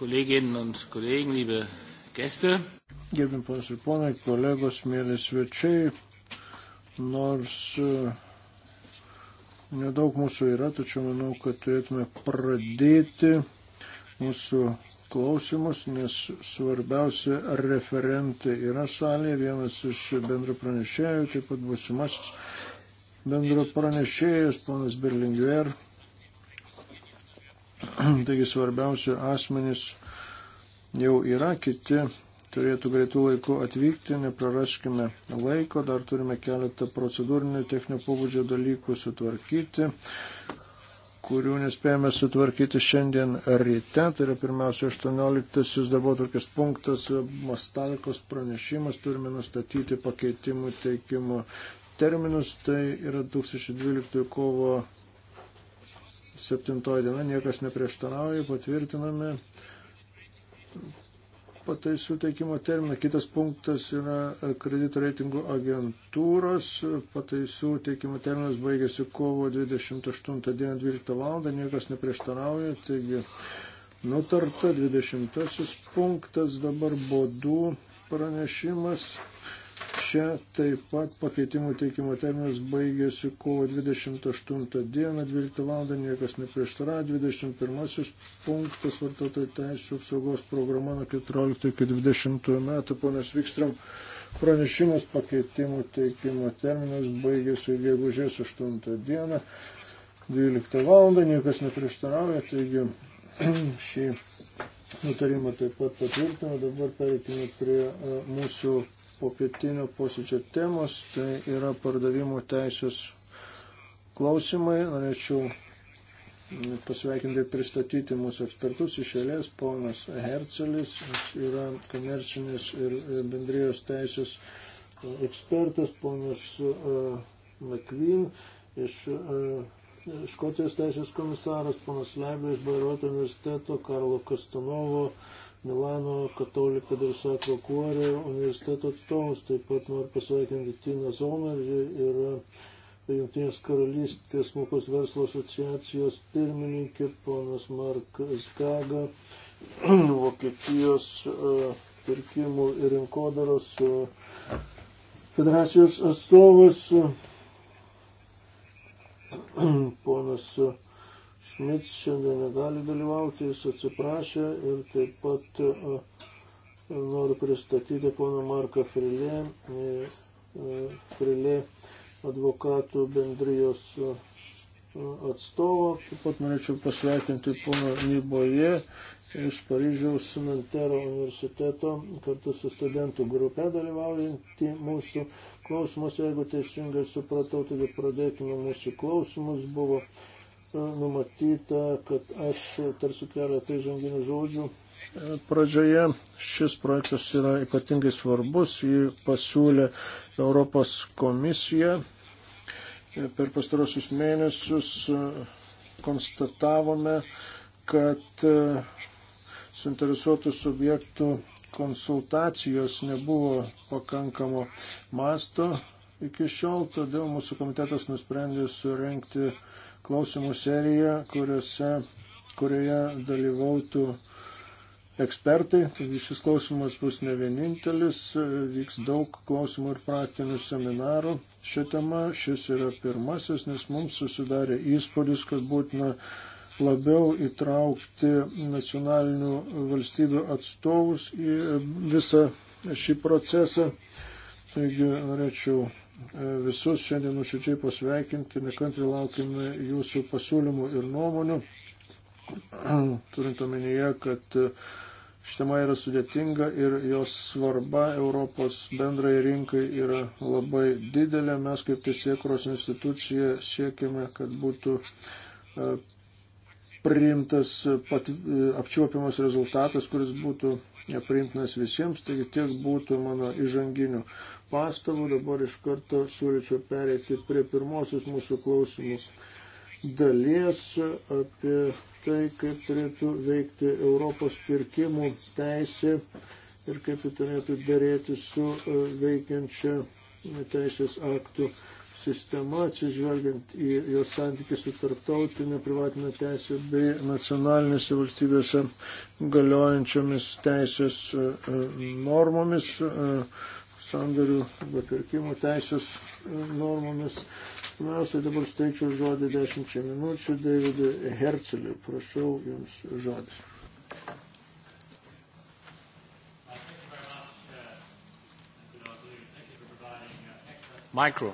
Kolleginnen und Kollegen, liebe Gäste. Gerbim ponas ir ponai, kolegos, mėly svečiai, nors e, nedaug mūsų yra, tačiau manau, kad turėtume pradėti mūsų klausimus, nes svarbiausia referentai yra salėje, vienas iš bendro pranešėjų, taip pat būsimasis bendro pranešėjas, ponas Berlinguer. Taigi svarbiausi asmenys jau yra, kiti turėtų greitų laikų atvykti, nepraraskime laiko, dar turime keletą procedūrinių techninio pobūdžio dalykų sutvarkyti, kurių nespėjame sutvarkyti šiandien ryte. Tai yra pirmiausia 18 darbo tarkis punktas, Mastalkos pranešimas, turime nustatyti pakeitimų teikimo terminus, tai yra 2012 kovo septintoji diena, niekas neprieštarauja, patvirtiname pataisų teikimo terminą. Kitas punktas yra kredito reitingų agentūros. Pataisų teikimo terminas baigėsi kovo 28 dieną 12 val. Niekas neprieštarauja. Taigi, nutarta 20 punktas dabar bodų pranešimas. Čia taip pat pakeitimų teikimo terminas baigėsi kovo 28 dieną, 12 val. niekas neprieštara, 21 punktas vartotojų teisų apsaugos programa nuo 14 iki 20 metų, ponas Vikstram. Pranešimas pakeitimų teikimo terminas baigėsi gegužės 8 dieną, 12 val. niekas neprieštarauja, taigi šį nutarimą taip pat patvirtino. Dabar pereikime prie e, mūsų popietinio posėdžio temos, tai yra pardavimų teisės klausimai. Norėčiau pasveikinti ir pristatyti mūsų ekspertus iš eilės. Ponas Hercelis yra komercinės ir e, bendrijos teisės e, ekspertas, ponas e, McQueen iš Škotijos teisės komisaras, ponas Leibė iš Bairoto universiteto, Karlo Kastanovo Milano katolika ir Sakro Kuorė universiteto atstovus. Taip pat noriu pasveikinti Tiną Zomer, ji yra Junktinės karalystės smulkos verslo asociacijos pirmininkė, ponas Mark Skaga, Vokietijos uh, pirkimų ir rinkodaros uh, federacijos atstovas, ponas uh, Šmit šiandien negali dalyvauti, jis atsiprašė ir taip pat e, e, noriu pristatyti poną Marką Frilė, e, Frilė advokatų bendrijos atstovo. Taip pat norėčiau pasveikinti poną Nyboje iš Paryžiaus Nantero universiteto kartu su studentų grupė dalyvaujantį mūsų klausimus. Jeigu teisingai supratau, taigi pradėkime mūsų klausimus. Buvo numatyta, kad aš tarsiu keletą įžanginių žodžių. Pradžioje šis projektas yra ypatingai svarbus, jį pasiūlė Europos komisija. Per pastarosius mėnesius konstatavome, kad suinteresuotų subjektų konsultacijos nebuvo pakankamo masto iki šiol, todėl mūsų komitetas nusprendė surenkti uh, klausimų seriją, kuriuose, kurioje dalyvautų ekspertai. Taigi šis klausimas bus ne vienintelis, vyks daug klausimų ir praktinių seminarų. Šią temą šis yra pirmasis, nes mums susidarė įspūdis, kad būtina labiau įtraukti nacionalinių valstybių atstovus į visą šį procesą. Taigi norėčiau E, visus šiandien nuširdžiai pasveikinti, nekantri laukime jūsų pasiūlymų ir nuomonių, turint omenyje, kad e, šitama yra sudėtinga ir jos svarba Europos bendrai rinkai yra labai didelė. Mes kaip teisėkuros institucija siekime, kad būtų e, priimtas pat, apčiuopiamas rezultatas, kuris būtų priimtinas visiems. Taigi tiek būtų mano įžanginių pastabų, dabar iš karto siūlyčiau perėti prie pirmosios mūsų klausimų dalies apie tai, kaip turėtų veikti Europos pirkimų teisė ir kaip tai turėtų dėrėti su e, veikiančia teisės aktų sistema, atsižvelgiant į jos santykį su tarptautinė privatinė teisė bei nacionalinėse valstybėse galiojančiomis teisės e, e, normomis. Uh, sandorių arba pirkimų teisės e, normomis. Pirmiausia, dabar steičiu žodį 10 minučių Davidui Herceliui. Prašau Jums žodį. Micro.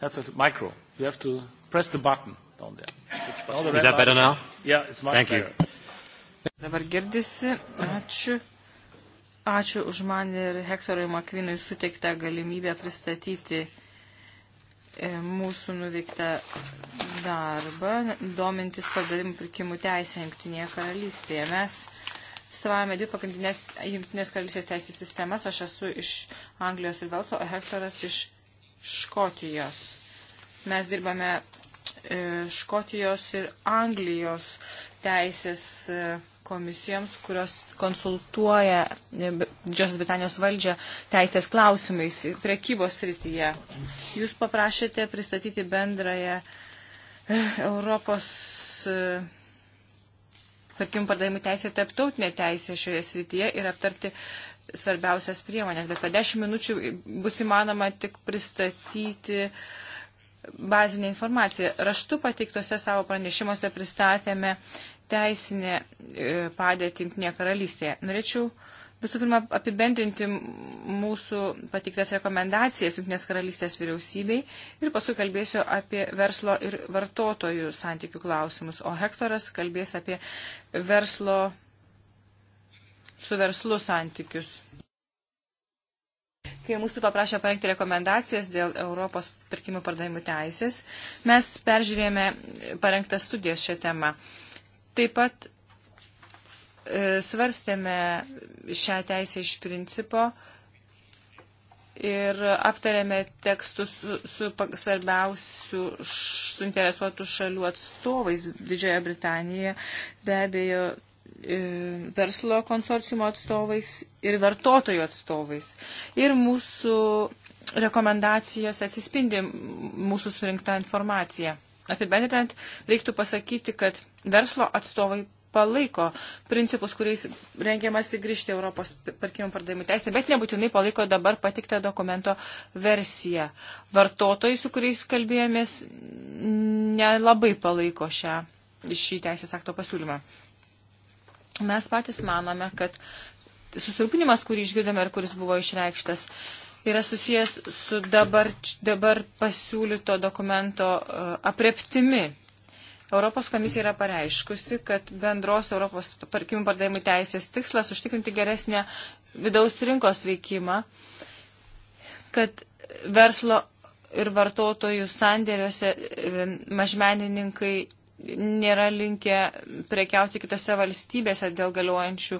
That's a micro. You have to press the button down there. Which button? Is that better now? Yeah, it's much Thank better. You. Dabar girdisi. Ačiū. Ačiū už man ir Hektorui Makvinui suteiktą galimybę pristatyti e, mūsų nuveiktą darbą, domintis pardavimų pirkimų teisę Junktinėje karalystėje. Mes atstovavome dvi pagrindinės Junktinės karalystės teisės sistemas. Aš esu iš Anglijos ir Velso, o Hektoras iš Škotijos. Mes dirbame e, Škotijos ir Anglijos teisės e, komisijoms, kurios konsultuoja Didžiosios Britanijos valdžią teisės klausimais prekybos srityje. Jūs paprašėte pristatyti bendrąją e, Europos tarkim, e, pardavimų teisė, tarptautinė teisė šioje srityje ir aptarti svarbiausias priemonės. Bet po dešimt minučių bus įmanoma tik pristatyti bazinę informaciją. Raštu pateiktose savo pranešimuose pristatėme teisinę e, padėtį Junktinėje karalystėje. Norėčiau visų pirma apibendrinti mūsų patiktas rekomendacijas Junktinės karalystės vyriausybei ir paskui kalbėsiu apie verslo ir vartotojų santykių klausimus, o Hektoras kalbės apie verslo su verslu santykius. Kai mūsų paprašė parengti rekomendacijas dėl Europos pirkimų pardavimų teisės, mes peržiūrėjome parengtas studijas šią temą. Taip pat e, svarstėme šią teisę iš principo ir aptarėme tekstus su, su svarbiausių suinteresuotų šalių atstovais Didžioje Britanijoje, be abejo, e, verslo konsorciumo atstovais ir vartotojų atstovais. Ir mūsų rekomendacijos atsispindi mūsų surinkta informacija. Apibendrinant, reiktų pasakyti, kad verslo atstovai palaiko principus, kuriais rengiamasi grįžti Europos parkimų pardavimų teisę, bet nebūtinai palaiko dabar patiktą dokumento versiją. Vartotojai, su kuriais kalbėjomės, nelabai palaiko šią, šį teisės akto pasiūlymą. Mes patys manome, kad susirūpinimas, kurį išgirdome ir kuris buvo išreikštas, uh, yra susijęs su dabar, dabar pasiūlyto dokumento e, apreptimi. Europos komisija yra pareiškusi, kad bendros Europos parkimų pardavimų teisės tikslas užtikrinti geresnę vidaus rinkos veikimą, kad verslo ir vartotojų sandėriuose e, mažmenininkai nėra linkę prekiauti kitose valstybėse dėl galiojančių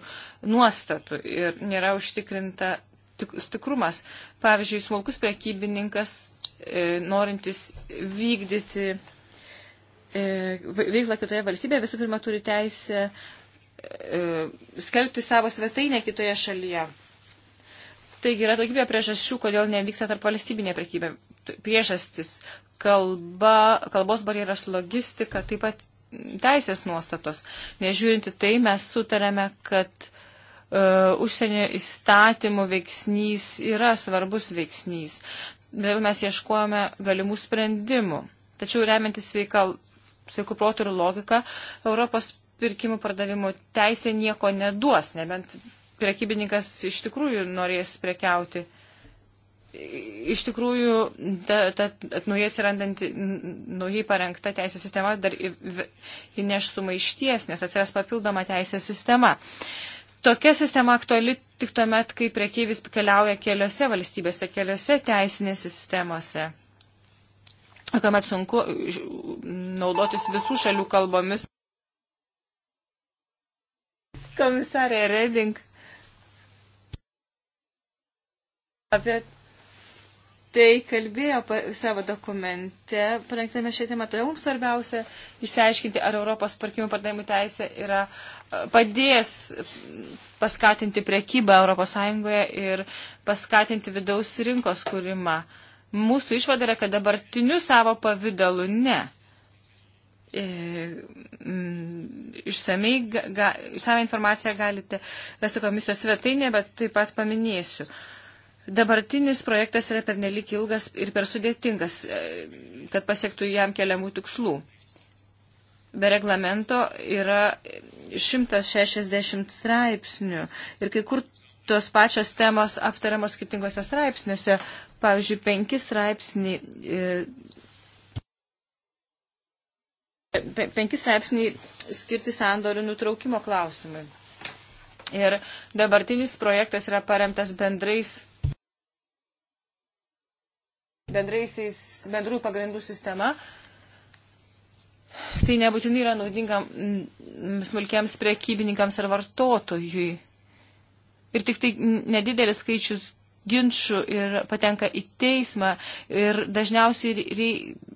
nuostatų ir nėra užtikrinta tik, tikrumas. Pavyzdžiui, smulkus prekybininkas, e, norintis vykdyti e, veiklą kitoje valstybėje, visų pirma turi teisę e, skelbti savo svetainę kitoje šalyje. Taigi yra daugybė priežasčių, kodėl nevyksta tarp valstybinė prekybė. Priežastis - kalba, kalbos barjeras, logistika, taip pat teisės nuostatos. Nežiūrinti tai, mes sutarėme, kad E, užsienio įstatymų veiksnys yra svarbus veiksnys. Vėl mes ieškojame galimų sprendimų. Tačiau remiantis sveikų protų ir logiką, Europos pirkimų pardavimo teisė nieko neduos, nebent prekybininkas iš tikrųjų norės prekiauti. Iš tikrųjų, ta, ta naujai atsirandanti, naujai parengta teisės sistema dar įneš sumaišties, nes atsiras papildoma teisės sistema. Uh, Tokia sistema aktuali tik tuomet, kai priekyvis keliauja keliose valstybėse, keliose teisinėse sistemose. Ir tuomet sunku naudotis visų šalių kalbomis. Komisarė Reding. Apie tai kalbėjo savo dokumente, parengtame šią temą, todėl mums svarbiausia išsiaiškinti, ar Europos parkimų pardavimų teisė yra e, padės paskatinti prekybą ES ir paskatinti vidaus rinkos kūrimą. Mūsų išvada yra, kad dabartiniu savo pavydalu ne. E, mm, išsamei, ga, išsamei informaciją galite rasti komisijos svetainė, bet taip pat paminėsiu. Uh, Dabartinis projektas yra pernelik ilgas ir per sudėtingas, e, kad pasiektų jam keliamų tikslų. Be reglamento yra 160 straipsnių ir kai kur tos pačios temos aptariamos skirtingose straipsniuose. Pavyzdžiui, penki straipsniai. E, penki straipsniai skirti sandorių nutraukimo klausimui. Ir dabartinis projektas yra paremtas bendrais bendrųjų pagrindų sistema, tai nebūtinai yra naudinga mm, smulkiams prekybininkams ar vartotojui. Ir tik tai nedidelis skaičius ginčių ir patenka į teismą ir dažniausiai rei,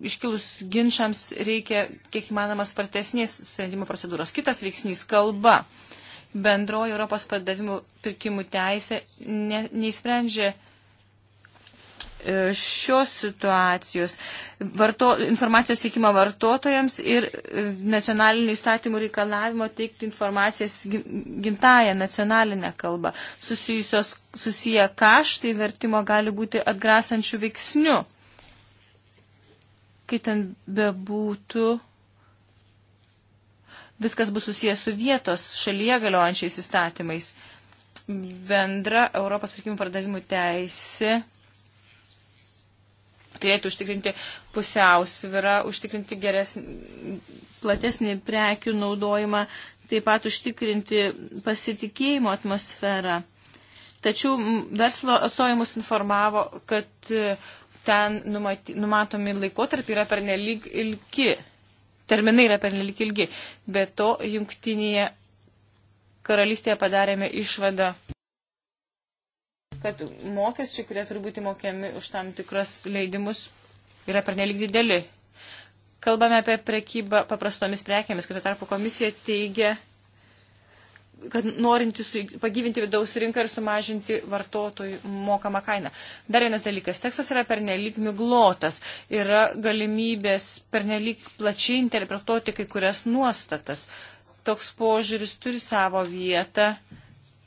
iškilus ginčiams reikia kiek įmanoma spartesnės sprendimo procedūros. Kitas veiksnys - kalba. Bendroji Europos pardavimų pirkimų teisė ne, neįsprendžia E, šios situacijos varto, informacijos teikimo vartotojams ir e, nacionalinių įstatymų reikalavimo teikti informacijas gimtają nacionalinę kalbą. Susijusios, susiję kaštai vertimo gali būti atgrasančių veiksnių. Kaip ten bebūtų, viskas bus susijęs su vietos šalyje galiojančiais įstatymais. Bendra Europos pirkimų pardavimų teisė turėtų užtikrinti pusiausvirą, užtikrinti geresnį, platesnį prekių naudojimą, taip pat užtikrinti pasitikėjimo atmosferą. Tačiau verslo atstovai mus informavo, kad e, ten numaty, numatomi laikotarpiai yra pernelyg ilgi, terminai yra pernelyg ilgi. Be to, jungtinėje karalystėje padarėme išvadą, kad mokesčiai, kurie turi būti mokiami už tam tikras leidimus, yra pernelyg dideli. Kalbame apie prekybą paprastomis prekėmis, kad tarpu komisija teigia, kad norinti su, pagyvinti vidaus rinką ir sumažinti vartotojų mokamą kainą. Dar vienas dalykas. Tekstas yra pernelyg miglotas. Yra galimybės pernelyg plačiai interpretuoti kai kurias nuostatas. Toks požiūris turi savo vietą. Uh,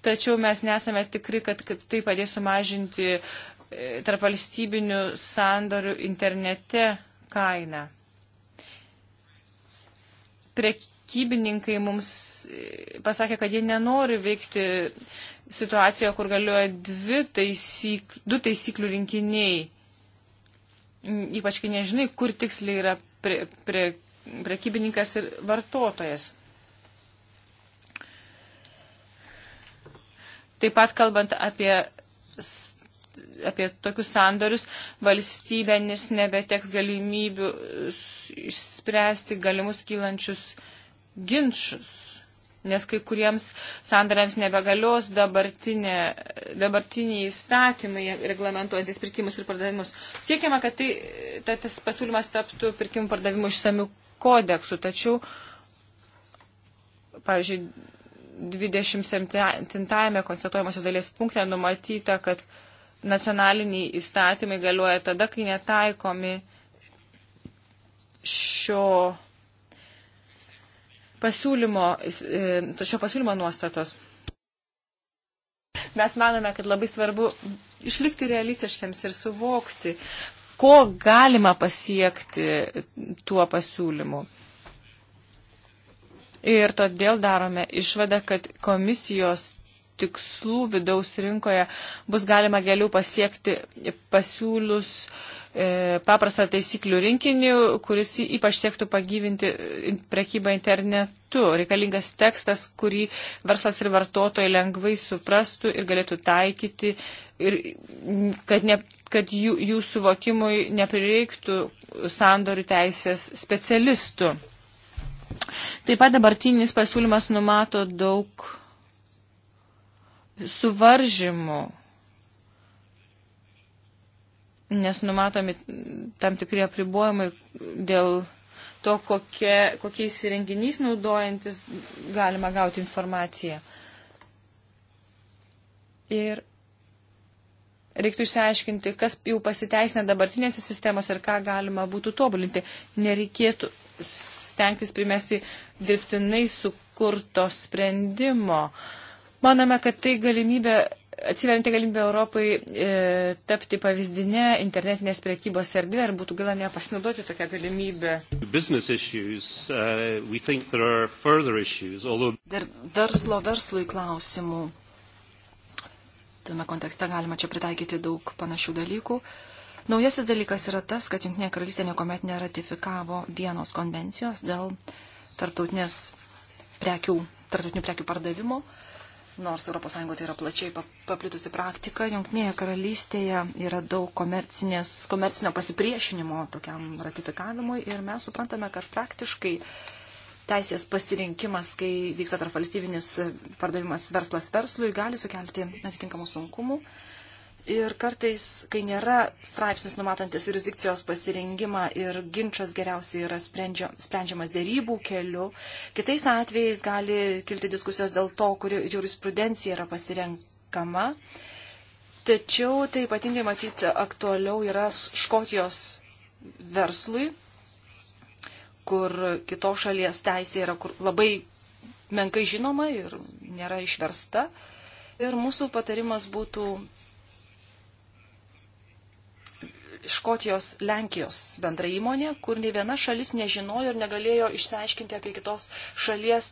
tačiau mes nesame tikri, kad tai padės sumažinti e, tarp valstybinių sandorių internete kainą. Prekybininkai mums e, pasakė, kad jie nenori veikti situacijoje, kur galioja dvi taisyk, du taisyklių rinkiniai. Ypač kai nežinai, kur tiksliai yra pre, pre, prekybininkas ir vartotojas. Taip pat kalbant apie, apie tokius sandorius, valstybėnis nebeteks galimybių išspręsti galimus kylančius ginčius. Nes kai kuriems sandariams nebegalios dabartiniai įstatymai reglamentuojantis pirkimus ir pardavimus. Siekiama, kad tai, ta, tas pasiūlymas taptų pirkimų pardavimų išsamių kodeksų, tačiau, pavyzdžiui, 27 konstatuojamosios dalies punkte numatyta, kad nacionaliniai įstatymai galioja tada, kai netaikomi šio pasiūlymo, e, šio pasiūlymo nuostatos. Mes manome, kad labai svarbu išlikti realistiškiams ir suvokti, ko galima pasiekti tuo pasiūlymu. Ir todėl darome išvadą, kad komisijos tikslų vidaus rinkoje bus galima geriau pasiekti pasiūlus e, paprastą taisyklių rinkinį, kuris ypač siektų pagyvinti e, prekybą internetu. Reikalingas tekstas, kurį verslas ir vartotojai lengvai suprastų ir galėtų taikyti ir kad, ne, kad jų, jų suvokimui neprireiktų sandorių teisės specialistų. Taip pat dabartinis pasiūlymas numato daug suvaržymų, nes numatomi tam tikri apribojimai dėl to, kokie, kokiais įrenginiais naudojantis galima gauti informaciją. Ir reiktų išsiaiškinti, kas jau pasiteisina dabartinėse sistemose ir ką galima būtų tobulinti. Nereikėtų stengtis primesti dirbtinai sukurto sprendimo. Manome, kad tai galimybė, atsiverinti galimybę Europai e, tapti pavyzdinę internetinės priekybos erdvę ir būtų gaila nepasinaudoti tokią galimybę. Issues, uh, issues, although... Dar verslo verslui klausimų. Tame kontekste galima čia pritaikyti daug panašių dalykų. Uh, Naujasis dalykas yra tas, kad Junktinė karalystė niekuomet neratifikavo vienos konvencijos dėl tarptautinės prekių, tarptautinių prekių pardavimo. Nors ES tai yra plačiai paplitusi praktika, Junktinėje karalystėje yra daug komercinio pasipriešinimo tokiam ratifikavimui ir mes suprantame, kad praktiškai teisės pasirinkimas, kai vyksta tarp valstybinis pardavimas verslas verslui, gali sukelti atitinkamų sunkumų. Ir kartais, kai nėra straipsnis numatantis jurisdikcijos pasirinkimą ir ginčas geriausiai yra sprendžia, sprendžiamas dėrybų keliu, kitais atvejais gali kilti diskusijos dėl to, kuri jurisprudencija yra pasirenkama. Tačiau tai ypatingai matyti aktualiau yra Škotijos verslui, kur kitos šalies teisė yra labai menkai žinoma ir nėra išversta. Ir mūsų patarimas būtų Škotijos Lenkijos bendra įmonė, kur nei viena šalis nežinojo ir negalėjo išsiaiškinti apie kitos šalies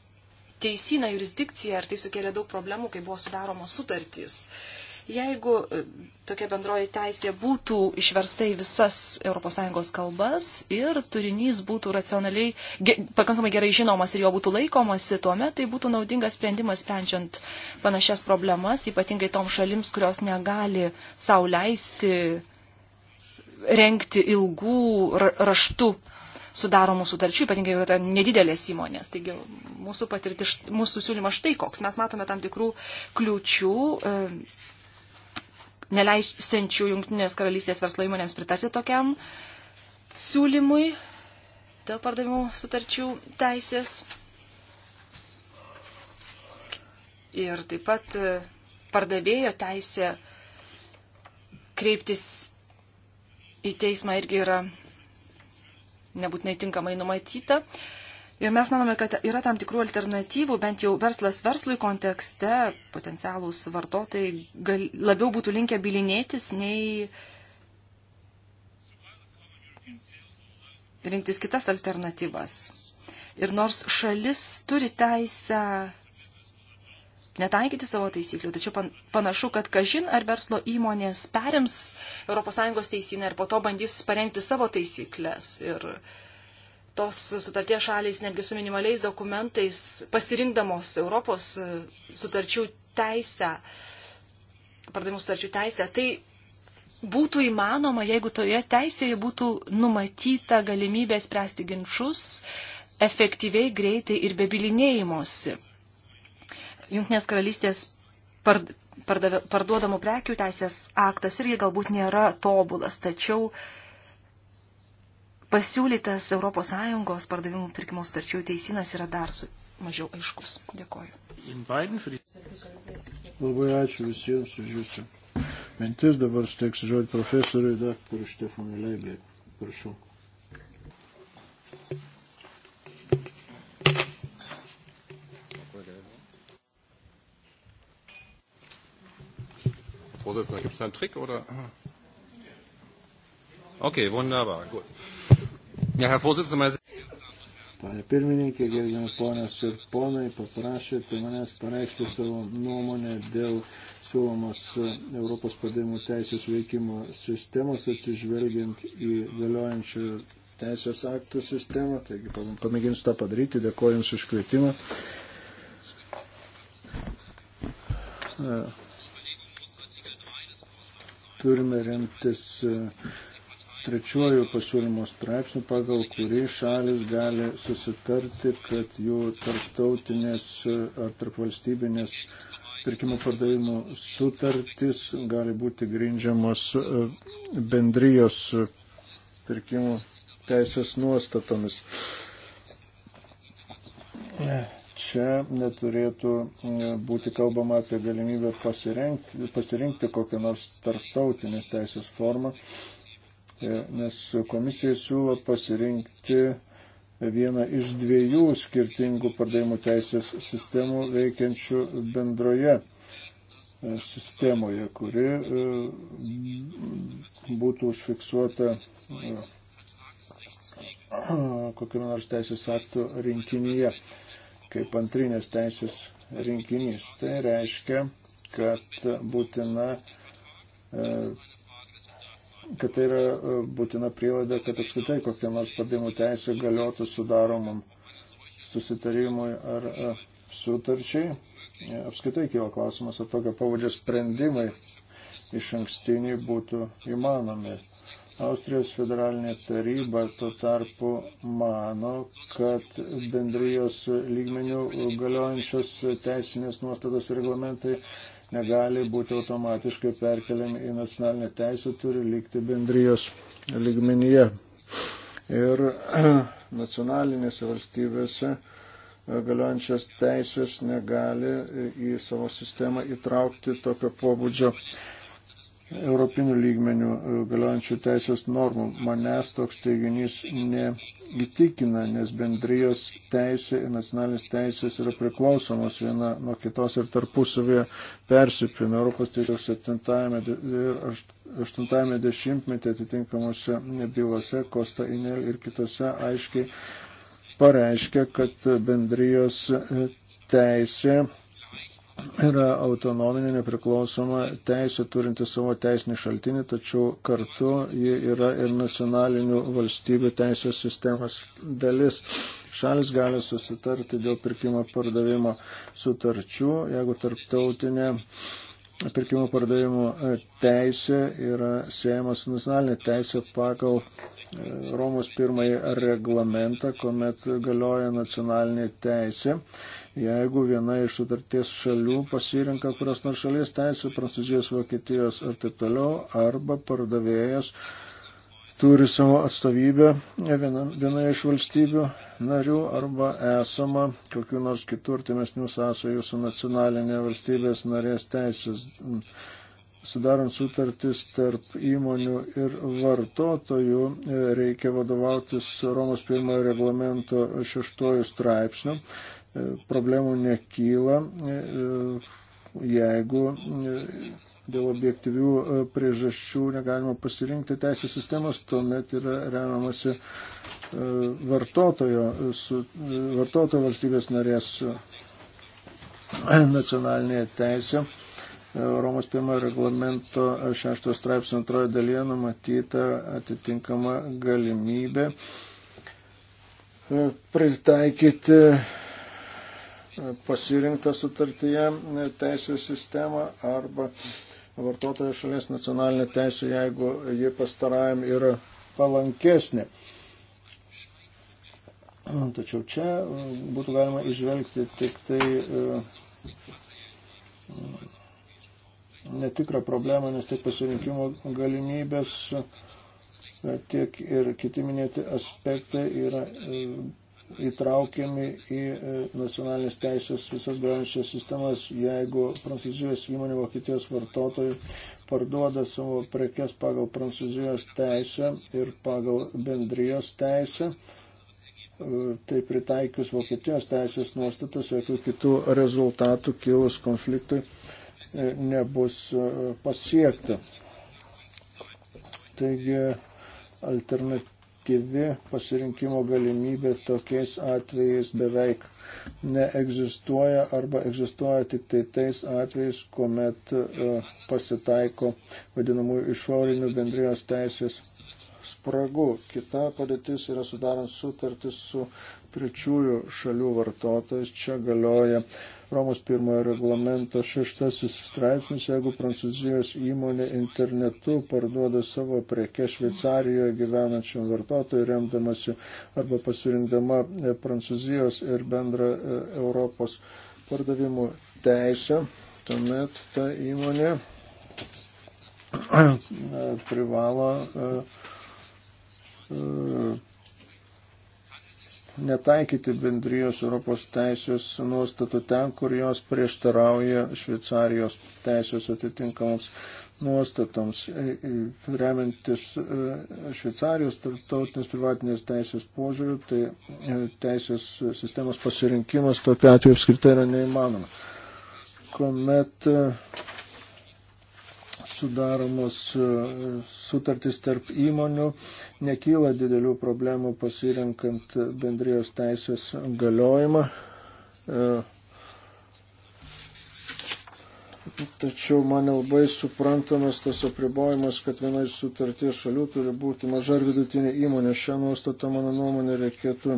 teisiną jurisdikciją ir tai sukėlė daug problemų, kai buvo sudaromos sutartys. Jeigu e, tokia bendroji teisė būtų išversta į visas ES kalbas ir turinys būtų racionaliai, ge, pakankamai gerai žinomas ir jo būtų laikomasi, tuomet tai būtų naudingas sprendimas sprendžiant panašias problemas, ypatingai tom šalims, kurios negali sau leisti renkti ilgų raštų sudaromų sutarčių, ypatingai tai yra nedidelės įmonės. Taigi mūsų, patirti, mūsų siūlymas štai koks. Mes matome tam tikrų kliučių e, neleisiančių Junktinės karalystės verslo įmonėms pritarti tokiam siūlymui dėl pardavimų sutarčių teisės. Ir taip pat e, pardavėjo teisė kreiptis į teismą irgi yra nebūtinai tinkamai numatyta. Ir mes manome, kad yra tam tikrų alternatyvų, bent jau verslas verslui kontekste, potencialūs vartotojai gal, labiau būtų linkę bilinėtis, nei rinktis kitas alternatyvas. Ir nors šalis turi teisę netaikyti savo taisyklių. Tačiau panašu, kad kažin ar verslo įmonės perims ES teisinę ir po to bandys parengti savo taisyklės. Ir tos sutarties šalys netgi su minimaliais dokumentais, pasirinkdamos Europos e, sutarčių teisę, pardavimų sutarčių teisę, tai būtų įmanoma, jeigu toje teisėje būtų numatyta galimybė spręsti ginčius efektyviai, greitai ir be bilinėjimosi Junktinės karalystės pardavė, parduodamų prekių teisės aktas irgi galbūt nėra tobulas, tačiau pasiūlytas ES pardavimų pirkimų starčių teisinas yra dar su, mažiau aiškus. Dėkoju. Labai ačiū visiems už jūsų mintis. Dabar steiksiu žodį profesoriui, daktarui Stefanui Leibliai. Prašau. Vorsitzender. Gibt es einen Trick oder? Okay, wunderbar. Gut. Ja, Herr Vorsitzender, meine Pane pirmininkė, gerbiami ponas ir ponai, paprašėte manęs pareikšti savo nuomonę dėl siūlomos e, Europos padėjimų teisės veikimo sistemos atsižvelgiant į galiojančių teisės aktų sistemą. Taigi pamėginsiu tą padaryti. Dėkuoju Jums už kvietimą. E, turime remtis e, trečiuoju pasiūlymo straipsniu, pagal kurį šalis gali susitarti, kad jų tarptautinės e, ar tarpvalstybinės pirkimų pardavimų sutartys gali būti grindžiamos e, bendrijos pirkimų teisės nuostatomis. Ne čia neturėtų e, būti kalbama apie galimybę pasirinkti, pasirinkti kokią nors tarptautinės teisės formą, e, nes komisija siūlo pasirinkti vieną iš dviejų skirtingų pardavimų teisės sistemų veikiančių bendroje e, sistemoje, kuri būtų užfiksuota kokiam nors teisės aktų rinkinyje kaip antrinės teisės rinkinys. Tai reiškia, kad būtina e, kad tai yra e, būtina prielaida, kad apskritai kokia nors padėjimų teisė galiotų sudaromam susitarimui ar e, sutarčiai. Apskritai kyla klausimas, ar tokio pavadžio sprendimai iš ankstiniai būtų įmanomi. Austrijos federalinė taryba tuo tarpu mano, kad bendrijos lygmenių galiojančios teisinės nuostatos ir reglamentai negali būti automatiškai perkeliami į nacionalinę teisę, turi likti bendrijos lygmenyje. Ir nacionalinėse valstybėse galiojančios teisės negali į savo sistemą įtraukti tokio pobūdžio europinių lygmenių e, galiojančių teisės normų. Manęs toks teiginys neįtikina, nes bendrijos teisė ir nacionalinės teisės yra priklausomos viena nuo kitos ir tarpusavėje persipina. Europos teisės 7 ir 8 dešimtmetį atitinkamuose bylose Kosta Inel ir kitose aiškiai pareiškia, kad bendrijos e, teisė yra autonominė nepriklausoma teisė turinti savo teisinį šaltinį, tačiau kartu ji yra ir nacionalinių valstybių teisės sistemos dalis. Šalis gali susitarti dėl pirkimo pardavimo sutarčių, jeigu tarptautinė pirkimo pardavimo teisė yra siejama su nacionalinė teisė pagal e, Romos pirmąjį reglamentą, kuomet galioja nacionalinė teisė jeigu viena iš sutarties šalių pasirinka kurios nors šalies teisę, Prancūzijos, Vokietijos ar taip toliau, arba pardavėjas turi savo atstovybę viena, viena iš valstybių narių arba esama kokiu nors kitų artimesnių sąsajų su nacionalinė valstybės narės teisės. Sudarant sutartis tarp įmonių ir vartotojų reikia vadovautis Romos pirmojo reglamento šeštojų straipsnių problemų nekyla, e, jeigu e, dėl objektyvių e, priežasčių negalima pasirinkti teisės sistemos, tuomet yra remiamasi vartotojo, su, vartotojo valstybės narės nacionalinėje teisė. Romos pirmojo reglamento šešto straipsnio antrojo dalyje numatyta atitinkama galimybė pritaikyti pasirinktą sutartyje e, teisės sistemą arba vartotojo šalies nacionalinę teisę, jeigu ji pastarajam yra palankesnė. Tačiau čia e, būtų galima išvelgti tik tai e, netikrą problemą, nes tiek pasirinkimo galimybės, tiek ir kiti minėti aspektai yra įtraukiami į e, nacionalinės teisės visas galiojančias sistemas, jeigu prancūzijos įmonė Vokietijos vartotojai parduoda savo prekes pagal prancūzijos teisę ir pagal bendrijos teisę. E, tai pritaikius Vokietijos teisės nuostatas, jokių kitų rezultatų kilus konfliktui e, nebus pasiekta. Taigi, alternatyva aktyvi pasirinkimo galimybė tokiais atvejais beveik neegzistuoja arba egzistuoja tik tai tais atvejais, kuomet e, pasitaiko vadinamųjų išorinių bendrijos teisės spragų. Kita padėtis yra sudarant sutartis su trečiųjų šalių vartotojais. Čia galioja Romos pirmojo reglamento šeštasis straipsnis, jeigu prancūzijos įmonė internetu parduoda savo prekes Šveicarijoje gyvenančiam vartotojui, remdamasi arba pasirinkdama e, prancūzijos ir bendrą e, Europos pardavimų teisę, tuomet ta įmonė e, privalo netaikyti bendrijos Europos teisės nuostatų ten, kur jos prieštarauja Šveicarijos teisės atitinkamoms nuostatoms, e, e, remiantis e, Šveicarijos tarptautinės privatinės teisės požiūrių, tai teisės sistemos pasirinkimas tokia atveju apskritai yra neįmanoma. Komet sudaromos e, sutartys tarp įmonių, nekyla didelių problemų pasirenkant bendrijos teisės galiojimą. E, tačiau man labai suprantamas tas apribojimas, kad viena iš sutarties šalių turi būti maža ir vidutinė įmonė. Šią nuostatą, mano nuomonė, reikėtų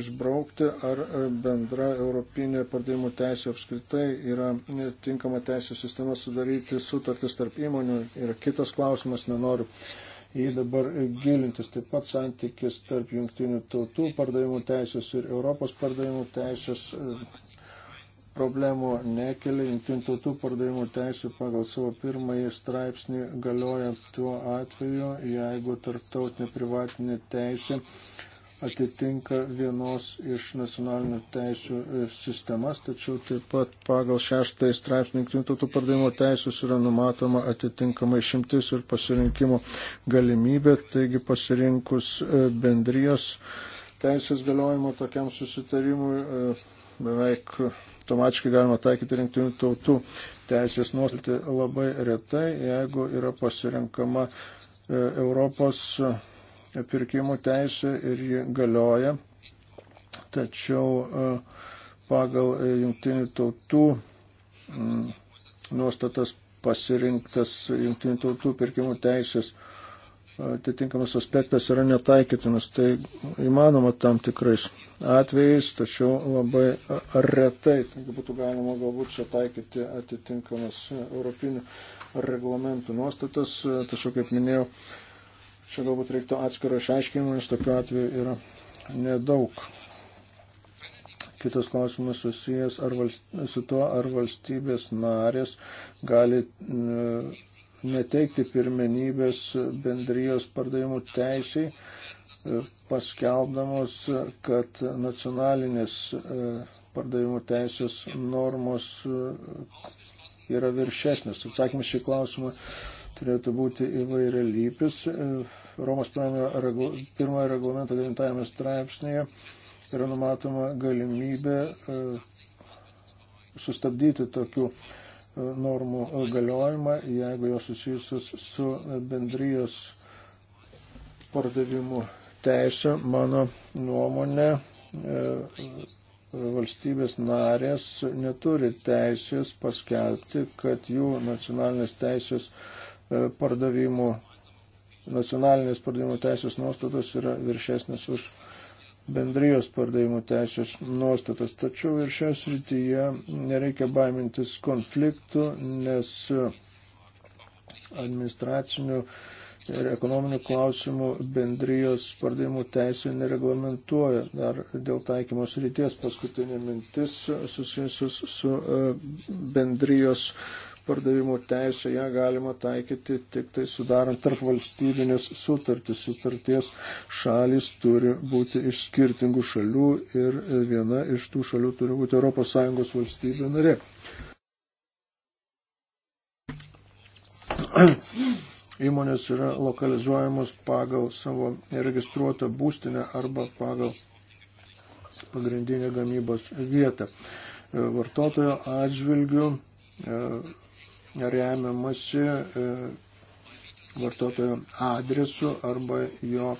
išbraukti, ar bendra europinė pardavimų teisė apskritai yra tinkama teisė sistema sudaryti sutartis tarp įmonių. Yra kitas klausimas, nenoriu į dabar gilintis. Taip pat santykis tarp jungtinių tautų pardavimų teisės ir Europos pardavimų teisės problemų nekelia. Jungtinių tautų pardavimų teisė pagal savo pirmąjį straipsnį galioja tuo atveju, jeigu tarptautinė privatinė teisė atitinka vienos iš nacionalinių teisų e, sistemas, tačiau taip pat pagal šeštąjį straipsnį jungtinių tautų pardavimo teisės yra numatoma atitinkama išimtis ir pasirinkimo galimybė, taigi pasirinkus e, bendrijos teisės galiojimo tokiam susitarimui e, beveik automatiškai galima taikyti rinktinių tautų teisės nuostatį labai retai, jeigu yra pasirenkama e, Europos e, pirkimų teisė ir ji galioja. Tačiau e, pagal jungtinių tautų nuostatas pasirinktas jungtinių tautų pirkimų teisės atitinkamas aspektas yra netaikytinas. Tai įmanoma tam tikrais atvejais, tačiau labai retai. Taigi būtų galima galbūt čia taikyti atitinkamas europinių reglamentų nuostatas, tačiau kaip minėjau, čia galbūt reiktų atskiro išaiškinimo, nes tokiu atveju yra nedaug. Kitas klausimas susijęs ar valst, su tuo, ar valstybės narės gali e, neteikti pirmenybės bendrijos pardavimų teisiai, e, paskelbdamos, kad nacionalinės e, pardavimų teisės normos e, yra viršesnės. Atsakymas šį klausimą turėtų būti įvairialypis. Romos pirmojo reglamento 9 straipsnėje yra numatoma galimybė sustabdyti tokių uh, normų galiojimą, jeigu jos susijusios su bendrijos pardavimu teisė, mano nuomonė, e, valstybės narės neturi teisės paskelbti, kad jų nacionalinės teisės e, pardavimų, nacionalinės pardavimų teisės nuostatos yra viršesnės už bendrijos pardavimų teisės nuostatas. Tačiau ir šioje srityje nereikia baimintis konfliktų, nes administracinių ir ekonominių klausimų bendrijos pardavimų teisė nereglamentuoja. Dar dėl taikymos ryties paskutinė mintis susijusius su e, bendrijos pardavimų pardavimų teisę, ją galima taikyti tik tai sudarant tarp valstybinės sutartis. Sutarties šalis turi būti iš skirtingų šalių ir e, viena iš tų šalių turi būti ES valstybė narė. Įmonės yra lokalizuojamos pagal savo registruotą būstinę arba pagal pagrindinę gamybos vietą. E, vartotojo atžvilgių e, remiamasi e, vartotojo adresu arba jo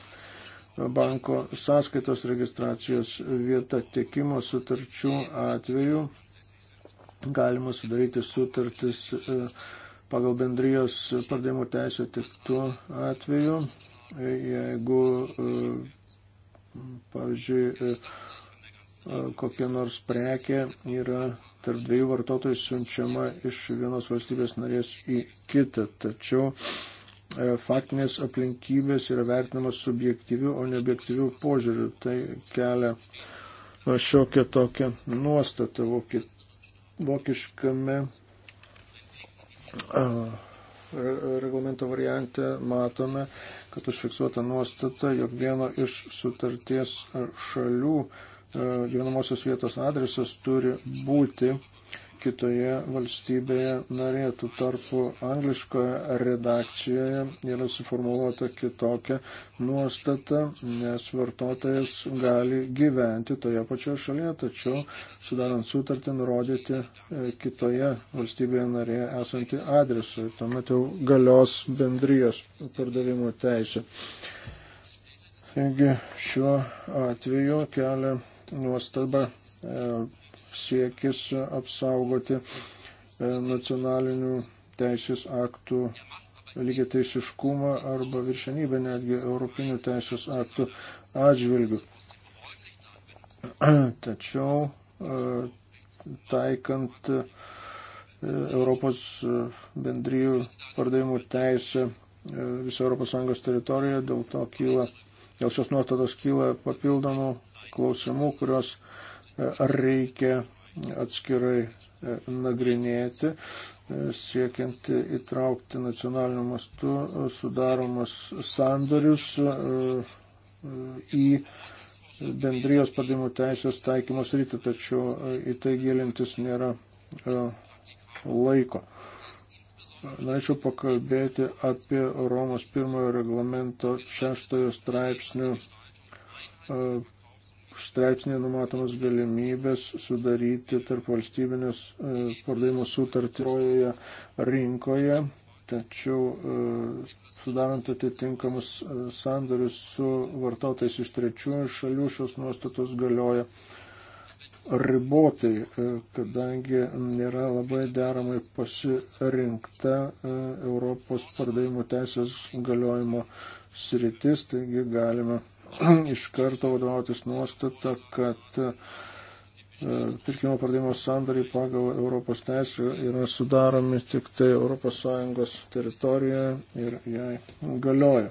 banko sąskaitos registracijos vieta tiekimo sutarčių atveju galima sudaryti sutartis e, pagal bendrijos pardavimų teisę tik tuo atveju, e, jeigu, pavyzdžiui, kokia nors prekė yra tarp dviejų vartotojų siunčiama iš vienos valstybės narės į kitą. Tačiau e, faktinės aplinkybės yra vertinamos subjektyvių, o ne objektyvių požiūrių. Tai kelia e, šiokią tokią nuostatą vokiškame e, reglamento variante matome, kad užfiksuota nuostata, jog vieno iš sutarties šalių uh, E, gyvenamosios vietos adresas turi būti kitoje valstybėje narėje. Tuo tarpu angliškoje redakcijoje yra suformuoluota kitokia nuostata, nes vartotojas gali gyventi toje pačioje šalyje, tačiau sudarant sutartį nurodyti e, kitoje valstybėje narėje esantį adresą. Tuomet jau galios bendrijos pardavimo teisė. Taigi šiuo atveju kelia nuostaba e, siekis apsaugoti e, nacionalinių teisės aktų lygiai teisiškumą arba viršenybę netgi europinių teisės aktų atžvilgių. Tačiau e, taikant Europos bendryjų pardavimų teisę viso ES teritorijoje, dėl to kyla, dėl šios nuostatos kyla papildomų klausimų, kuriuos e, reikia atskirai e, nagrinėti, e, siekiant įtraukti nacionaliniu mastu sudaromas sandorius į bendrijos padimų teisės taikymos rytį, tačiau į tai gilintis nėra laiko. Norėčiau pakalbėti apie Romos pirmojo reglamento šeštojo straipsnių straipsnėje numatomas galimybės sudaryti tarp valstybinės e, pardavimo sutartiroje rinkoje, tačiau e, sudarant atitinkamus e, sandorius su vartotojais iš trečiųjų šalių šios nuostatos galioja ribotai, kadangi nėra labai deramai pasirinkta Europos pardavimų teisės galiojimo sritis, taigi galima iš karto vadovautis nuostata, kad e, pirkimo pardavimo sandariai pagal Europos teisę yra sudaromi tik tai ES teritorijoje ir jai galioja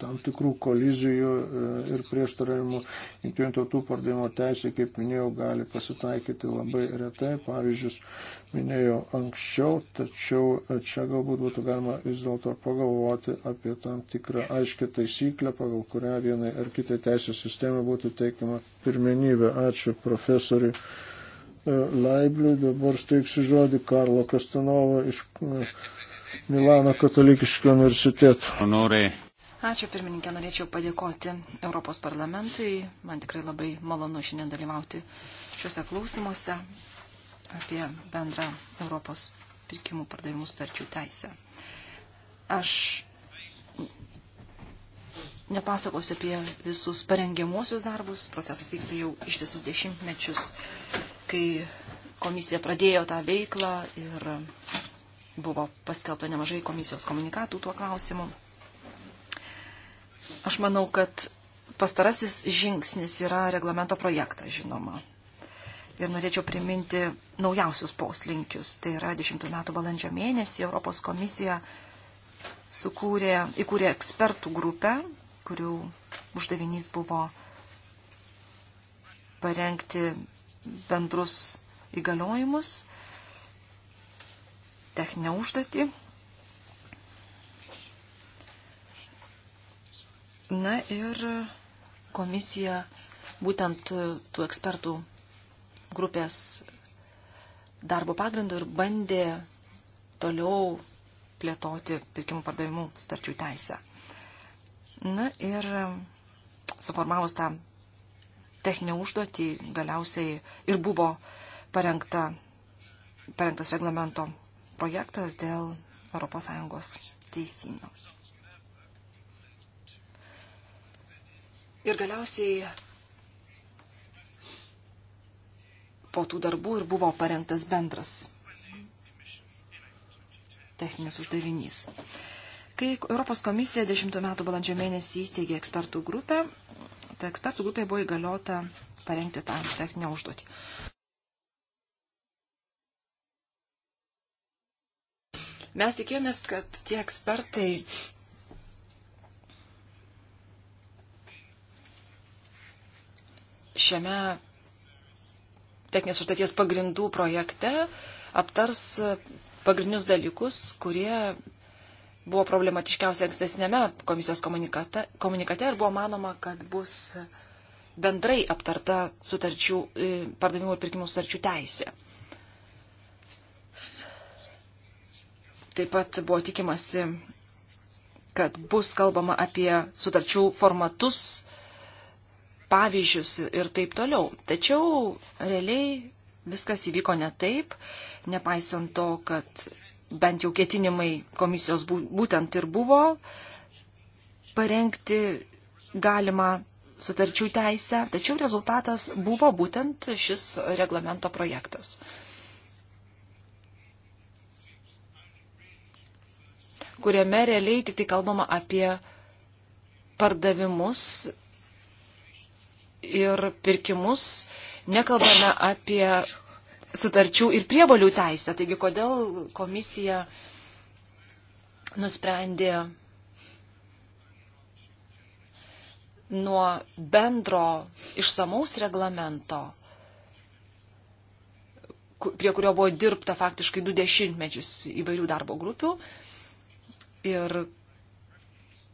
tam tikrų kolizijų e, ir prieštaravimų jungtinių tautų pardavimo teisė, kaip minėjau, gali pasitaikyti labai retai. Pavyzdžius minėjau anksčiau, tačiau e, čia galbūt būtų galima vis dėlto pagalvoti apie tam tikrą aiškę taisyklę, pagal kurią vienai ar kitai teisės sistemai būtų teikiama pirmenybė. Ačiū profesoriui. E, Laibliui, dabar steiksiu žodį Karlo Kastanovo iš Milano katalikiško universiteto. Honorė. Ačiū pirmininkė, norėčiau padėkoti Europos parlamentui. Man tikrai labai malonu šiandien dalyvauti šiuose klausimuose apie bendrą Europos pirkimų pardavimų starčių teisę. Aš nepasakosiu apie visus parengiamuosius darbus. Procesas vyksta jau ištisus dešimtmečius, kai komisija pradėjo tą veiklą ir Buvo paskelbta nemažai komisijos komunikatų tuo klausimu. Aš manau, kad pastarasis žingsnis yra reglamento projektas, žinoma. Ir norėčiau priminti naujausius poslinkius. Tai yra 10 metų balandžio mėnesį Europos komisija sukūrė, įkūrė ekspertų grupę, kurių uždavinys buvo parengti bendrus įgaliojimus techninę užduotį. Na ir komisija būtent tų ekspertų grupės darbo pagrindų ir bandė toliau plėtoti pirkimų pardavimų starčių teisę. Na ir suformavus tą techninę užduotį galiausiai ir buvo parengta, parengtas reglamento projektas dėl ES teisynų. Ir galiausiai po tų darbų ir buvo parengtas bendras techninis uždavinys. Kai Europos komisija 10 metų balandžio mėnesį įsteigė ekspertų grupę, ta ekspertų grupė buvo įgaliota parengti tą techninę užduotį. Mes tikėjomės, kad tie ekspertai šiame techninės užduoties pagrindų projekte aptars pagrindinius dalykus, kurie buvo problematiškiausia ankstesnėme komisijos komunikate, komunikate ir buvo manoma, kad bus bendrai aptarta sutarčių, e, pardavimų ir pirkimų sutarčių teisė. Taip pat buvo tikimasi, kad bus kalbama apie sutarčių formatus, pavyzdžius ir taip toliau. Tačiau realiai viskas įvyko ne taip, nepaisant to, kad bent jau ketinimai komisijos būtent ir buvo parengti galimą sutarčių teisę, tačiau rezultatas buvo būtent šis reglamento projektas. kuriame realiai tik tai kalbama apie pardavimus ir pirkimus, nekalbame apie sutarčių ir prievalių teisę. Taigi, kodėl komisija nusprendė nuo bendro išsamaus reglamento, prie kurio buvo dirbta faktiškai du dešimtmečius įvairių darbo grupių, ir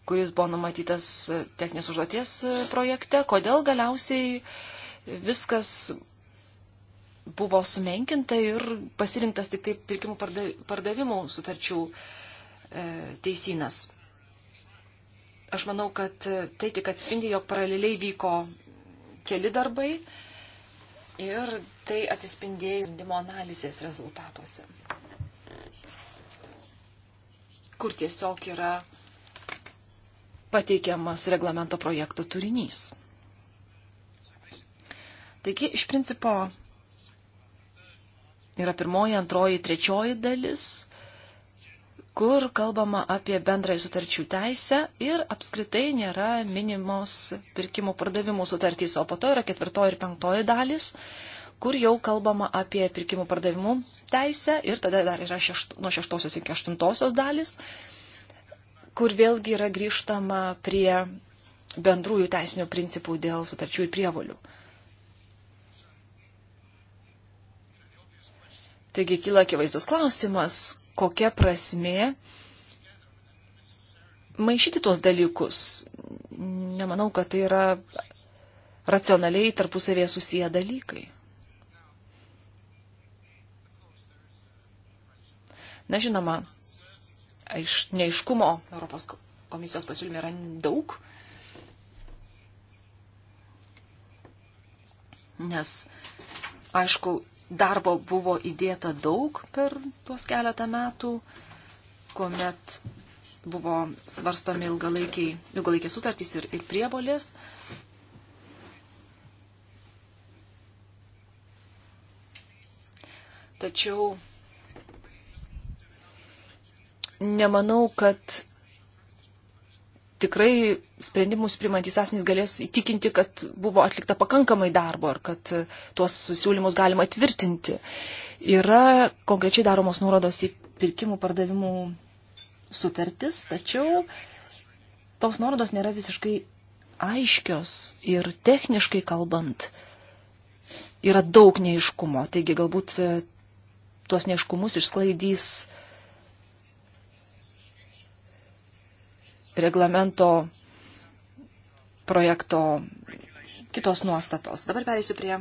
kuris buvo numatytas techninės užduoties projekte, kodėl galiausiai viskas buvo sumenkinta ir pasirinktas tik taip pirkimų pardavimų sutarčių e, teisynas. Aš manau, kad tai tik atspindi, jog paraleliai vyko keli darbai ir tai atsispindėjo sprendimo analizės rezultatuose kur tiesiog yra pateikiamas reglamento projekto turinys. Taigi, iš principo, yra pirmoji, antroji, trečioji dalis, kur kalbama apie bendrąją sutarčių teisę ir apskritai nėra minimos pirkimų pardavimų sutartys, o po to yra ketvirtoji ir penktoji dalis, kur jau kalbama apie pirkimų pardavimų teisę ir tada dar yra šešt, nuo šeštosios iki aštuntosios dalis, kur vėlgi yra grįžtama prie bendrųjų teisinių principų dėl sutarčių ir prievolių. Taigi kyla akivaizdus klausimas, kokia prasmė maišyti tuos dalykus. Nemanau, kad tai yra racionaliai tarpusavėje susiję dalykai. Na žinoma, iš neiškumo Europos komisijos pasiūlymė yra daug, nes, aišku, darbo buvo įdėta daug per tuos keletą metų, kuomet buvo svarstomi ilgalaikiai, ilgalaikiai sutartys ir, ir priebolės. Tačiau nemanau, kad tikrai sprendimus primantys asmenys galės įtikinti, kad buvo atlikta pakankamai darbo ar kad tuos siūlymus galima tvirtinti. Yra konkrečiai daromos nuorodos į pirkimų pardavimų sutartis, tačiau tos nuorodos nėra visiškai aiškios ir techniškai kalbant yra daug neiškumo. Taigi galbūt tuos neiškumus išsklaidys reglamento projekto kitos nuostatos. Dabar pereisiu prie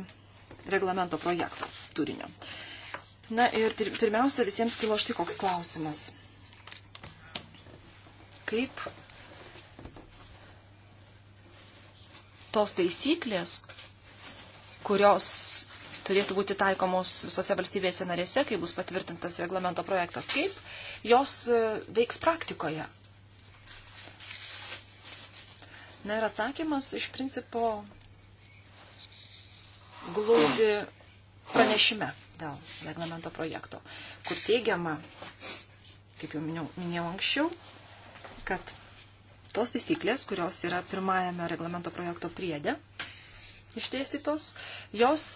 reglamento projekto turinio. Na ir pirmiausia, visiems kilo štai koks klausimas. Kaip tos taisyklės, kurios turėtų būti taikomos visose valstybėse narėse, kai bus patvirtintas reglamento projektas, kaip jos veiks praktikoje, Na ir atsakymas iš principo glūdi pranešime dėl reglamento projekto, kur teigiama, kaip jau minėjau, minėjau anksčiau, kad tos taisyklės, kurios yra pirmajame reglamento projekto priedė, išdėstytos, jos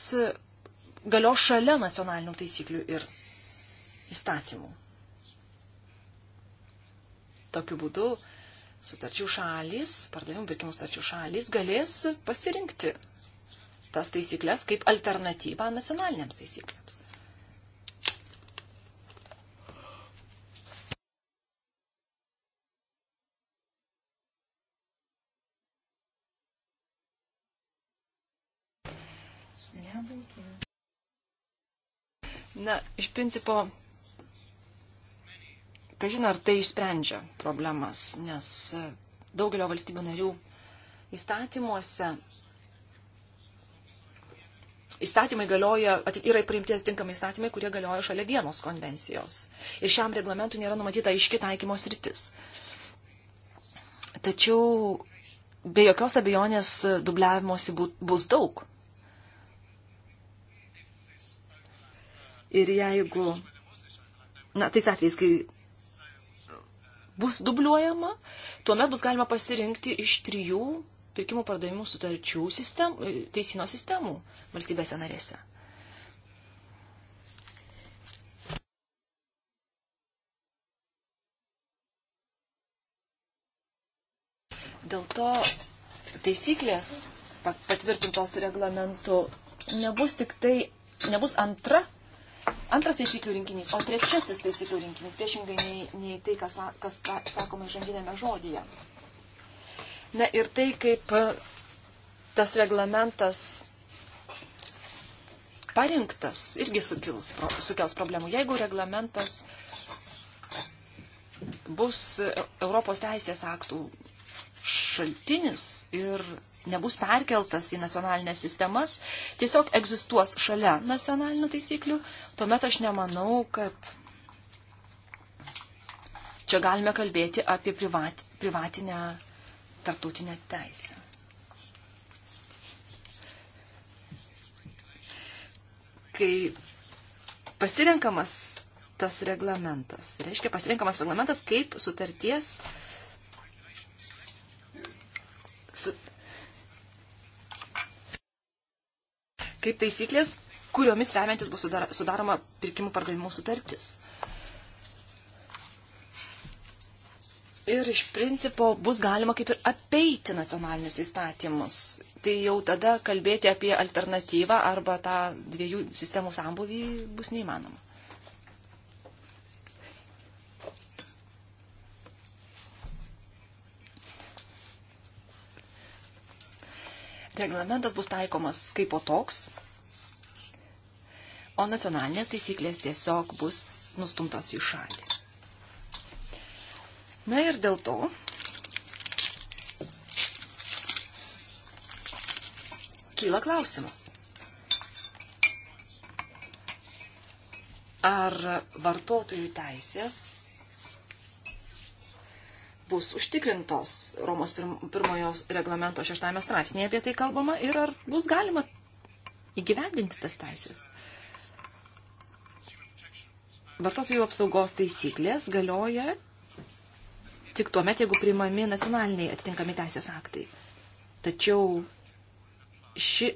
galio šalia nacionalinių taisyklių ir įstatymų. Tokiu būdu sutarčių šalis, pardavimų pirkimų sutarčių šalis galės pasirinkti tas taisyklės kaip alternatyvą nacionaliniams taisyklėms. Na, iš principo Kažin ar tai išsprendžia problemas, nes daugelio valstybių narių įstatymuose įstatymai galioja, yra priimti atitinkami įstatymai, kurie galioja šalia vienos konvencijos. Ir šiam reglamentui nėra numatyta aiški taikymos rytis. Tačiau be jokios abejonės dubliavimosi bus daug. Ir jeigu, na, tais atvejais, kai bus dubliuojama, tuomet bus galima pasirinkti iš trijų pirkimų pardavimų sutarčių sistem, e, teisino sistemų valstybėse narėse. Dėl to taisyklės patvirtintos reglamentu nebus tik tai, nebus antra antras taisyklių rinkinys, o trečiasis taisyklių rinkinys, priešingai nei, nei tai, kas, kas ta, sakoma įžanginėme žodyje. Na ir tai, kaip e, tas reglamentas parinktas, irgi sukils, sukels problemų. Jeigu reglamentas bus e, Europos teisės aktų šaltinis ir nebus perkeltas į nacionalinės sistemas, tiesiog egzistuos šalia nacionalinių taisyklių, tuomet aš nemanau, kad čia galime kalbėti apie privat, privatinę tarptautinę teisę. Kai pasirenkamas tas reglamentas, reiškia pasirenkamas reglamentas kaip sutarties uh, kaip taisyklės, kuriomis remiantis bus sudaroma pirkimų pardavimų sutartis. Ir iš principo bus galima kaip ir apeiti nacionalinius įstatymus. Tai jau tada kalbėti apie alternatyvą arba tą dviejų sistemų sambuvį bus neįmanoma. reglamentas bus taikomas kaip po toks, o nacionalinės taisyklės tiesiog bus nustumtos į šalį. Na ir dėl to kyla klausimas. Ar vartotojų teisės bus užtikrintos Romos pirmojo reglamento šeštame straipsnėje apie tai kalbama ir ar bus galima įgyvendinti tas teisės. Vartotojų apsaugos taisyklės galioja tik tuo met, jeigu priimami nacionaliniai atitinkami teisės aktai. Tačiau ši,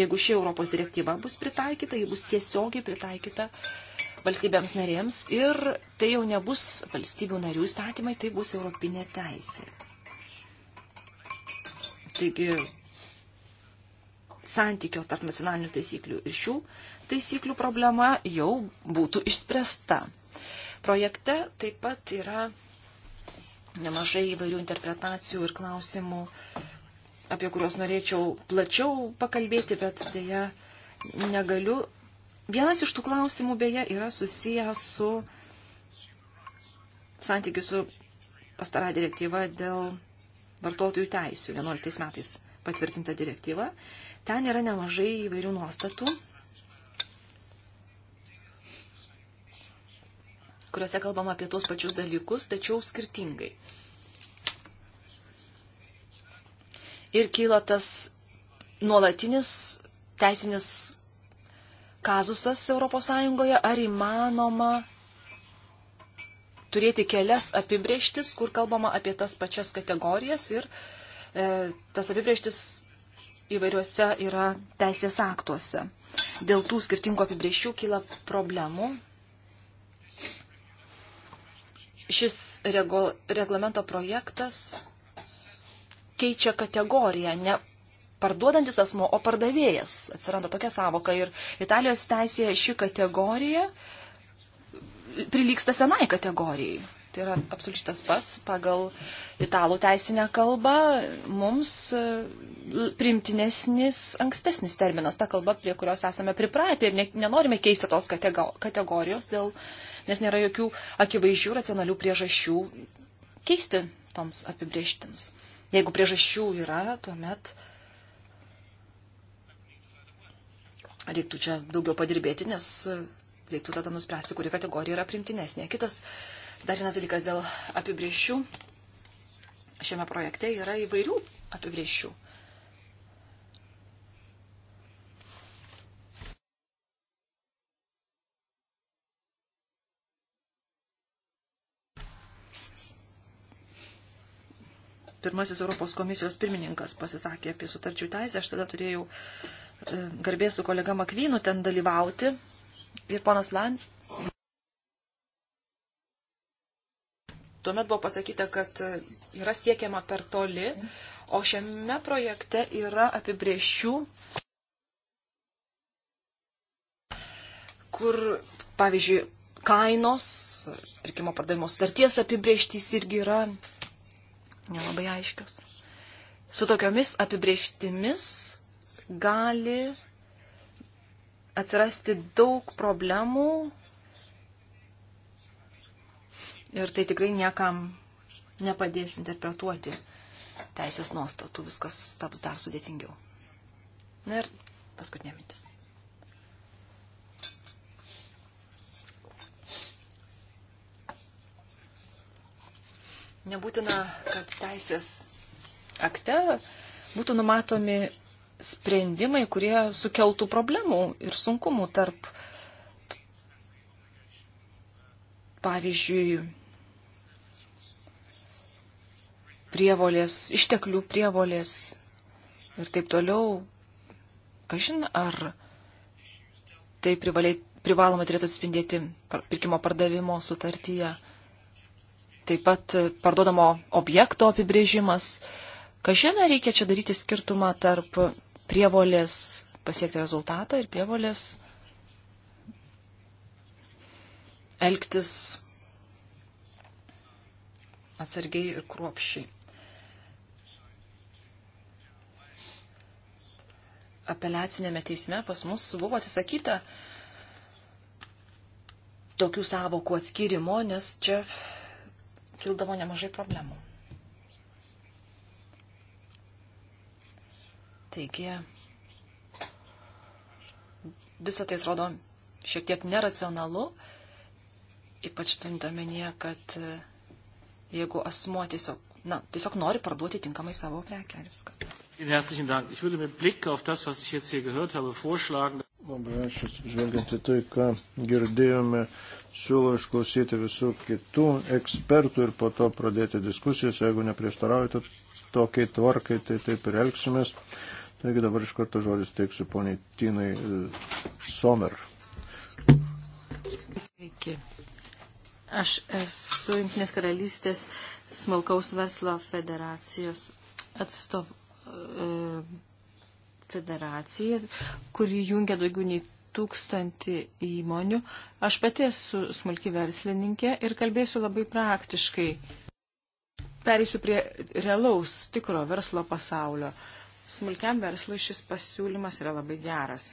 jeigu ši Europos direktyva bus pritaikyta, ji bus tiesiogiai pritaikyta uh, valstybėms narėms ir tai jau nebus valstybių narių įstatymai, tai bus europinė teisė. Taigi santykio tarp nacionalinių taisyklių ir šių taisyklių problema jau būtų išspręsta. Projekte taip pat yra nemažai įvairių interpretacijų ir klausimų, apie kuriuos norėčiau plačiau pakalbėti, bet dėja negaliu Vienas iš tų klausimų beje yra susijęs su santykiu su pastara direktyva dėl vartotojų teisių, 11 metais patvirtinta direktyva. Ten yra nemažai įvairių nuostatų, kuriuose kalbama apie tuos pačius dalykus, tačiau skirtingai. Ir kyla tas nuolatinis teisinis kazusas ES, ar įmanoma turėti kelias apibrieštis, kur kalbama apie tas pačias kategorijas ir e, tas apibrieštis įvairiuose yra teisės aktuose. Dėl tų skirtingų apibrieščių kyla problemų. Šis rego, reglamento projektas keičia kategoriją, ne parduodantis asmo, o pardavėjas. Atsiranda tokia savoka ir Italijos teisėje ši kategorija prilyksta senai kategorijai. Tai yra absoliučiai tas pats pagal italų teisinę kalbą. Mums e, primtinesnis ankstesnis terminas, ta kalba, prie kurios esame pripratę ir ne, nenorime keisti tos kategorijos, dėl, nes nėra jokių akivaizdžių racionalių priežasčių keisti toms apibrieštims. Jeigu priežasčių yra, tuomet reiktų čia daugiau padirbėti, nes reiktų tada nuspręsti, kuri kategorija yra primtinesnė. Kitas dar vienas dalykas dėl apibriešių. Šiame projekte yra įvairių apibriešių. Pirmasis Europos komisijos pirmininkas pasisakė apie sutarčių teisę, aš tada turėjau uh, E, garbė su kolega Makvynu ten dalyvauti. Ir ponas Lan. Tuomet buvo pasakyta, kad e, yra siekiama per toli, o šiame projekte yra apibriešių, kur, pavyzdžiui, kainos, pirkimo pardavimo sutarties apibrieštys irgi yra nelabai aiškios. Su tokiomis apibrieštimis gali atsirasti daug problemų ir tai tikrai niekam nepadės interpretuoti teisės nuostatų, viskas taps dar sudėtingiau. Na ir paskutinė mintis. Nebūtina, kad teisės akte būtų numatomi sprendimai, kurie sukeltų problemų ir sunkumų tarp, pavyzdžiui, prievolės, išteklių prievolės ir taip toliau. Kažin, ar tai privalė, privaloma turėtų atspindėti pirkimo pardavimo sutartyje. Taip pat parduodamo objekto apibrėžimas. Kažin, ar reikia čia daryti skirtumą tarp prievolės pasiekti rezultatą ir prievolės elgtis atsargiai ir kruopščiai. Apeliacinėme teisme pas mus buvo atsisakyta tokių savokų atskyrimo, nes čia kildavo nemažai problemų. Taigi visą tai atrodo šiek tiek neracionalu, ypač turint omenyje, kad e, jeigu asmuo tiesiog, na, tiesiog nori parduoti tinkamai savo prekę ir viskas. Herzlichen Dank. Ich würde mit Blick auf das, was ich jetzt hier gehört habe, vorschlagen. Labai ačiū, žvelgiant į tai, ką girdėjome, siūlau išklausyti visų kitų ekspertų ir po to pradėti diskusijas. Jeigu neprieštaraujate tokiai tvarkai, tai taip ir elgsimės. Taigi dabar iš karto žodis teiksiu poniai Tinai e, Somer. Sveiki. Aš esu Junktinės karalystės smulkaus verslo federacijos atstov e, federacija, kuri jungia daugiau nei tūkstantį įmonių. Aš pati esu smulki verslininkė ir kalbėsiu labai praktiškai. Pereisiu prie realaus, tikro verslo pasaulio. E, Smulkiam verslui šis pasiūlymas yra labai geras.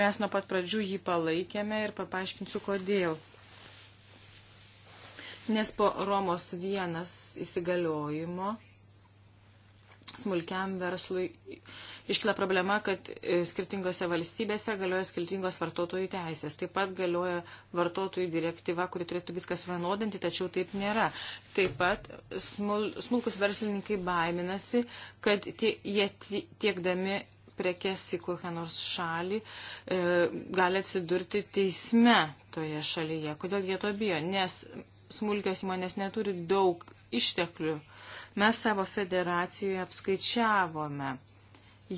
Mes nuo pat pradžių jį palaikėme ir papaiškinsiu kodėl. Nes po Romos vienas įsigaliojimo smulkiam verslui iškila problema, kad e, skirtingose valstybėse galioja skirtingos vartotojų teisės. Taip pat galioja vartotojų direktyva, kuri turėtų viską suvienodinti, tačiau taip nėra. Taip pat smul, smulkus verslininkai baiminasi, kad tie, jie tiekdami prekes į kokią nors šalį, e, gali atsidurti teisme toje šalyje. Kodėl jie to bijo? Nes smulkios įmonės neturi daug išteklių. Mes savo federacijoje apskaičiavome,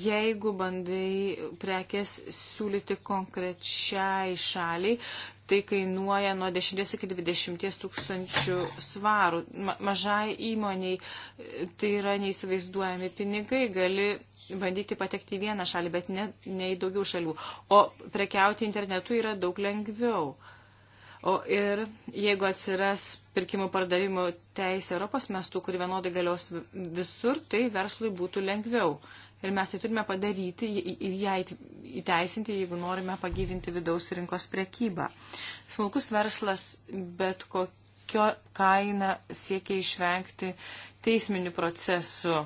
jeigu bandai prekes siūlyti konkrečiai šaliai, tai kainuoja nuo 10 iki 20 tūkstančių svarų. Ma mažai įmoniai e, tai yra neįsivaizduojami pinigai, gali bandyti patekti į vieną šalį, bet ne, ne į daugiau šalių. O prekiauti internetu yra daug lengviau. Uh, O ir jeigu atsiras pirkimų pardavimų teisė Europos mestų, kur vienodai galios visur, tai verslui būtų lengviau. Ir mes tai turime padaryti ir ją įteisinti, jeigu norime pagyvinti vidaus rinkos priekybą. Smulkus verslas bet kokio kaina siekia išvengti teisminių procesų.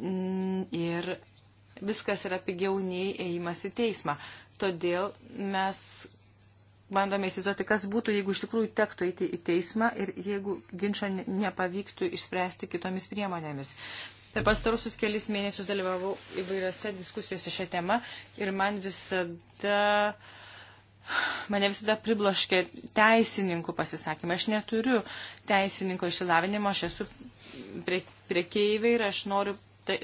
Mm, ir viskas yra pigiau nei ėjimas į teismą. Todėl mes bandome įsivaizduoti, kas būtų, jeigu iš tikrųjų tektų eiti į teismą ir jeigu ginčio nepavyktų išspręsti kitomis priemonėmis. Per pastarusius kelis mėnesius dalyvavau įvairiose diskusijose šią temą ir man visada. Mane visada pribloškė teisininkų pasisakymą. Aš neturiu teisininko išsilavinimo, aš esu prie, priekeivė ir aš noriu tai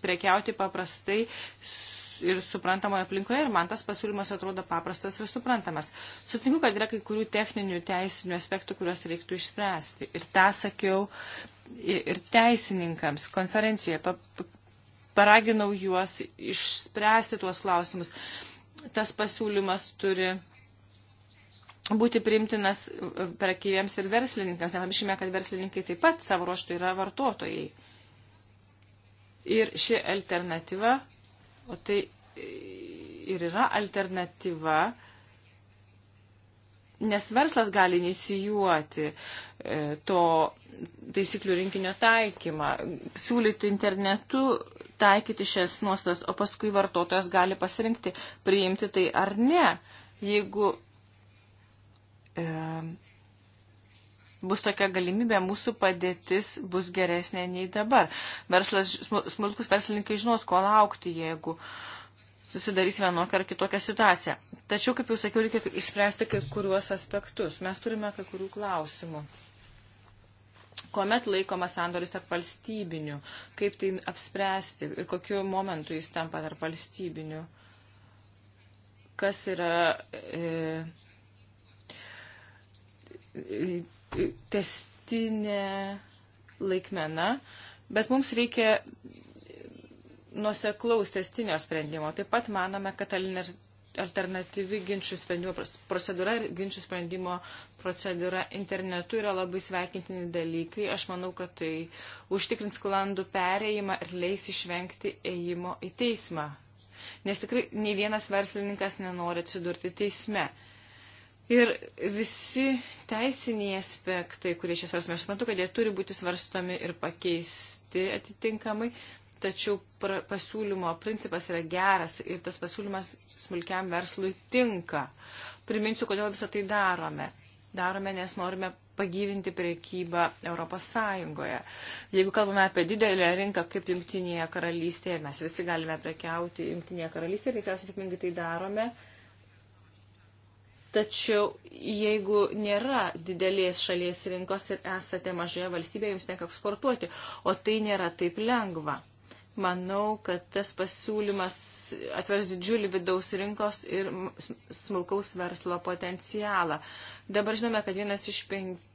prekiauti paprastai ir suprantamoje aplinkoje ir man tas pasiūlymas atrodo paprastas ir suprantamas. Sutinku, kad yra kai kurių techninių teisinių aspektų, kuriuos reiktų išspręsti. Ir tą sakiau ir teisininkams konferencijoje. Pa, paraginau juos išspręsti tuos klausimus. Tas pasiūlymas turi būti priimtinas prekyviams ir verslininkams. Nepamiršime, kad verslininkai taip pat savo ruoštų yra vartotojai. Ir ši alternatyva O tai e, ir yra alternatyva, nes verslas gali inicijuoti e, to taisyklių rinkinio taikymą, siūlyti internetu taikyti šias nuostas, o paskui vartotojas gali pasirinkti priimti tai ar ne. Jeigu e, bus tokia galimybė, mūsų padėtis bus geresnė nei dabar. Verslas, smulkus verslininkai žinos, ko laukti, jeigu susidarys vienokia ar kitokia situacija. Tačiau, kaip jau sakiau, reikia išspręsti kai kuriuos aspektus. Mes turime kai kurių klausimų. Kuomet laikomas sandoris tarp valstybinių, kaip tai apspręsti ir kokiu momentu jis tampa tarp valstybinių, kas yra. E, testinė laikmena, bet mums reikia nuseklaus testinio sprendimo. Taip pat manome, kad alternatyvi ginčių sprendimo procedūra ir ginčių sprendimo procedūra internetu yra labai sveikintini dalykai. Aš manau, kad tai užtikrins sklandų perėjimą ir leis išvengti ėjimo į teismą. Nes tikrai nei vienas verslininkas nenori atsidurti teisme. Ir visi teisiniai aspektai, kurie čia svarstami, aš matau, kad jie turi būti svarstomi ir pakeisti atitinkamai, tačiau pra, pasiūlymo principas yra geras ir tas pasiūlymas smulkiam verslui tinka. Priminsiu, kodėl visą tai darome. Darome, nes norime pagyvinti priekybą Europos Sąjungoje. Jeigu kalbame apie didelę rinką kaip Junktinėje karalystėje, mes visi galime prekiauti Junktinėje karalystėje ir tikriausiai sėkmingai tai darome. Uh, Tačiau jeigu nėra didelės šalies rinkos ir esate mažoje valstybėje, jums tenka eksportuoti, o tai nėra taip lengva. Manau, kad tas pasiūlymas atvers didžiulį vidaus rinkos ir smulkaus verslo potencialą. Dabar žinome, kad vienas iš penkių.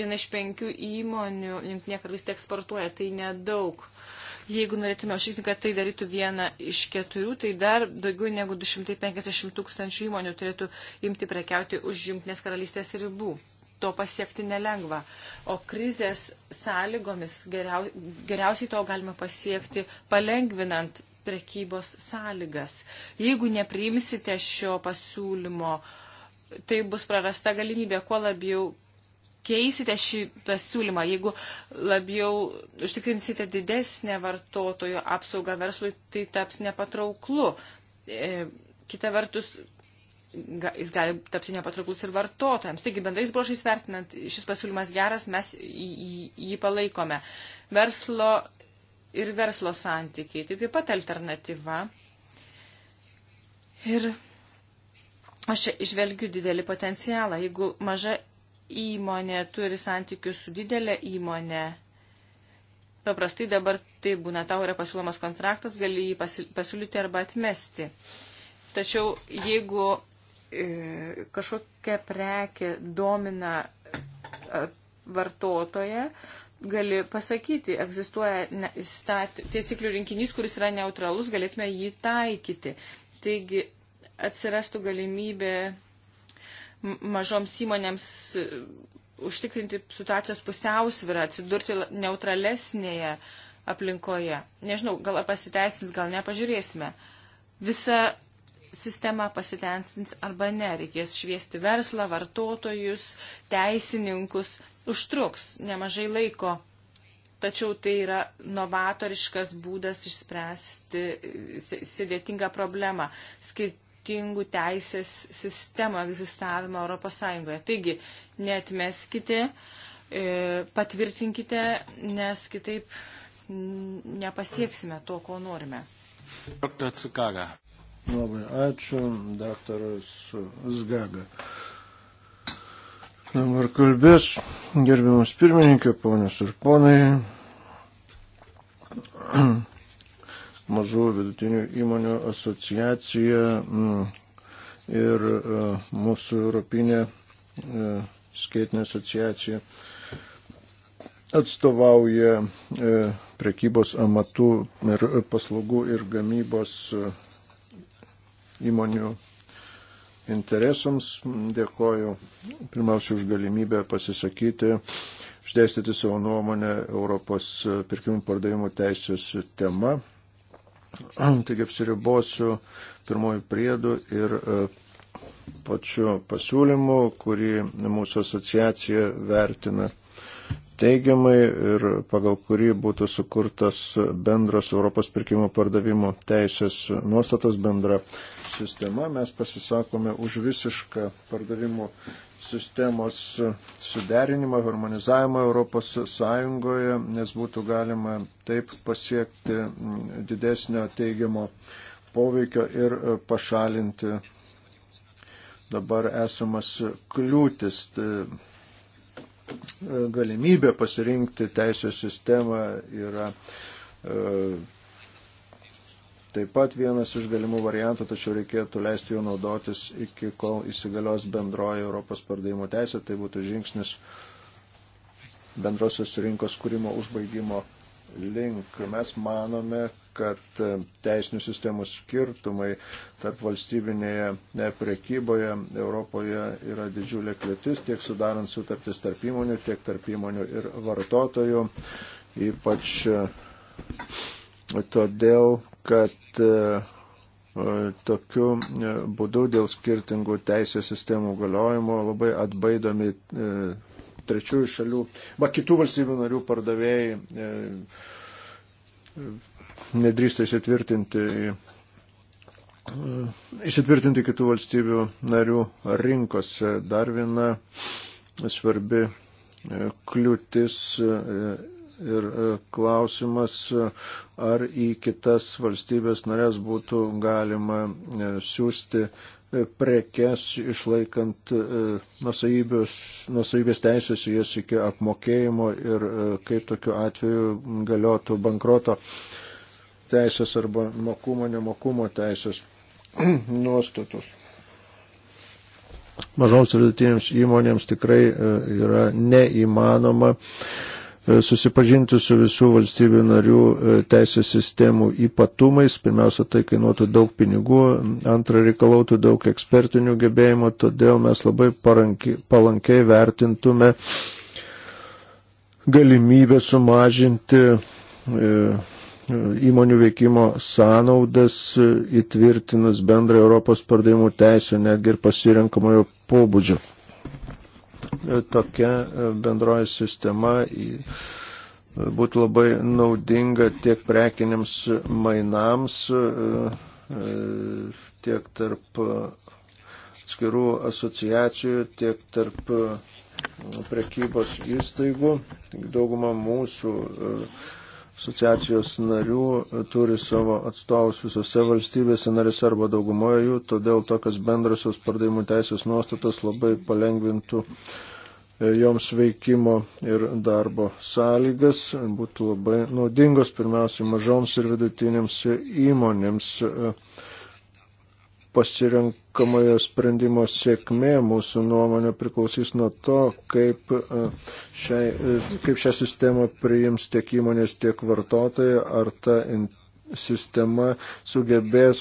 Viena iš penkių įmonių jungtinė karalystė eksportuoja, tai nedaug. Uh, Jeigu norėtume užtikrinti, kad tai darytų vieną iš keturių, tai dar daugiau negu 250 tūkstančių įmonių turėtų imti prekiauti už Junktinės karalystės ribų. To pasiekti nelengva. O krizės sąlygomis geriau, geriausiai to galima pasiekti palengvinant prekybos sąlygas. Jeigu nepriimsite šio pasiūlymo, tai bus prarasta galimybė kuo labiau keisite šitą siūlymą, jeigu labiau užtikrinsite didesnę vartotojo apsaugą verslui, tai taps nepatrauklu. E, kita vertus, ga, jis gali tapti nepatrauklus ir vartotojams. Taigi, bendrais brošais vertinant, šis pasiūlymas geras, mes jį, jį palaikome. Verslo ir verslo santykiai, tai taip pat alternatyva. Ir Aš čia išvelgiu didelį potencialą. Jeigu maža įmonė turi santykius su didelė įmonė, paprastai dabar tai būna tau yra pasiūlomas kontraktas, gali jį pasiūlyti arba atmesti. Tačiau jeigu e, kažkokia prekė domina e, vartotoje, gali pasakyti, egzistuoja teisiklių rinkinys, kuris yra neutralus, galėtume jį taikyti. Taigi atsirastų galimybė mažoms įmonėms e, užtikrinti situacijos pusiausvyrą, atsidurti neutralesnėje aplinkoje. Nežinau, gal pasiteisins, gal nepažiūrėsime. Visa sistema pasiteisins arba ne. Reikės šviesti verslą, vartotojus, teisininkus. Užtruks nemažai laiko. Tačiau tai yra novatoriškas būdas išspręsti sėdėtingą problemą. Skirti skirtingų teisės sistemų egzistavimą ES. Taigi, netmeskite, e, patvirtinkite, nes kitaip nepasieksime to, ko norime. Dr. Tsukaga. Labai ačiū, daktaras Zgaga. Dabar kalbės gerbiamas pirmininkė, ponios ir ponai mažų vidutinių įmonių asociacija mm, ir e, mūsų Europinė e, skaitinė asociacija atstovauja e, prekybos amatų ir paslaugų ir gamybos įmonių interesams. Dėkoju pirmiausia už galimybę pasisakyti, išdėstyti savo nuomonę Europos pirkimų pardavimų teisės tema. Taigi apsiribosiu pirmojų priedų ir e, pačiu pasiūlymu, kurį mūsų asociacija vertina teigiamai ir pagal kurį būtų sukurtas bendras Europos pirkimo pardavimo teisės nuostatas bendra sistema. Mes pasisakome už visišką pardavimo sistemos suderinimą, harmonizavimą Europos Sąjungoje, nes būtų galima taip pasiekti didesnio teigiamo poveikio ir pašalinti dabar esamas kliūtis. Tai, e, galimybė pasirinkti teisės sistemą yra e, taip pat vienas iš galimų variantų, tačiau reikėtų leisti juo naudotis iki kol įsigalios bendroji Europos pardavimo teisė, tai būtų žingsnis bendrosios rinkos kūrimo užbaigimo link. Mes manome, kad teisinių sistemų skirtumai tarp valstybinėje prekyboje Europoje yra didžiulė kliūtis tiek sudarant sutartis tarp įmonių, tiek tarp įmonių ir vartotojų. Ypač todėl, kad e, e, tokiu e, būdu dėl skirtingų teisės sistemų galiojimo labai atbaidomi trečiųjų šalių, va kitų valstybių narių pardavėjai nedrįsta įsitvirtinti į įsitvirtinti kitų valstybių narių rinkose. Dar viena svarbi kliūtis Ir e, klausimas, e, ar į kitas valstybės narės būtų galima e, siūsti prekes, išlaikant nusavybės teisės į jas iki apmokėjimo ir kaip tokiu atveju galiotų bankroto teisės arba mokumo, nemokumo teisės nuostatos mažoms vidutinėms įmonėms tikrai yra neįmanoma E, susipažinti su visų valstybių narių e, teisės sistemų ypatumais. Pirmiausia, tai kainuotų daug pinigų, antra, reikalautų daug ekspertinių gebėjimų, todėl mes labai paranki, palankiai vertintume galimybę sumažinti e, įmonių veikimo sąnaudas įtvirtinus bendrą Europos pardavimų teisę netgi ir pasirinkamojo pobūdžio tokia bendroji sistema būtų labai naudinga tiek prekiniams mainams, tiek tarp atskirų asociacijų, tiek tarp prekybos įstaigų. Dauguma mūsų uh, asociacijos narių e, turi savo atstovus visose valstybėse narėse arba daugumoje jų, todėl tokios bendrasios pardavimų teisės nuostatos labai palengvintų e, joms veikimo ir darbo sąlygas, būtų labai naudingos pirmiausiai mažoms ir vidutinėms įmonėms e, pasirinkti tinkamojo sprendimo sėkmė mūsų nuomonė priklausys nuo to, kaip e, šią, e, kaip šią sistemą priims tiek įmonės, tiek vartotojai, ar ta sistema sugebės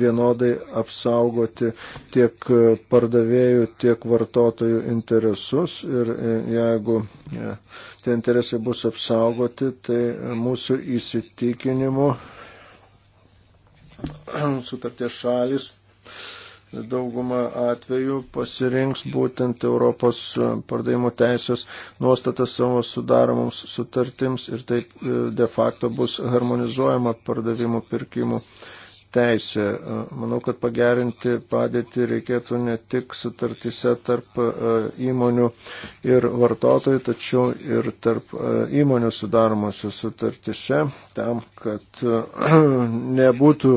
vienodai apsaugoti tiek pardavėjų, tiek vartotojų interesus. Ir e, jeigu tie interesai bus apsaugoti, tai mūsų įsitikinimu sutarties šalis daugumą atvejų pasirinks būtent Europos e, pardavimų teisės nuostatas savo sudaromoms sutartims ir taip e, de facto bus harmonizuojama pardavimų pirkimų teisė. E, manau, kad pagerinti padėtį reikėtų ne tik sutartise tarp įmonių ir vartotojų, tačiau ir tarp įmonių sudaromose sutartise, tam, kad nebūtų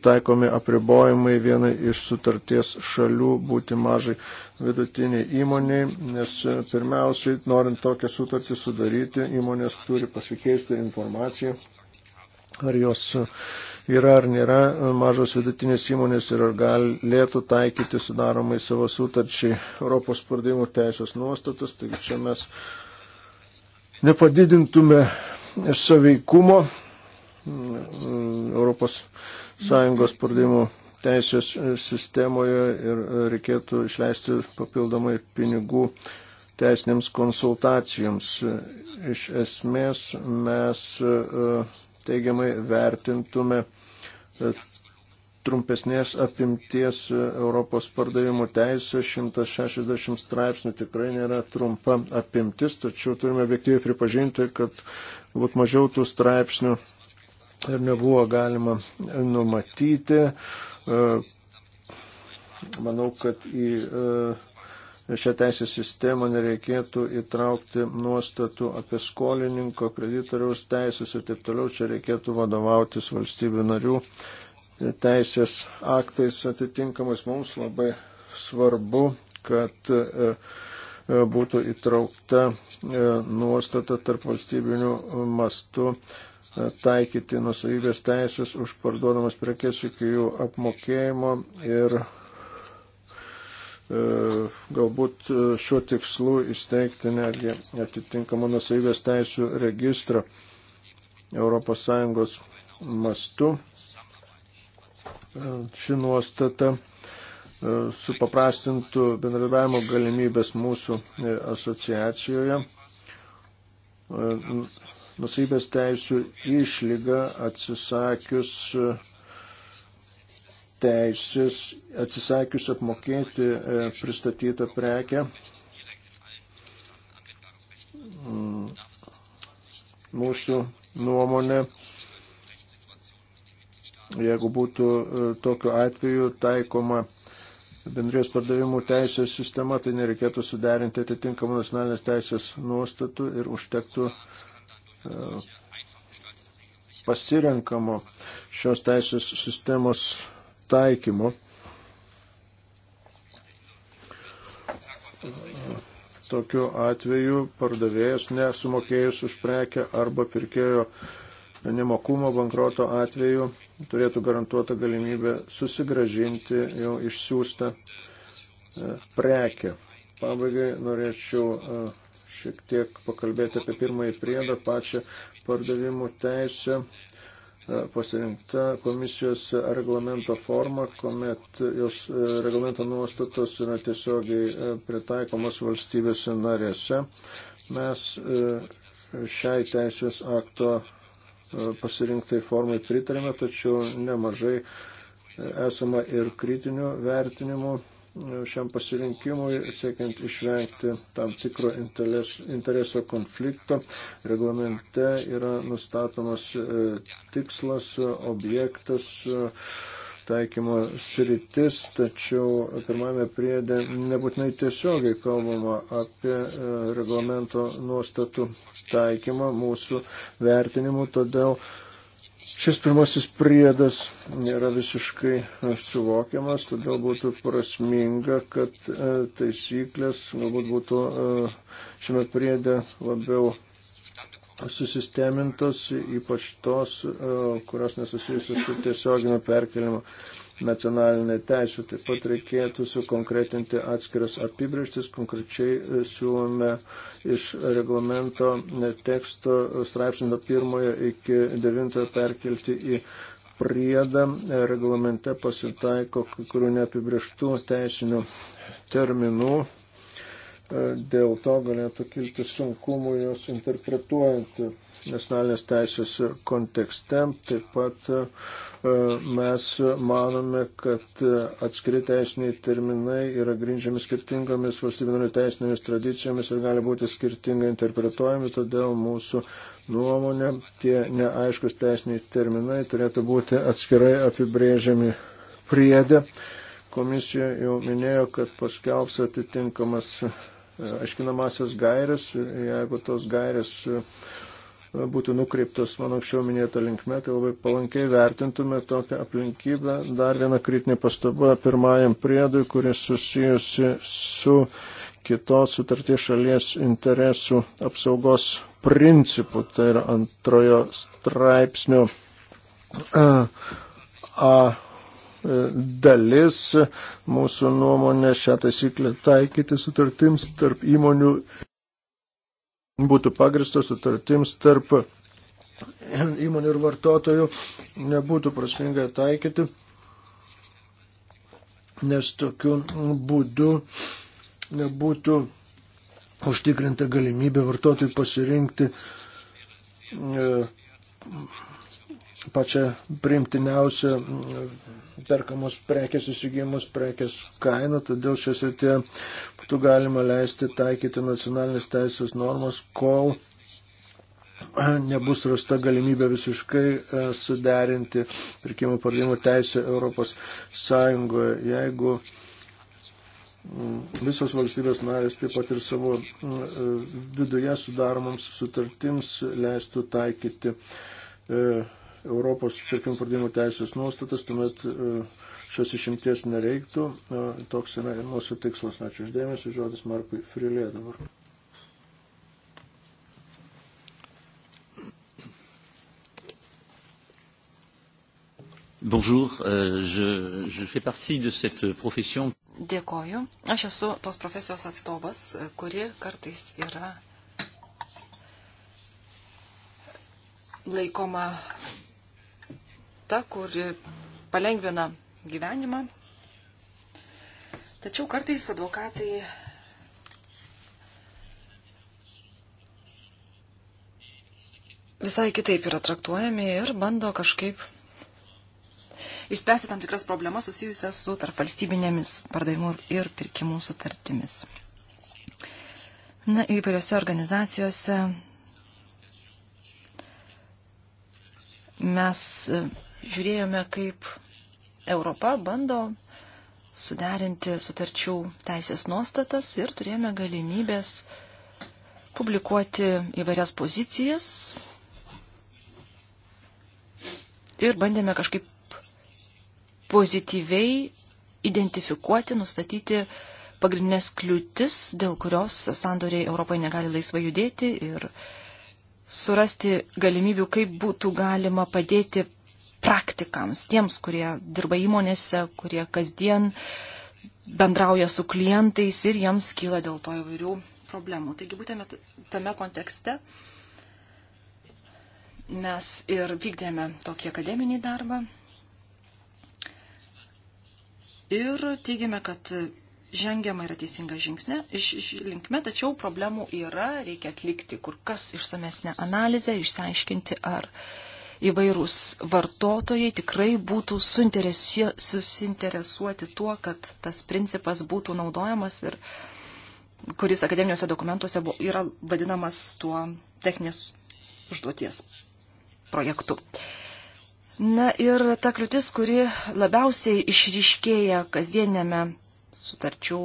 taikomi apribojimai vienai iš sutarties šalių būti mažai vidutiniai įmoniai, nes e, pirmiausiai, norint tokią sutartį sudaryti, įmonės turi pasikeisti informaciją, ar jos e, yra ar nėra e, mažos vidutinės įmonės ir ar galėtų taikyti sudaromai savo sutarčiai Europos pardavimų teisės nuostatas. Taigi čia mes nepadidintume saveikumo Europos sąjungos pardavimų teisės e, sistemoje ir e, reikėtų išleisti papildomai pinigų teisinėms konsultacijoms. E, iš esmės mes teigiamai vertintume trumpesnės apimties Europos pardavimų teisė 160 straipsnių tikrai nėra trumpa apimtis, tačiau turime objektyviai pripažinti, kad galbūt mažiau tų straipsnių ir nebuvo galima numatyti. E, manau, kad į e, šią teisės sistemą nereikėtų įtraukti nuostatų apie skolininko, kreditoriaus teisės ir taip toliau. Čia reikėtų vadovautis valstybių narių teisės aktais atitinkamais. Mums labai svarbu, kad e, būtų įtraukta nuostata tarp valstybinių mastų taikyti nusavybės teisės už parduodamas prekes iki jų apmokėjimo ir e, galbūt e, šiuo tikslu įsteigti netgi atitinkamą nusavybės teisų registrą ES mastu. E, ši nuostata e, supaprastintų bendradarbiavimo galimybės mūsų asociacijoje nusybės teisų išlyga atsisakius teisės, atsisakius apmokėti e, pristatytą prekę. Mm. Mūsų nuomonė, jeigu būtų e, tokiu atveju taikoma bendrijos pardavimų teisės sistema, tai nereikėtų suderinti atitinkamų nacionalinės teisės nuostatų ir užtektų uh, pasirenkamo šios teisės sistemos taikymo. Tokiu atveju pardavėjas nesumokėjus už prekę arba pirkėjo nemokumo bankroto atveju turėtų garantuotą galimybę susigražinti jau išsiųstą e, prekę. Pabaigai norėčiau e, šiek tiek pakalbėti apie pirmąjį priedą, pačią pardavimų teisę e, pasirinkta komisijos reglamento forma, kuomet jos e, reglamento nuostatos yra tiesiogiai e, pritaikomas valstybėse narėse. Mes šiai teisės akto pasirinktai formai pritarėme, tačiau nemažai esama ir kritinių vertinimų šiam pasirinkimui, siekiant išvengti tam tikro intereso konflikto. Reglamente yra nustatomas e, tikslas, objektas, e, taikymo sritis, tačiau pirmame priedė nebūtinai tiesiogiai kalbama apie e, reglamento nuostatų taikymą mūsų vertinimu, todėl Šis pirmasis priedas nėra visiškai suvokiamas, todėl būtų prasminga, kad e, taisyklės galbūt būtų e, šiame priede labiau susistemintos, ypač tos, e, kurios nesusijusios su tiesioginio perkelimo nacionalinę teisę. Taip pat reikėtų sukonkretinti atskiras apibrieštis. Konkrečiai e, siūlome iš reglamento e, teksto straipsnio pirmojo iki devintojo perkelti į priedą. E, reglamente pasitaiko kai kurių neapibrieštų teisinių terminų. Dėl to galėtų kilti sunkumų juos interpretuojant nacionalinės teisės kontekste. Taip pat e, mes manome, kad atskiri teisiniai terminai yra grindžiami skirtingomis valstybinio teisinėmis tradicijomis ir gali būti skirtingai interpretuojami, todėl mūsų nuomonė tie neaiškus teisiniai terminai turėtų būti atskirai apibrėžiami priedė. Komisija jau minėjo, kad paskelbs atitinkamas e, aiškinamasias gairias, jeigu tos gairias būtų nukreiptos mano anksčiau minėta linkme, tai labai palankiai vertintume tokią aplinkybę. Dar viena kritinė pastaba pirmajam priedui, kuris susijusi su kitos sutarties šalies interesų apsaugos principu, tai yra antrojo straipsnio a, a e, dalis mūsų nuomonė šią taisyklę taikyti sutartims tarp įmonių būtų pagristos sutartims tarp įmonių ir vartotojų, nebūtų prasminga taikyti, nes tokiu būdu nebūtų užtikrinta galimybė vartotojui pasirinkti e, pačią priimtiniausią perkamos prekės įsigijimus, prekės kainą, todėl šios ir tie būtų galima leisti taikyti nacionalinės teisės normas, kol nebus rasta galimybė visiškai e, suderinti pirkimo pardavimo teisę Europos Sąjungoje. Jeigu visos valstybės narės taip pat ir savo e, viduje sudaromoms sutartims leistų taikyti e, Europos pirkimų pardavimų teisės nuostatas, tuomet e, šios išimties nereiktų. E, toks yra mūsų tikslas. Ačiū uždėmesi. Žodis Markui Frilė dabar. Bonjour, euh, je, je fais partie de cette profession. Dėkoju. Aš esu tos profesijos atstovas, kuri kartais yra laikoma ta, kuri palengvina gyvenimą. Tačiau kartais advokatai visai kitaip yra traktuojami ir bando kažkaip išspręsti tam tikras problemas susijusias su tarpvalstybinėmis pardavimų ir pirkimų sutartimis. Na, įvairiose organizacijose mes žiūrėjome, kaip Europa bando suderinti sutarčių teisės nuostatas ir turėjome galimybės publikuoti įvairias pozicijas ir bandėme kažkaip pozityviai identifikuoti, nustatyti pagrindinės kliūtis, dėl kurios sandoriai Europoje negali laisvai judėti ir surasti galimybių, kaip būtų galima padėti praktikams, tiems, kurie dirba įmonėse, kurie kasdien bendrauja su klientais ir jiems kyla dėl to įvairių problemų. Taigi būtent tame kontekste mes ir vykdėme tokį akademinį darbą ir teigiame, kad žengiama yra teisinga žingsnė, linkme, tačiau problemų yra, reikia atlikti kur kas išsamesnę analizę, išsiaiškinti, ar uh, įvairūs vartotojai tikrai būtų susinteresuoti tuo, kad tas principas būtų naudojamas ir kuris akademiniuose dokumentuose yra vadinamas tuo techninės užduoties projektu. Na ir ta kliūtis, kuri labiausiai išryškėja kasdienėme sutarčių,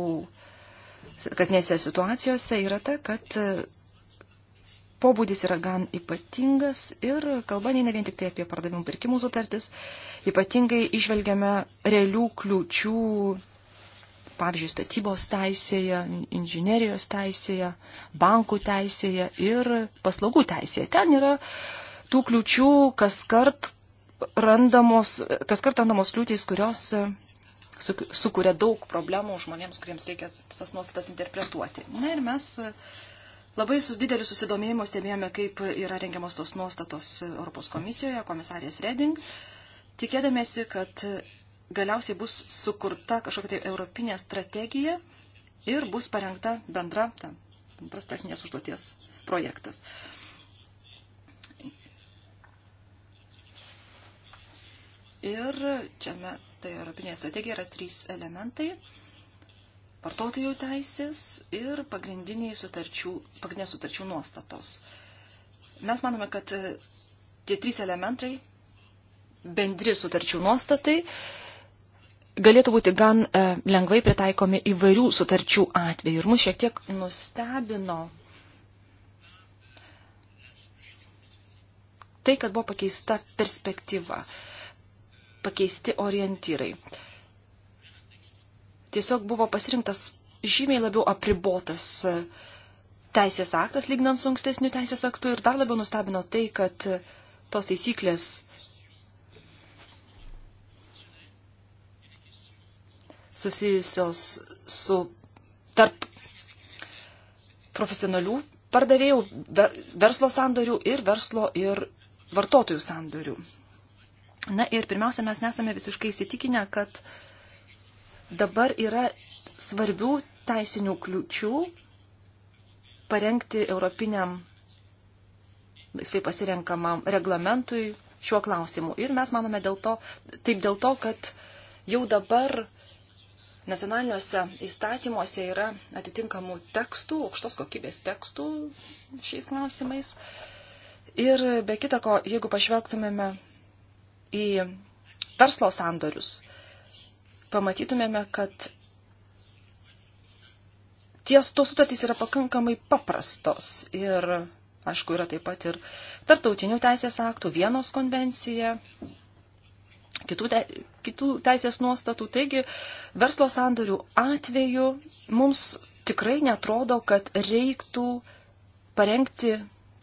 kasnėse situacijose, yra ta, kad pobūdis yra gan ypatingas ir kalba neina vien tik tai apie pardavimų pirkimų sutartis, ypatingai išvelgiame realių kliūčių, pavyzdžiui, statybos teisėje, inžinerijos teisėje, bankų teisėje ir paslaugų teisėje. Ten yra tų kliūčių kas kart randamos, kas kart randamos kliūtys, kurios sukuria daug problemų žmonėms, kuriems reikia tas nuostatas interpretuoti. Na ir mes Labai su dideliu susidomėjimu stebėjome, kaip yra rengiamos tos nuostatos Europos komisijoje, komisarės Reding, tikėdamėsi, kad galiausiai bus sukurta kažkokia tai europinė strategija ir bus parengta bendra, ta, bendras techninės užduoties projektas. Ir čia tai europinėje strategijoje yra trys elementai vartotojų teisės ir pagrindiniai sutarčių, pagrindinės sutarčių nuostatos. Mes manome, kad e, tie trys elementai, bendri sutarčių nuostatai, galėtų būti gan e, lengvai pritaikomi įvairių sutarčių atveju. Ir mus šiek tiek nustebino tai, kad buvo pakeista perspektyva, pakeisti orientyrai. E, tiesiog buvo pasirinktas žymiai labiau apribotas e, teisės aktas, lygnant su ankstesniu teisės aktu. Ir dar labiau nustebino tai, kad tos taisyklės susijusios su tarp profesionalių pardavėjų, verslo sandorių ir verslo ir vartotojų sandorių. Na ir pirmiausia, mes nesame visiškai įsitikinę, kad uh, dabar yra svarbių teisinių kliučių parengti europiniam laisvai pasirenkamam reglamentui šiuo klausimu. Ir mes manome dėl to, taip dėl to, kad jau dabar nacionaliniuose įstatymuose yra atitinkamų tekstų, aukštos kokybės tekstų šiais klausimais. Ir be kita ko, jeigu pažvelgtumėme į verslo sandorius, pamatytumėme, kad ties tos sutartys yra pakankamai paprastos. Ir, aišku, yra taip pat ir tarptautinių teisės aktų, vienos konvencija, kitų, te, kitų teisės nuostatų. Taigi, verslo sandorių atveju mums tikrai netrodo, kad reiktų parengti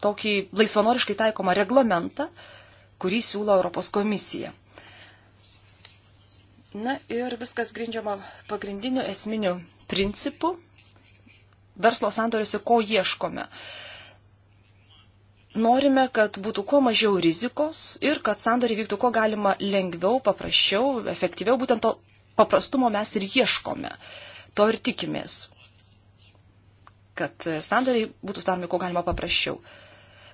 tokį laisvanoriškai taikomą reglamentą, kurį siūlo Europos komisija. Na ir viskas grindžiama pagrindiniu esminiu principu verslo sandoriuose, ko ieškome. Norime, kad būtų kuo mažiau rizikos ir kad sandoriai vyktų kuo galima lengviau, paprasčiau, efektyviau. Būtent to paprastumo mes ir ieškome. To ir tikimės. Kad e, sandoriai būtų daromi kuo galima paprasčiau.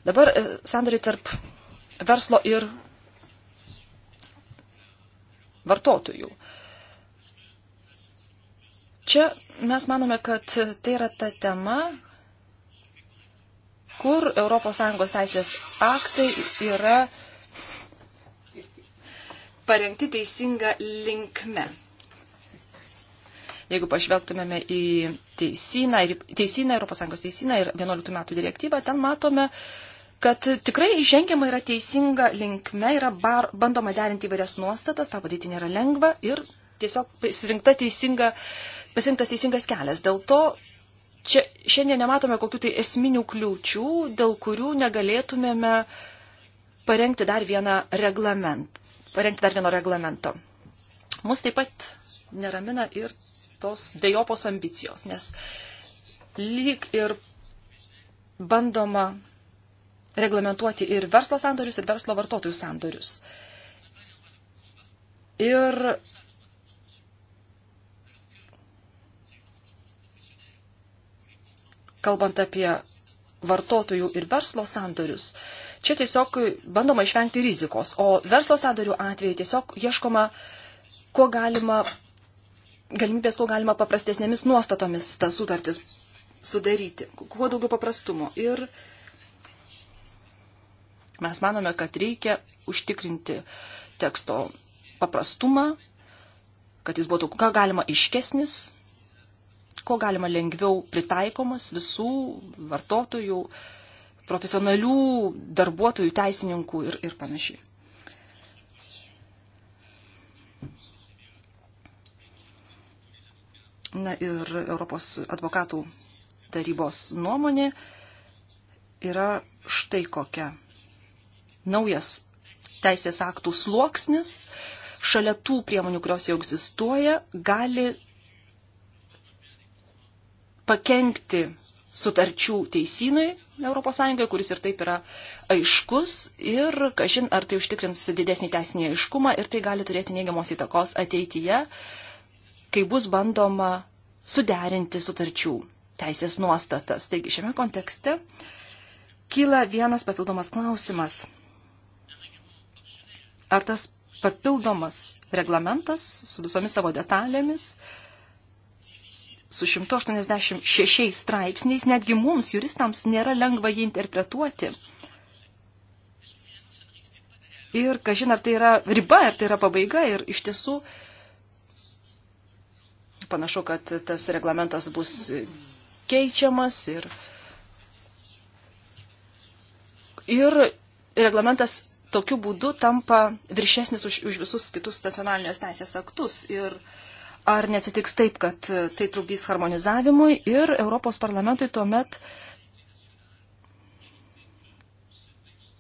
Dabar e, sandoriai tarp verslo ir vartotojų. Čia mes manome, kad tai yra ta tema, kur ES teisės aktai yra parengti teisinga linkme. Jeigu pažvelgtumėme į teisyną, teisyną ES teisyną ir 11 metų direktyvą, ten matome, uh, kad tikrai žengiama yra teisinga linkme, yra bar, bandoma derinti įvairias nuostatas, tą padaryti nėra lengva ir tiesiog pasirinkta teisinga, pasirinktas teisingas kelias. Dėl to čia šiandien nematome kokių tai esminių kliūčių, dėl kurių negalėtumėme parengti dar vieną reglamentą. Parengti dar vieno reglamento. Mus taip pat neramina ir tos dėjopos ambicijos, nes lyg ir bandoma reglamentuoti ir verslo sandorius, ir verslo vartotojų sandorius. Ir kalbant apie vartotojų ir verslo sandorius, čia tiesiog bandoma išvengti rizikos, o verslo sandorių atveju tiesiog ieškoma, kuo galima, galimybės, kuo galima paprastesnėmis nuostatomis tas sutartis sudaryti, kuo daugiau paprastumo. Ir uh, Mes manome, kad reikia užtikrinti teksto paprastumą, kad jis būtų ką galima iškesnis, ko galima lengviau pritaikomas visų vartotojų, profesionalių darbuotojų, teisininkų ir, ir panašiai. Na ir Europos advokatų tarybos nuomonė yra štai kokia naujas teisės aktų sluoksnis, šalia tų priemonių, kurios jau egzistuoja, gali pakengti sutarčių teisinui ES, kuris ir taip yra aiškus ir, kažin, ar tai užtikrins didesnį teisinį aiškumą ir tai gali turėti neigiamos įtakos ateityje, kai bus bandoma suderinti sutarčių teisės nuostatas. Taigi šiame kontekste kyla vienas papildomas klausimas ar tas papildomas reglamentas su visomis savo detalėmis, su 186 straipsniais, netgi mums, juristams, nėra lengva jį interpretuoti. Ir, kažin, ar tai yra riba, ar tai yra pabaiga, ir iš tiesų panašu, kad tas reglamentas bus keičiamas ir, ir reglamentas tokiu būdu tampa viršesnis už, už visus kitus nacionalinės teisės aktus. Ir ar nesitiks taip, kad e, tai trukdys harmonizavimui ir Europos parlamentui tuomet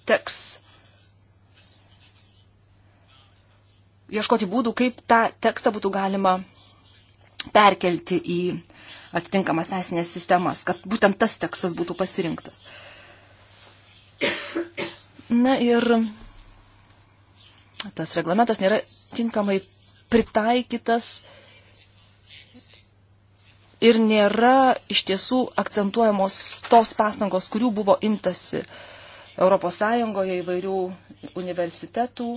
teks ieškoti būdų, kaip tą tekstą būtų galima perkelti į atitinkamas teisinės sistemas, kad būtent tas tekstas būtų pasirinktas. Na ir tas reglamentas nėra tinkamai pritaikytas ir nėra iš tiesų akcentuojamos tos pastangos, kurių buvo imtasi ES įvairių universitetų,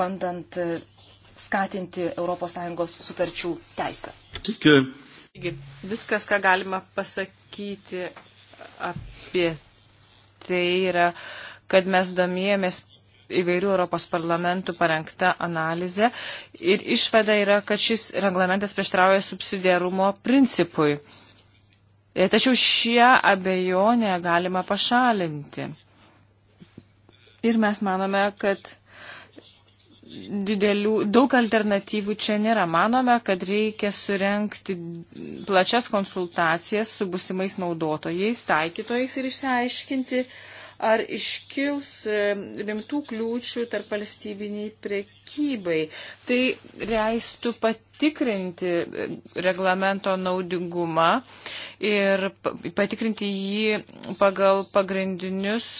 bandant e, skatinti ES sutarčių teisę. Tikiu. E, Taigi, viskas, ką galima pasakyti apie tai, yra uh, kad mes domėjomės įvairių Europos parlamentų parengta analizė ir išvada yra, kad šis reglamentas prieštrauja subsidiarumo principui. E, tačiau šią abejonę galima pašalinti. Ir mes manome, kad didelių, daug alternatyvų čia nėra. Manome, kad reikia surenkti plačias konsultacijas su busimais naudotojais, taikytojais ir išsiaiškinti, ar iškils e, rimtų kliūčių tarp valstybiniai prekybai. Tai leistų patikrinti e, reglamento naudingumą ir patikrinti jį pagal pagrindinius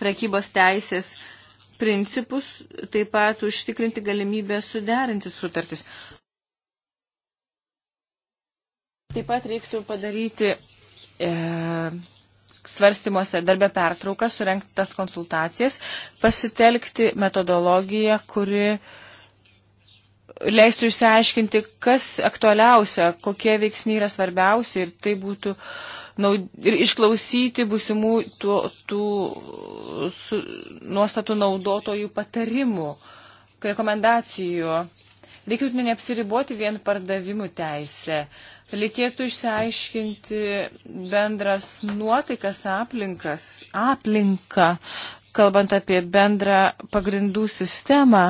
prekybos teisės principus, taip pat užtikrinti galimybę suderinti sutartis. Taip pat reiktų padaryti e, svarstymuose darbę pertrauką, surenktas konsultacijas, pasitelkti metodologiją, kuri leistų išsiaiškinti, kas aktualiausia, kokie veiksniai yra svarbiausi ir tai būtų naud... ir išklausyti busimų tų, tų su... nuostatų naudotojų patarimų, rekomendacijų. Reikėtų neapsiriboti vien pardavimų teisę. Reikėtų išsiaiškinti bendras nuotaikas aplinkas, aplinką, kalbant apie bendrą pagrindų sistemą.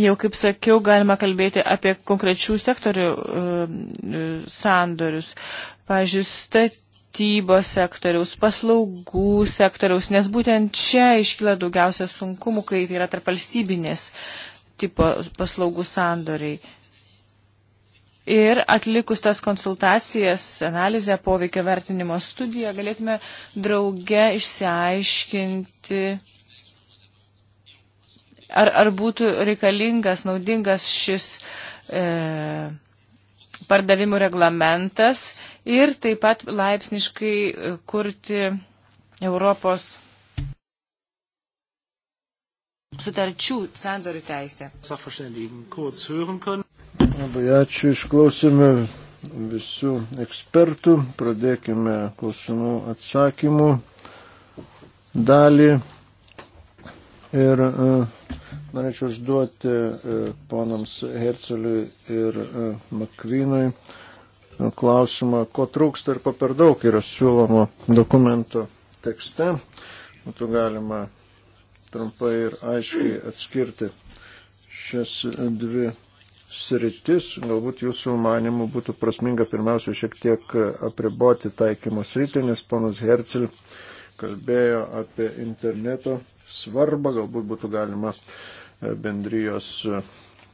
Jau, kaip sakiau, galima kalbėti apie konkrečių sektorių uh, sandorius. Pavyzdžiui, statybos sektoriaus, paslaugų sektoriaus, nes būtent čia iškyla daugiausia sunkumų, kai tai yra tarp valstybinės tipo paslaugų sandoriai. Ir atlikus tas konsultacijas, analizę poveikio vertinimo studiją, galėtume drauge išsiaiškinti, ar, ar būtų reikalingas, naudingas šis e, pardavimų reglamentas ir taip pat laipsniškai kurti Europos sutarčių sandorių teisę. Labai ačiū, išklausime visų ekspertų, pradėkime klausimų atsakymų dalį ir uh, norėčiau užduoti uh, ponams Herceliui ir uh, e, Makvinui klausimą, ko trūksta ir ko per daug yra siūlomo dokumento tekste. Būtų galima trumpai ir aiškiai atskirti šias dvi sritis. Galbūt jūsų manimų būtų prasminga pirmiausia šiek tiek apriboti taikymo sritį, nes ponas Hercel kalbėjo apie interneto svarbą, galbūt būtų galima e, bendrijos e,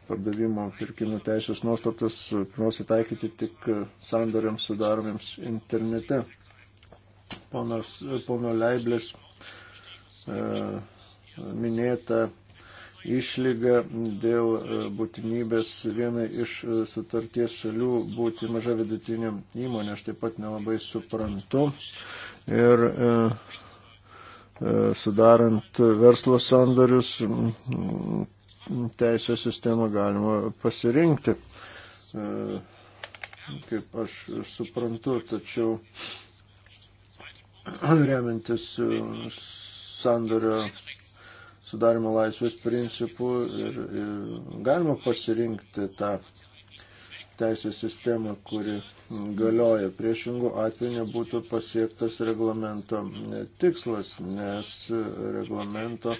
pardavimo pirkimų teisės nuostatas e, pirmiausia taikyti tik sandoriams sudaromiems internete. Ponas, pono Leiblės e, minėta išlyga dėl e, būtinybės vienai iš e, sutarties šalių būti maža vidutinė įmonė, aš taip pat nelabai suprantu. Ir e, e sudarant verslo sandarius teisės sistemą galima pasirinkti, e, kaip aš suprantu, tačiau remiantis sandario sudarimo laisvės principų ir, ir galima pasirinkti tą teisės sistemą, kuri galioja. Priešingų atveju nebūtų pasiektas reglamento tikslas, nes reglamento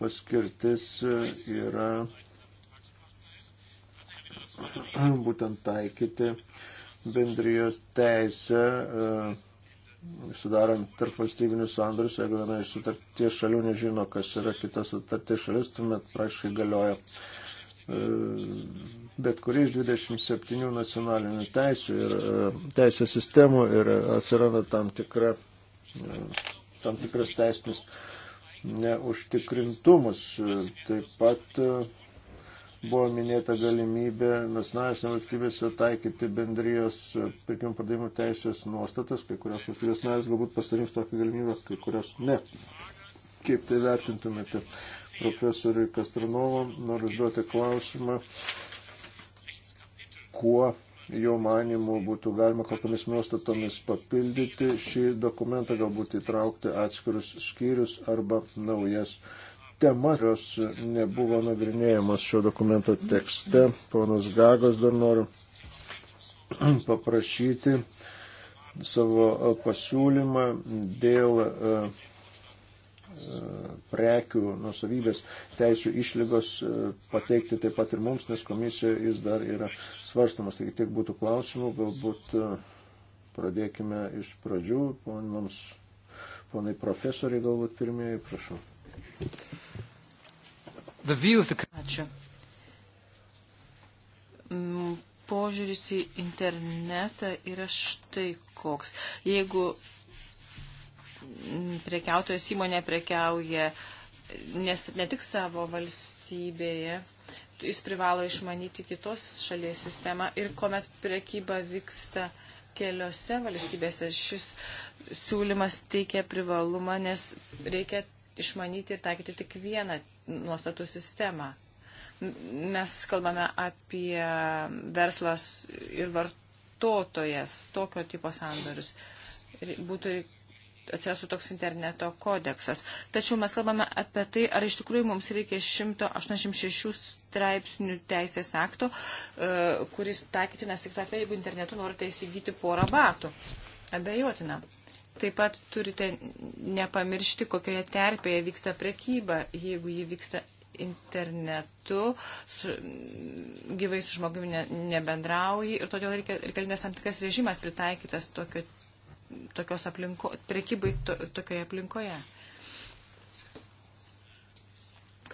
paskirtis yra būtent taikyti bendrijos teisę sudarant tarp valstybinius sandorius, jeigu viena iš sutarties šalių nežino, kas yra kita sutarties šalis, tuomet praktiškai galioja e, bet kuri iš 27 nacionalinių teisų ir e, teisės sistemų ir atsiranda tam, tikra, e, tam tikras teisinis neužtikrintumas. Taip pat Buvo minėta galimybė nacionalinėse valstybėse taikyti bendrijos e, pirkimų pardavimų teisės nuostatas, kai kurios valstybės narės galbūt pasirinks tokią galimybę, kai kurios ne. Kaip tai vertintumėte? Profesoriui Kastranovo noriu užduoti klausimą, kuo jo manimų būtų galima kokiamis nuostatomis papildyti šį dokumentą, galbūt įtraukti atskirus skyrius arba naujas tema, kurios nebuvo nagrinėjamas šio dokumento tekste. Ponas Gagos dar noriu paprašyti savo pasiūlymą dėl e, e, prekių nusavybės teisų išlygos e, pateikti taip pat ir mums, nes komisijoje jis dar yra svarstamas. Taigi tiek būtų klausimų, galbūt pradėkime iš pradžių. Ponams, ponai profesoriai galbūt pirmieji, prašau. Ačiū. Mm, požiūris į internetą yra štai koks. Jeigu mm, prekiautojas įmonė prekiauja nes, ne tik savo valstybėje, jis privalo išmanyti kitos šalies sistemą ir kuomet prekyba vyksta keliose valstybėse, šis siūlymas teikia privalumą, nes reikia išmanyti ir taikyti tik vieną nuostatų sistemą. Mes kalbame apie verslas ir vartotojas, tokio tipo sandorius. Būtų atsirastų toks interneto kodeksas. Tačiau mes kalbame apie tai, ar iš tikrųjų mums reikia 186 straipsnių teisės akto, e, kuris taikytinas tik atveju, jeigu internetu norite įsigyti porą batų. Abejotina. Taip pat turite nepamiršti, kokioje terpėje vyksta prekyba, jeigu ji vyksta internetu, su, gyvai su žmogumi ne, nebendrauji ir todėl reikia, reikalingas tam tikras režimas pritaikytas tokio, tokios aplinko, prekybai to, tokioje aplinkoje.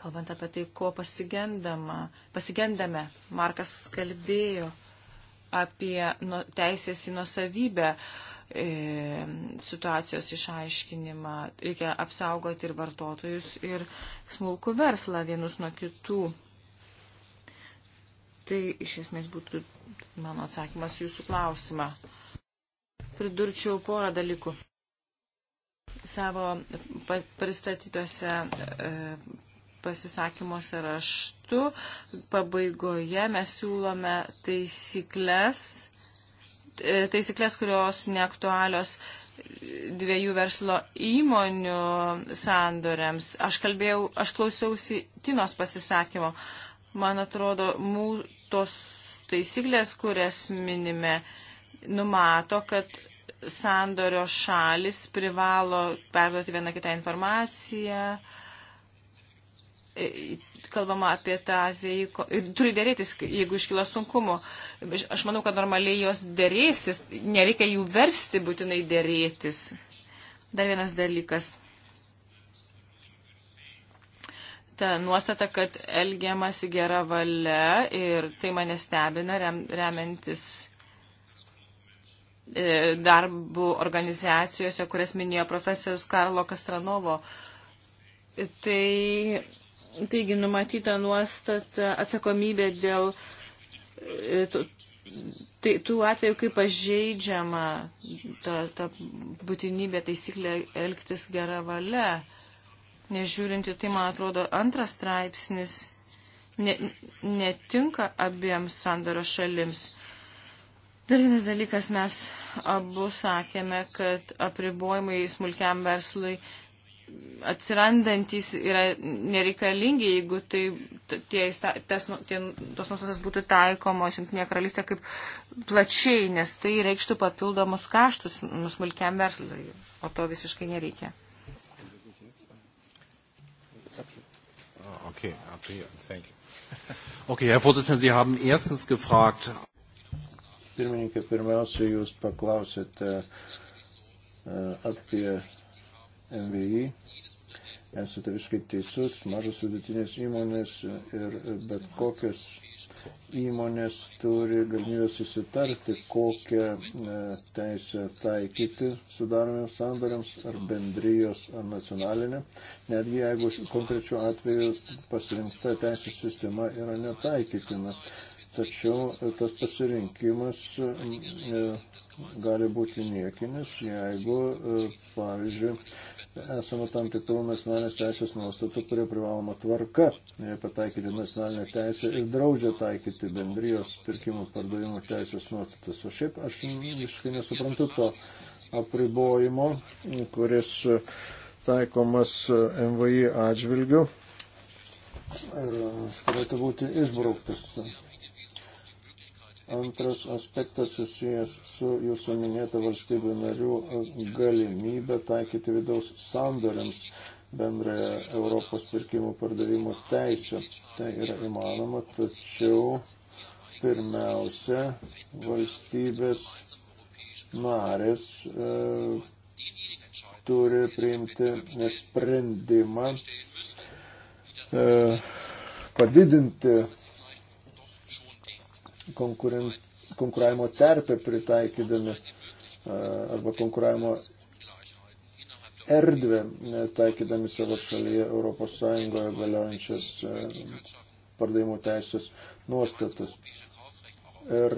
Kalbant apie tai, ko pasigendame, Markas kalbėjo apie nu, teisės į nusavybę. Uh, E, situacijos išaiškinimą. Reikia apsaugoti ir vartotojus, ir smulkų verslą vienus nuo kitų. Tai iš esmės būtų mano atsakymas jūsų klausimą. Pridurčiau porą dalykų. Savo pristatytose e, pasisakymuose raštu pabaigoje mes siūlome taisyklės E, taisyklės, kurios neaktualios dviejų verslo įmonių sandoriams. Aš, kalbėjau, aš klausiausi Tinos pasisakymo. Man atrodo, mū, tos taisyklės, kurias minime, numato, kad sandorio šalis privalo perduoti vieną kitą informaciją kalbama apie tą atvejį, turi dėrėtis, jeigu iškyla sunkumu. Aš manau, kad normaliai jos dėrėsis, nereikia jų versti būtinai dėrėtis. Dar vienas dalykas. Ta nuostata, kad elgiamasi gera valia ir tai mane stebina rem, remiantis e, darbų organizacijose, kurias minėjo profesorius Karlo Kastranovo. Tai Taigi numatyta nuostata atsakomybė dėl e, tai, tų atvejų, kai pažeidžiama ta, ta būtinybė taisyklė elgtis gerą valią. Nežiūrinti, tai man atrodo antras straipsnis ne, netinka abiems sandoro šalims. Dar vienas dalykas, mes abu sakėme, kad apribojimai smulkiam verslui atsirandantys yra nereikalingi, jeigu tai, tie, tas, nu, tie, tos nuostatas būtų taikomos Junktinėje karalystėje kaip plačiai, nes tai reikštų papildomus kaštus smulkiam verslui, o to visiškai nereikia. Okay, thank you. Okay, Herr Vorsitzender, Sie haben erstens gefragt. Pirmininkė, pirmiausia, jūs paklausėte e, apie MVI. Esate visiškai teisus, mažos vidutinės įmonės ir bet kokios įmonės turi galimybę susitarti, kokią e, teisę taikyti sudaromiams sandoriams ar bendrijos ar nacionalinė, netgi jeigu konkrečiu atveju pasirinkta teisės sistema yra netaikytina. Tačiau tas pasirinkimas e, gali būti niekinis, jeigu, e, pavyzdžiui, esama tam tikrų nacionalinės teisės nuostatų, kurie privaloma tvarka pataikyti nacionalinę teisę ir draudžia taikyti bendrijos pirkimų pardavimų teisės nuostatas. O šiaip aš visiškai nesuprantu to apribojimo, kuris taikomas MVI atžvilgiu ir turėtų būti išbrauktas. Antras aspektas susijęs su jūsų minėta valstybių narių e, galimybė taikyti vidaus sandoriams bendrąją Europos pirkimų pardavimų teisę. Tai yra įmanoma, tačiau pirmiausia valstybės narės e, turi priimti sprendimą e, padidinti konkuravimo terpę pritaikydami arba konkuravimo erdvę, taikydami savo šalyje ES galiojančias pardavimų teisės nuostatas. Ir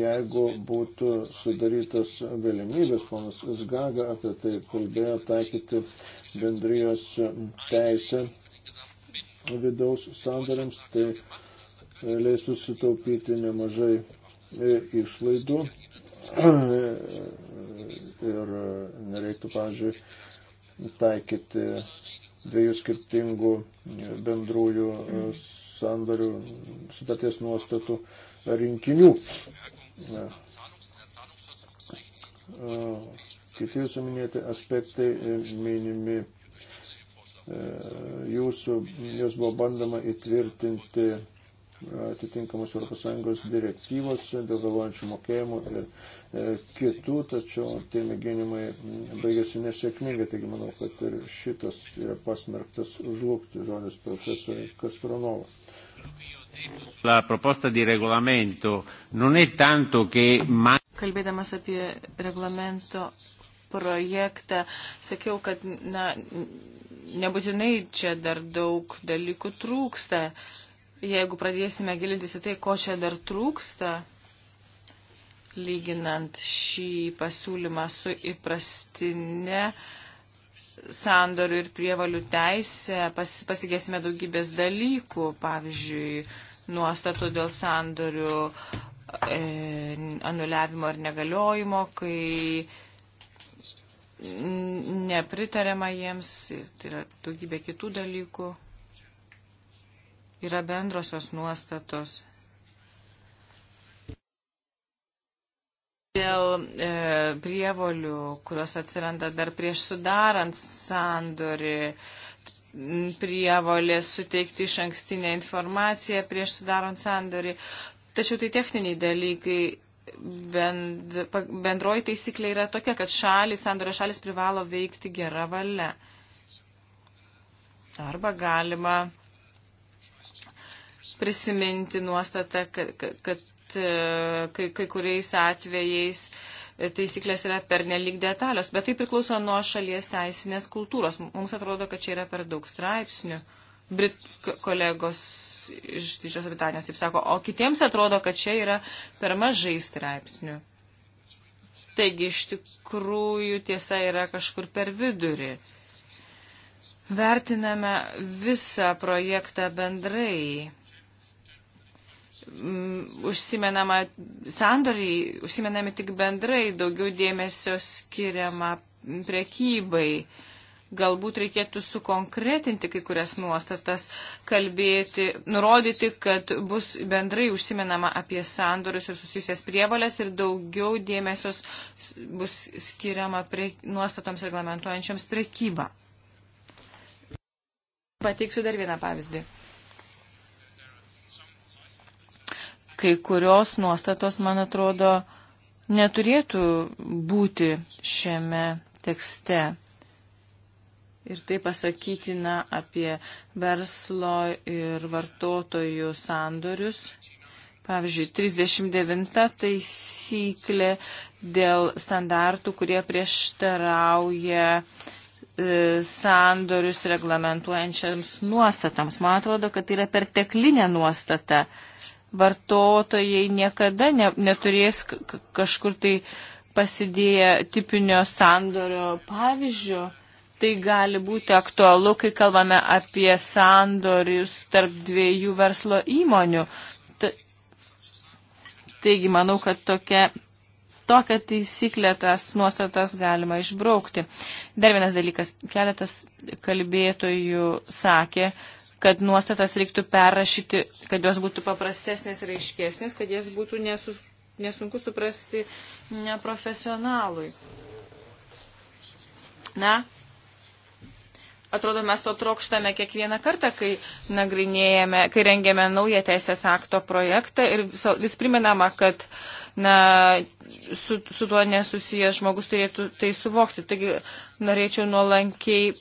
jeigu būtų sudarytos galimybės, ponas Zgaga apie tai kalbėjo, taikyti bendrijos teisę vidaus sandariams, tai leistų sutaupyti nemažai e, išlaidų ir e, nereiktų, pavyzdžiui, taikyti dviejų skirtingų bendrųjų e, sandarių sutarties nuostatų rinkinių. Kiti jūsų minėti aspektai minimi jūsų, jūs buvo bandoma įtvirtinti atitinkamos ES direktyvos dėl galvojančių mokėjimų ir e, kitų, tačiau tie mėginimai baigėsi nesėkmingai, taigi manau, kad ir šitas yra pasmerktas žlugti žodis profesoriai Kastronovo. La proposta di regolamento non è tanto che... Kalbėdamas apie reglamento projektą, sakiau, kad na, nebūtinai čia dar daug dalykų trūksta. Uh, jeigu pradėsime gilintis į tai, ko čia dar trūksta, lyginant šį pasiūlymą su įprastinė sandorių ir prievalių teisė, pas, pasigėsime daugybės dalykų, pavyzdžiui, nuostatų dėl sandorių e, anuliavimo ar negaliojimo, kai nepritarėma jiems, tai yra daugybė kitų dalykų yra bendrosios nuostatos dėl e, prievolių, kurios atsiranda dar prieš sudarant sandorį, prievolė suteikti iš ankstinę informaciją prieš sudarant sandorį. Tačiau tai techniniai dalykai. Bend, bendroji taisyklė yra tokia, kad šalis, sandorio šalis privalo veikti gerą valią. Arba galima prisiminti nuostatą, kad, kad e, kai, kai kuriais atvejais taisyklės yra pernelyg detalios, bet tai priklauso nuo šalies teisinės kultūros. Mums atrodo, kad čia yra per daug straipsnių. Brit kolegos iš Didžiosios Britanijos taip sako, o kitiems atrodo, kad čia yra per mažai straipsnių. Taigi iš tikrųjų tiesa yra kažkur per vidurį. Vertiname visą projektą bendrai Mm, užsimenama sandoriai, užsimenami tik bendrai, daugiau dėmesio skiriama prekybai. Galbūt reikėtų sukonkretinti kai kurias nuostatas, kalbėti, nurodyti, kad bus bendrai užsimenama apie sandorius ir susijusias prievalės ir daugiau dėmesio bus skiriama prie, nuostatoms reglamentuojančioms prekybą. Pateiksiu dar vieną pavyzdį. kai kurios nuostatos, man atrodo, neturėtų būti šiame tekste. Ir tai pasakytina apie verslo ir vartotojų sandorius. Pavyzdžiui, 39 taisyklė dėl standartų, kurie prieštarauja e, sandorius reglamentuojančiams nuostatams. Man atrodo, kad tai yra perteklinė nuostata. Uh, vartotojai niekada ne, neturės kažkur tai pasidėję tipinio sandorio pavyzdžio. Tai gali būti aktualu, kai kalbame apie sandorius tarp dviejų verslo įmonių. Ta, taigi, manau, kad tokia, tokia taisyklė tas nuostatas galima išbraukti. Dar vienas dalykas. Keletas kalbėtojų sakė, kad nuostatas reiktų perrašyti, kad jos būtų paprastesnės ir aiškesnės, kad jas būtų nesus, nesunku suprasti neprofesionalui. Na, atrodo, mes to trokštame kiekvieną kartą, kai nagrinėjame, kai rengėme naują teisės akto projektą ir vis, vis priminama, kad na, su, su tuo nesusijęs žmogus turėtų tai suvokti. Taigi norėčiau nuolankiai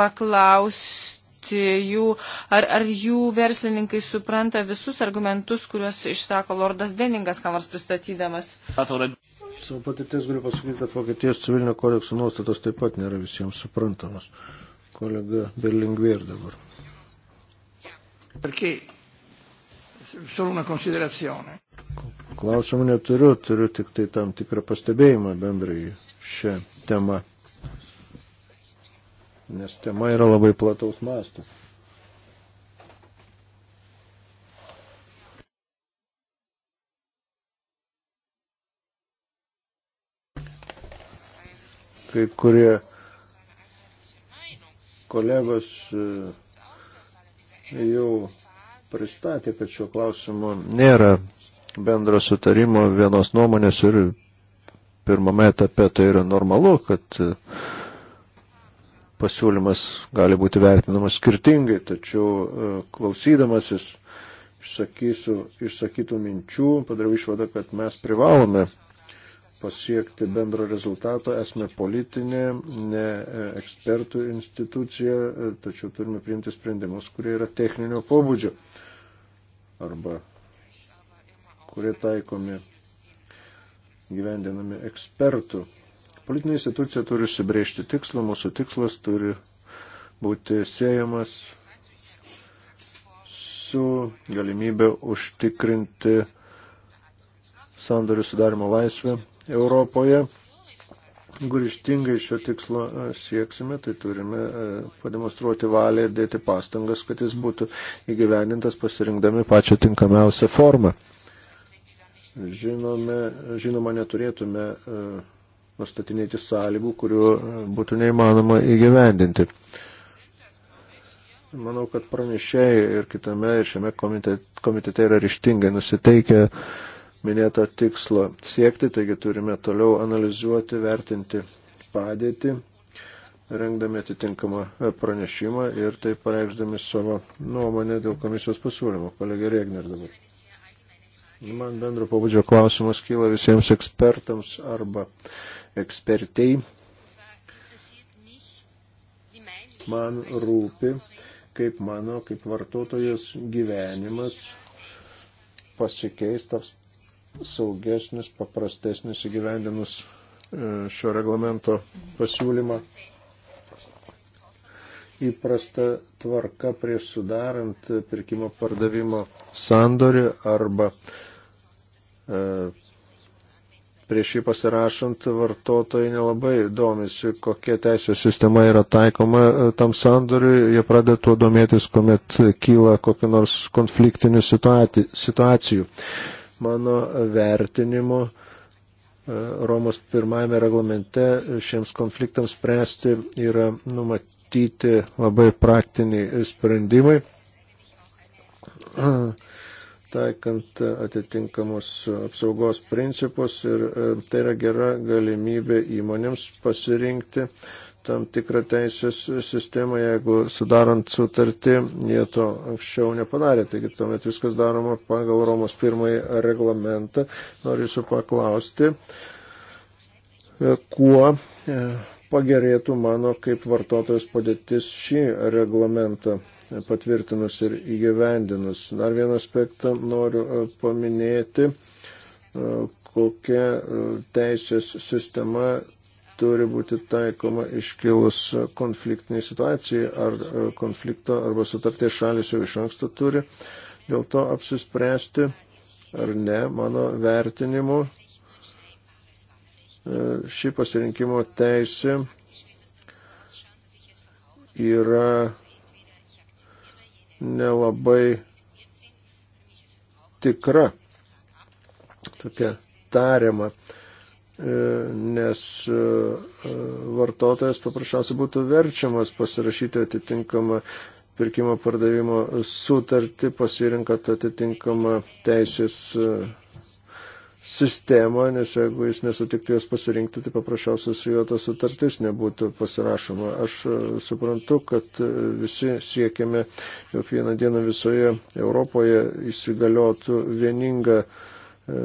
paklausti jų, ar, ar jų verslininkai supranta visus argumentus, kuriuos išsako Lordas Deningas, kam nors pristatydamas. Savo patirties galiu pasakyti, kad Vokietijos civilinio kodekso nuostatos taip pat nėra visiems suprantamas. Kolega Berlingvier dabar. Perché solo una considerazione. Klausimų neturiu, turiu tik tai tam tikrą pastebėjimą bendrai šią temą nes tema yra labai plataus masto. Kai kurie kolegos e, jau pristatė, kad šiuo klausimu nėra bendro sutarimo vienos nuomonės ir pirmame etape tai yra normalu, kad uh, pasiūlymas gali būti vertinamas skirtingai, tačiau e, klausydamasis išsakysiu, išsakytų minčių, padariau išvadą, kad mes privalome pasiekti bendro rezultato, esame politinė, ne e, ekspertų institucija, e, tačiau turime priimti sprendimus, kurie yra techninio pobūdžio arba kurie taikomi gyvendinami ekspertų Politinė institucija turi užsibriežti tikslą, mūsų tikslas turi būti siejamas su galimybė užtikrinti sandorių sudarimo laisvę Europoje. Jeigu ryštingai šio tikslo e, sieksime, tai turime e, pademonstruoti valią ir dėti pastangas, kad jis būtų įgyvendintas pasirinkdami pačią tinkamiausią formą. Žinome, žinoma, neturėtume uh, nustatinėti sąlygų, kurių e, būtų neįmanoma įgyvendinti. Manau, kad pranešėjai ir kitame ir šiame komitete, komitete yra ryštingai nusiteikę minėto tikslo siekti, taigi turime toliau analizuoti, vertinti padėtį, rengdami atitinkamą e, pranešimą ir taip pareikšdami savo nuomonę dėl komisijos pasiūlymo. Kolegė Regner dabar. Man bendro pabudžio klausimas kyla visiems ekspertams arba ekspertei. Man rūpi, kaip mano, kaip vartotojas gyvenimas pasikeis, taps saugesnis, paprastesnis įgyvendinus e, šio reglamento pasiūlymą. Įprasta tvarka prieš sudarant pirkimo pardavimo sandorį arba uh, E, prieš jį pasirašant vartotojai nelabai domisi, kokia teisės sistema yra taikoma e, tam sandoriui, jie pradeda tuo domėtis, kuomet kyla kokiu nors konfliktiniu situacijų. Mano vertinimu, e, Romos pirmajame reglamente šiems konfliktams spręsti yra numatyti labai praktiniai sprendimai. taikant atitinkamus apsaugos principus ir e, tai yra gera galimybė įmonėms pasirinkti tam tikrą teisės sistemą, jeigu sudarant sutartį, jie to anksčiau nepadarė. Taigi tuomet viskas daroma pagal Romos pirmąjį reglamentą. Noriu jūsų paklausti, e, kuo e, pagerėtų mano kaip vartotojas padėtis šį reglamentą patvirtinus ir įgyvendinus. Dar vieną aspektą noriu e, paminėti, e, kokia e, teisės sistema turi būti taikoma iškilus konfliktiniai situacijai ar konflikto arba sutarties šalis jau iš anksto turi dėl to apsispręsti ar ne mano vertinimu. Ši pasirinkimo teisė yra nelabai tikra, tokia tariama, e, nes e, e, vartotojas paprasčiausiai būtų verčiamas pasirašyti atitinkamą pirkimo pardavimo sutartį, pasirinkant atitinkamą teisės sistemoje, nes jeigu jis nesutiktų jos pasirinkti, tai paprasčiausiai su juo ta sutartis nebūtų pasirašoma. Aš e, suprantu, kad e, visi siekiame, jog vieną dieną visoje Europoje įsigaliotų vieninga e,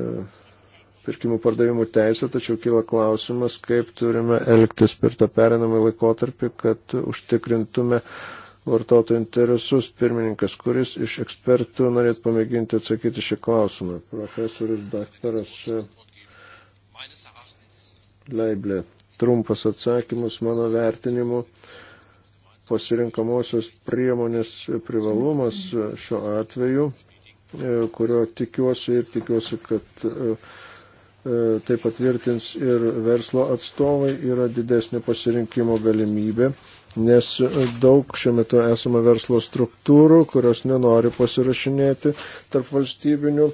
pirkimų pardavimų teisė, tačiau kyla klausimas, kaip turime elgtis per tą perinamą laikotarpį, kad užtikrintume uh, vartotojų interesus. Pirmininkas, kuris iš ekspertų norėtų pamėginti atsakyti šį klausimą? Profesorius daktaras e, Leiblė. Trumpas atsakymas mano vertinimu. Pasirinkamosios priemonės privalumas šiuo atveju, e, kurio tikiuosi ir tikiuosi, kad e, tai patvirtins ir verslo atstovai, yra didesnė pasirinkimo galimybė nes daug šiuo metu esama verslo struktūrų, kurios nenori pasirašinėti tarp valstybinių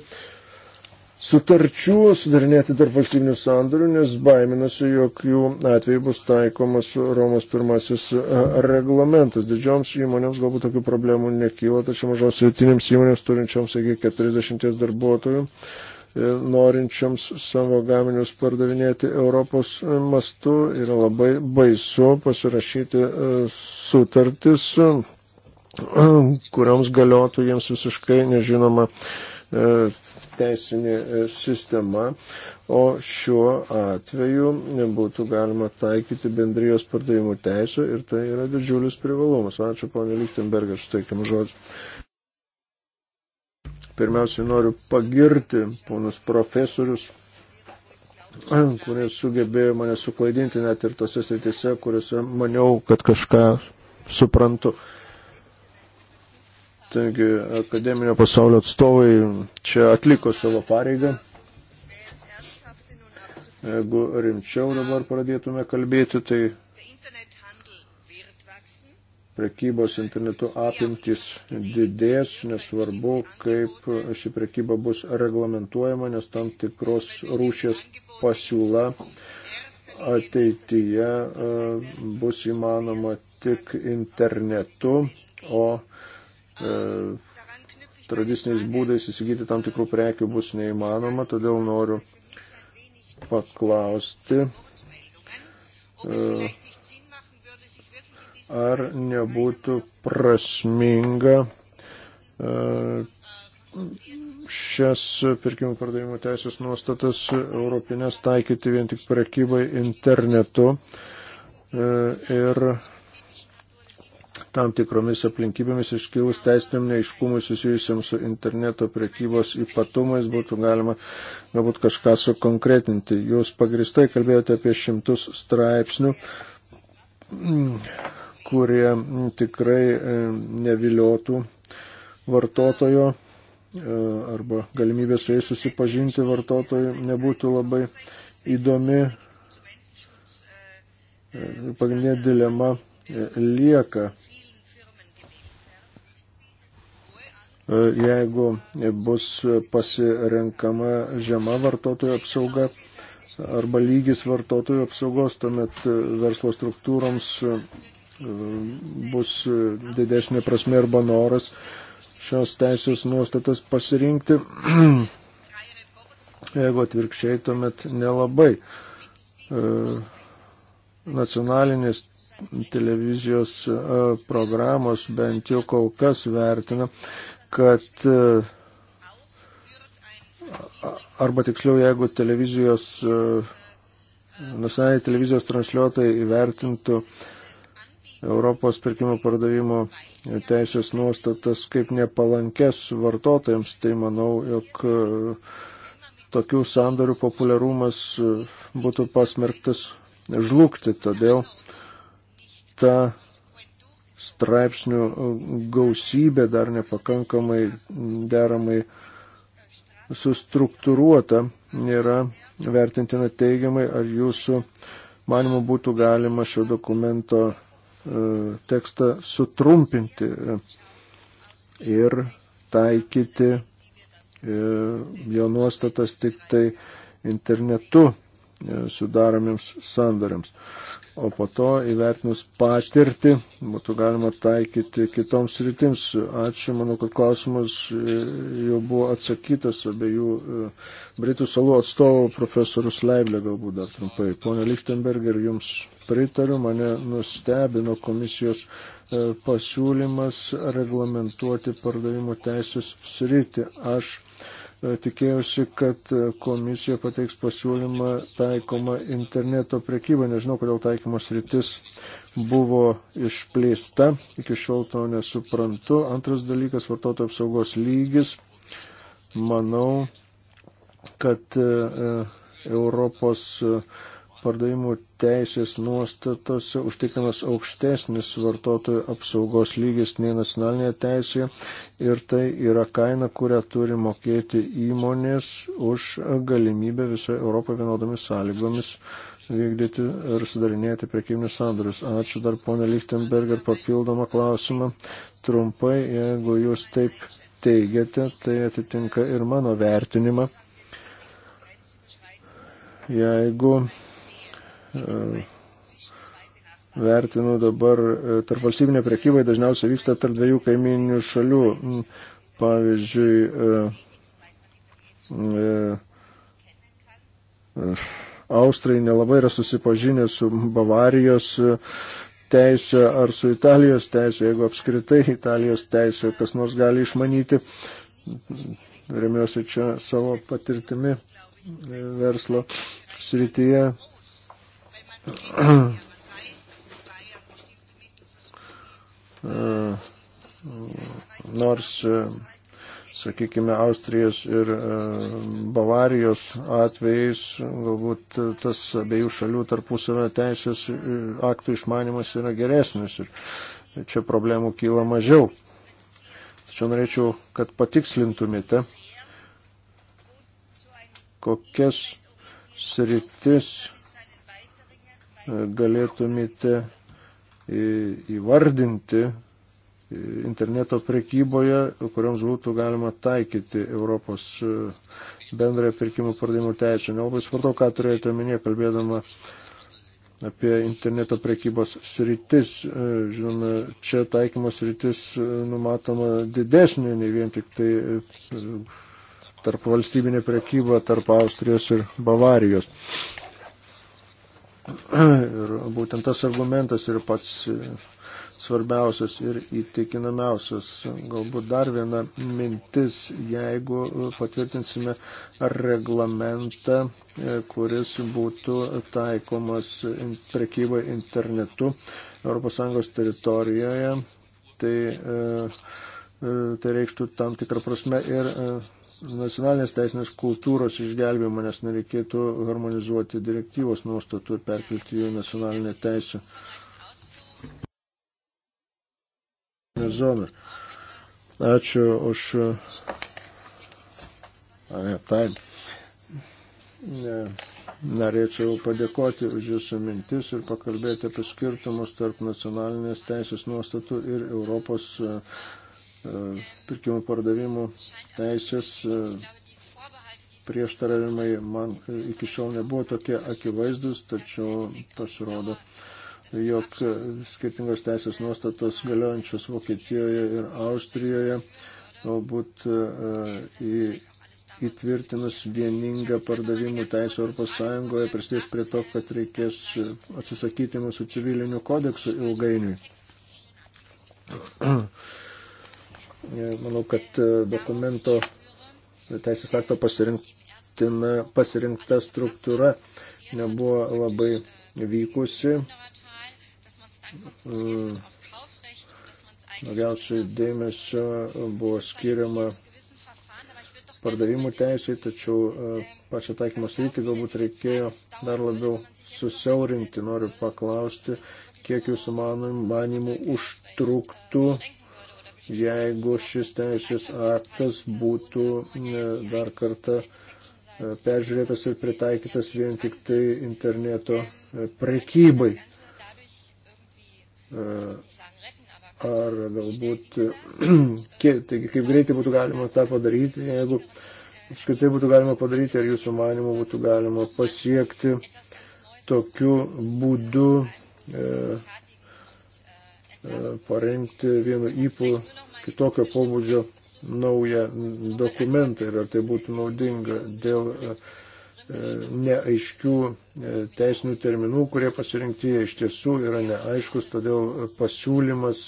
sutarčių, sudarinėti tarp valstybinių sandorių, nes baiminasi, jog jų atveju bus taikomas Romos pirmasis e, reglamentas. Didžioms įmonėms galbūt tokių problemų nekyla, tačiau mažos vietinėms įmonėms turinčioms iki 40 darbuotojų E, norinčiams savo gaminius pardavinėti Europos mastu yra labai baisu pasirašyti e, sutartis, e, kuriams galiotų jiems visiškai nežinoma teisinė sistema, o šiuo atveju būtų galima taikyti bendrijos pardavimų teisę ir tai yra didžiulis privalumas. Ačiū, ponė Lichtenberger, suteikim žodžiu. Pirmiausiai noriu pagirti ponus profesorius, kurie sugebėjo mane suklaidinti net ir tose srityse, kuriuose maniau, kad kažką suprantu. Taigi, akademinio pasaulio atstovai čia atliko savo pareigą. Jeigu rimčiau dabar pradėtume kalbėti, tai prekybos internetu apimtis didės, nesvarbu, kaip ši prekyba bus reglamentuojama, nes tam tikros rūšės pasiūla ateityje e, bus įmanoma tik internetu, o e, tradiciniais būdais įsigyti tam tikrų prekių bus neįmanoma, todėl noriu paklausti, e, ar nebūtų prasminga e, šias pirkimų pardavimų teisės nuostatas europinės taikyti vien tik prekybai internetu e, ir tam tikromis aplinkybėmis iškilus teisiniam neiškumui susijusiam su interneto prekybos ypatumais būtų galima galbūt kažką sukonkretinti. Jūs pagristai kalbėjote apie šimtus straipsnių kurie tikrai e, neviliotų vartotojo e, arba galimybė su jais susipažinti vartotojui nebūtų labai įdomi. E, pagrindinė dilema lieka. Jeigu bus pasirenkama žema vartotojų apsauga arba lygis vartotojų apsaugos, tuomet verslo struktūroms bus e, didesnė prasme arba noras šios teisės nuostatas pasirinkti, jeigu atvirkščiai tuomet nelabai. E, nacionalinės televizijos e, programos bent jau kol kas vertina, kad arba tiksliau, jeigu televizijos, nacionaliniai televizijos transliuotojai įvertintų uh, Europos pirkimo pardavimo teisės nuostatas kaip nepalankės vartotojams, tai manau, jog e, tokių sandorių populiarumas e, būtų pasmerktas žlugti. Todėl ta straipsnių e, gausybė dar nepakankamai deramai sustruktūruota nėra vertintina teigiamai, ar jūsų manimų būtų galima šio dokumento E, tekstą sutrumpinti ir taikyti e, jo nuostatas tik tai internetu e, sudaromiems sandoriams. O po to įvertinus patirtį būtų galima taikyti kitoms rytims. Ačiū, manau, kad klausimas jau buvo atsakytas abiejų Britų salų atstovų profesorius Leiblė galbūt dar trumpai. Pone Lichtenberger, jums pritariu, mane nustebino komisijos e, pasiūlymas reglamentuoti pardavimo teisės sritį. Aš e, tikėjausi, kad e, komisija pateiks pasiūlymą taikomą interneto prekybą. Nežinau, kodėl taikymos rytis buvo išplėsta. Iki šiol to nesuprantu. Antras dalykas - vartotojų apsaugos lygis. Manau, kad Europos pardavimų teisės nuostatose užtikrinamas aukštesnis vartotojų apsaugos lygis nei nacionalinėje teisėje ir tai yra kaina, kurią turi mokėti įmonės už galimybę visoje Europoje vienodomis sąlygomis vykdyti ir sudarinėti prekybinius sandorius. Ačiū dar ponė Lichtenberger papildomą klausimą. Trumpai, jeigu jūs taip teigiate, tai atitinka ir mano vertinimą. Jeigu E, vertinu dabar, e, tarp valstybinė priekybai dažniausiai vyksta tarp dviejų kaiminių šalių. Mm, pavyzdžiui, e, Austrai nelabai yra susipažinę su Bavarijos teisė ar su Italijos teisė, jeigu apskritai Italijos teisė kas nors gali išmanyti. Remiuosi čia savo patirtimi verslo srityje Nors, sakykime, Austrijos ir e, Bavarijos atvejais galbūt tas abiejų šalių tarpusavio teisės e, aktų išmanimas yra geresnis ir čia problemų kyla mažiau. Tačiau norėčiau, kad patikslintumėte, kokias sritis galėtumėte įvardinti interneto prekyboje, kuriams būtų galima taikyti Europos e, bendrąją pirkimų pardavimų teisę. Nelabai svarbu, ką turėjote omenyje, kalbėdama apie interneto prekybos sritis. E, Žinome, čia taikymo sritis e, numatoma didesnė, ne vien tik tai tarp valstybinė prekyba, tarp Austrijos ir Bavarijos. Ir būtent tas argumentas yra pats svarbiausias ir įtikinamiausias. Galbūt dar viena mintis, jeigu patvirtinsime reglamentą, kuris būtų taikomas prekybai internetu ES teritorijoje, tai, e, e, tai reikštų tam tikrą prasme ir e, nacionalinės teisinės kultūros išgelbėjimo, nes nereikėtų harmonizuoti direktyvos nuostatų ir perkelti jų nacionalinę teisę. Zoną. Ačiū už. Ne, taip. Ne, norėčiau padėkoti už Jūsų mintis ir pakalbėti apie skirtumus tarp nacionalinės teisės nuostatų ir Europos uh, E, pirkimų pardavimų teisės e, prieštaravimai man iki šiol nebuvo tokie akivaizdus, tačiau pasirodo, jog skirtingos teisės nuostatos galiojančios Vokietijoje ir Austrijoje galbūt e, į, įtvirtinus vieningą pardavimų teisę Europos Sąjungoje prisidės prie to, kad reikės atsisakyti mūsų civilinių kodeksų ilgainiui. E, manau, kad e, dokumento teisės akto pasirinkta struktūra nebuvo labai vykusi. E, daugiausiai dėmesio buvo skiriama pardavimų teisai, tačiau pačią taikymo sritį galbūt reikėjo dar labiau susiaurinti. Noriu paklausti, kiek jūsų manimų užtruktų jeigu šis teisės aktas būtų e, dar kartą e, peržiūrėtas ir pritaikytas vien tik tai interneto e, prekybai. Ar galbūt, kiek, taigi, kaip greitai būtų galima tą padaryti, jeigu apskritai būtų galima padaryti, ar jūsų manimo būtų galima pasiekti tokiu būdu e, E, parengti vienu įpū kitokio pobūdžio naują dokumentą ir ar tai būtų naudinga dėl e, e, neaiškių teisinių terminų, kurie pasirinkti iš tiesų yra neaiškus, todėl pasiūlymas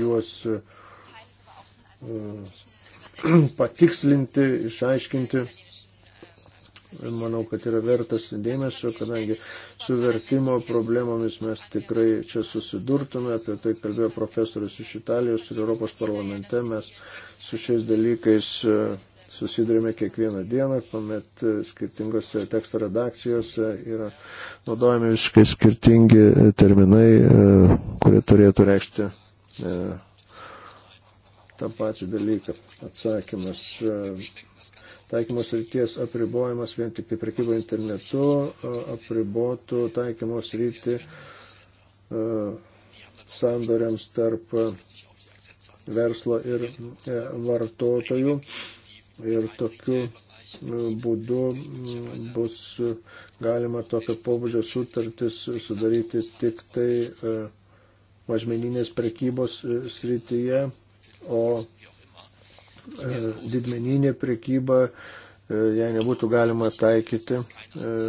juos patikslinti, išaiškinti manau, kad yra vertas dėmesio, kadangi su vertimo problemomis mes tikrai čia susidurtume, apie tai kalbėjo profesorius iš Italijos ir Europos parlamente, mes su šiais dalykais e, susidurime kiekvieną dieną, kuomet e, skirtingose teksto redakcijose yra naudojami visiškai skirtingi e, terminai, kurie turėtų reikšti tą patį dalyką. Atsakymas taikymos ryties apribojimas vien tik tai prekyba internetu apribotų taikymos rytį sandoriams tarp verslo ir e, vartotojų. Ir tokiu būdu bus galima tokio pobūdžio sutartis sudaryti tik tai mažmeninės prekybos e, srityje, o E, didmeninė prekyba, e, jei nebūtų galima taikyti e,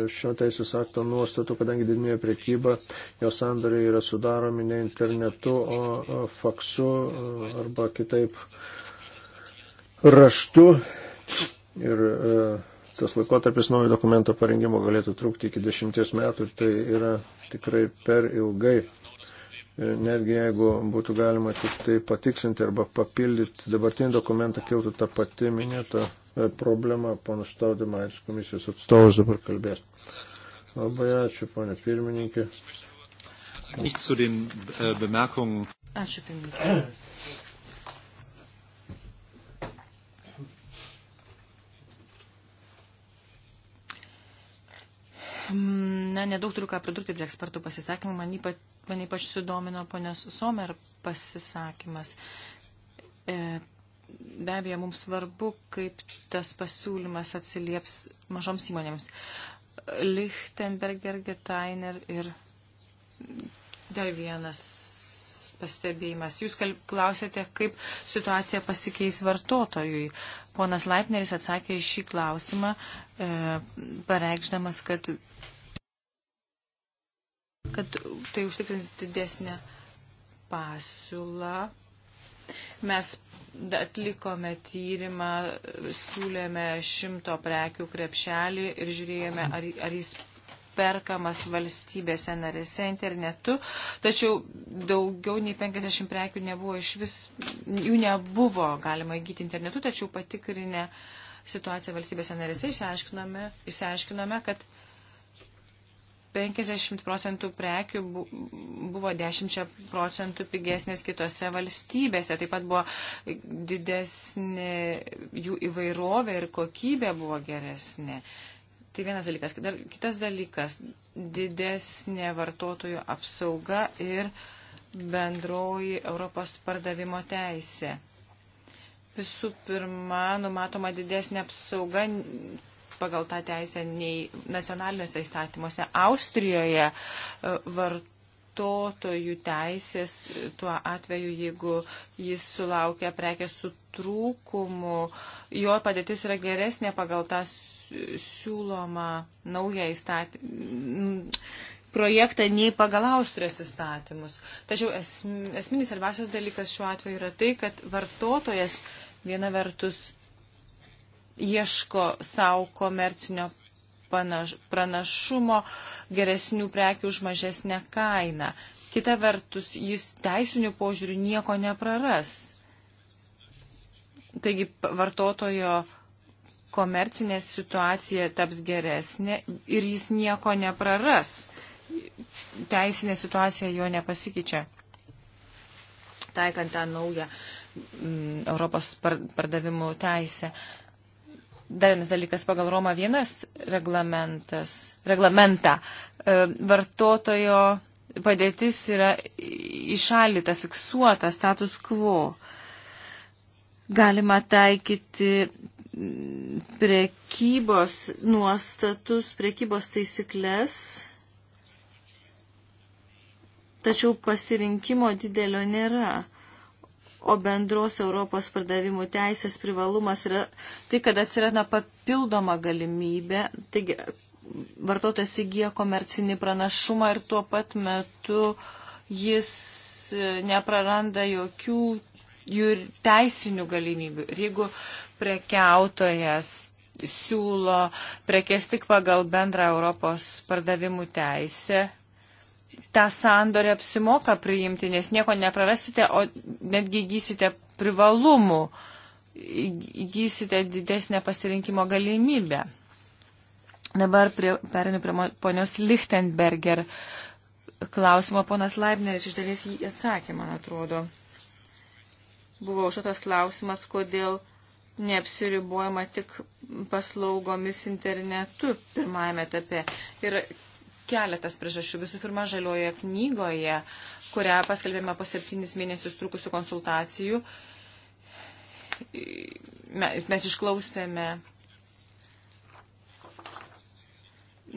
šio teisės akto nuostatų, kadangi didmeninė prekyba, jos sandoriai yra sudaromi ne internetu, o faksu arba kitaip raštu. Ir tas laikotarpis naujo dokumento parengimo galėtų trukti iki dešimties metų, tai yra tikrai per ilgai. E, netgi jeigu būtų galima tik tai patikslinti arba papildyti dabartinį dokumentą, kiltų ta pati minėta e, problema, ponas Staudimaitis komisijos atstovas dabar kalbės. Labai ačiū, ponė pirmininkė. Äh, ačiū, pirmininkė. Na, nedaug turiu ką pridurti prie ekspertų pasisakymų. Man ypač, man ypač sudomino ponios Somer pasisakymas. E, be abejo, mums svarbu, kaip tas pasiūlymas atsilieps mažoms įmonėms. Lichtenberger, Getainer ir dar vienas pastebėjimas. Jūs klausėte, kaip situacija pasikeis vartotojui. Ponas Laipneris atsakė į šį klausimą, e, pareikšdamas, kad kad tai užtikrins didesnę pasiūlą. Mes atlikome tyrimą, siūlėme šimto prekių krepšelį ir žiūrėjome, ar, ar jis perkamas valstybėse narėse internetu, tačiau daugiau nei 50 prekių nebuvo iš vis, jų nebuvo galima įgyti internetu, tačiau patikrinę situaciją valstybėse narėse išsiaiškinome, išsiaiškinome kad 50 procentų prekių buvo 10 procentų pigesnės kitose valstybėse. Taip pat buvo didesnė jų įvairovė ir kokybė buvo geresnė. Tai vienas dalykas. Kitas dalykas - didesnė vartotojų apsauga ir bendroji Europos pardavimo teisė. Visų pirma, numatoma didesnė apsauga pagal tą teisę nei nacionaliniuose įstatymuose. Austrijoje e, vartotojų teisės e, tuo atveju, jeigu jis sulaukia prekės su trūkumu, jo padėtis yra geresnė pagal tą siūlomą naują įstatymą projektą nei pagal Austrijos įstatymus. Tačiau esminis svarbiausias dalykas šiuo atveju yra tai, kad vartotojas viena vertus ieško savo komercinio panaš, pranašumo, geresnių prekių už mažesnę kainą. Kita vertus, jis teisinių požiūrių nieko nepraras. Taigi vartotojo komercinė situacija taps geresnė ir jis nieko nepraras. Teisinė situacija jo nepasikeičia. Taikant tą naują Europos pardavimų teisę. Uh, Dar vienas dalykas pagal Roma vienas reglamentas, reglamentą. E, vartotojo padėtis yra išalita, fiksuota status quo. Galima taikyti prekybos nuostatus, prekybos taisyklės, tačiau pasirinkimo didelio nėra. O bendros Europos pardavimų teisės privalumas yra tai, kad atsiranda papildoma galimybė, taigi vartotojas įgyja komercinį pranašumą ir tuo pat metu jis e, nepraranda jokių jur, teisinių galimybių. Ir jeigu prekiautojas siūlo prekes tik pagal bendrą Europos pardavimų teisę, tą sandorį apsimoka priimti, nes nieko neprarasite, o netgi įgysite privalumų, įgysite didesnę pasirinkimo galimybę. Dabar prie, perinu prie ponios Lichtenberger klausimo. Ponas Leibneris iš dalies jį atsakė, man atrodo. Buvo užduotas klausimas, kodėl neapsiribuojama tik paslaugomis internetu pirmajame etape. Ir keletas priežasčių. Visų pirma, žaliojoje knygoje, kurią paskelbėme po septynis mėnesius trukusių konsultacijų, mes išklausėme,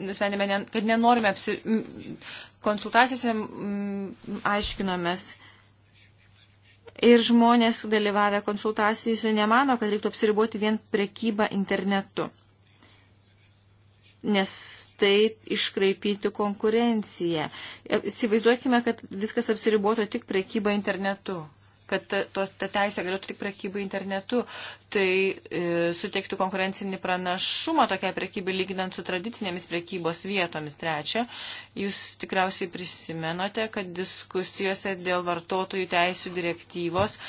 nusprendėme, kad nenorime apsi... konsultacijose aiškinomės. Ir žmonės dalyvavę konsultacijose nemano, kad reiktų apsiriboti vien prekybą internetu nes tai iškraipyti konkurenciją. Įsivaizduokime, kad viskas apsiribuotų tik prekyba internetu kad ta, ta, ta teisė galėtų tik prekybai internetu, tai e, suteiktų konkurencinį pranašumą tokiai prekybai lyginant su tradicinėmis prekybos vietomis. Trečia, jūs tikriausiai prisimenote, kad diskusijose dėl vartotojų teisų direktyvos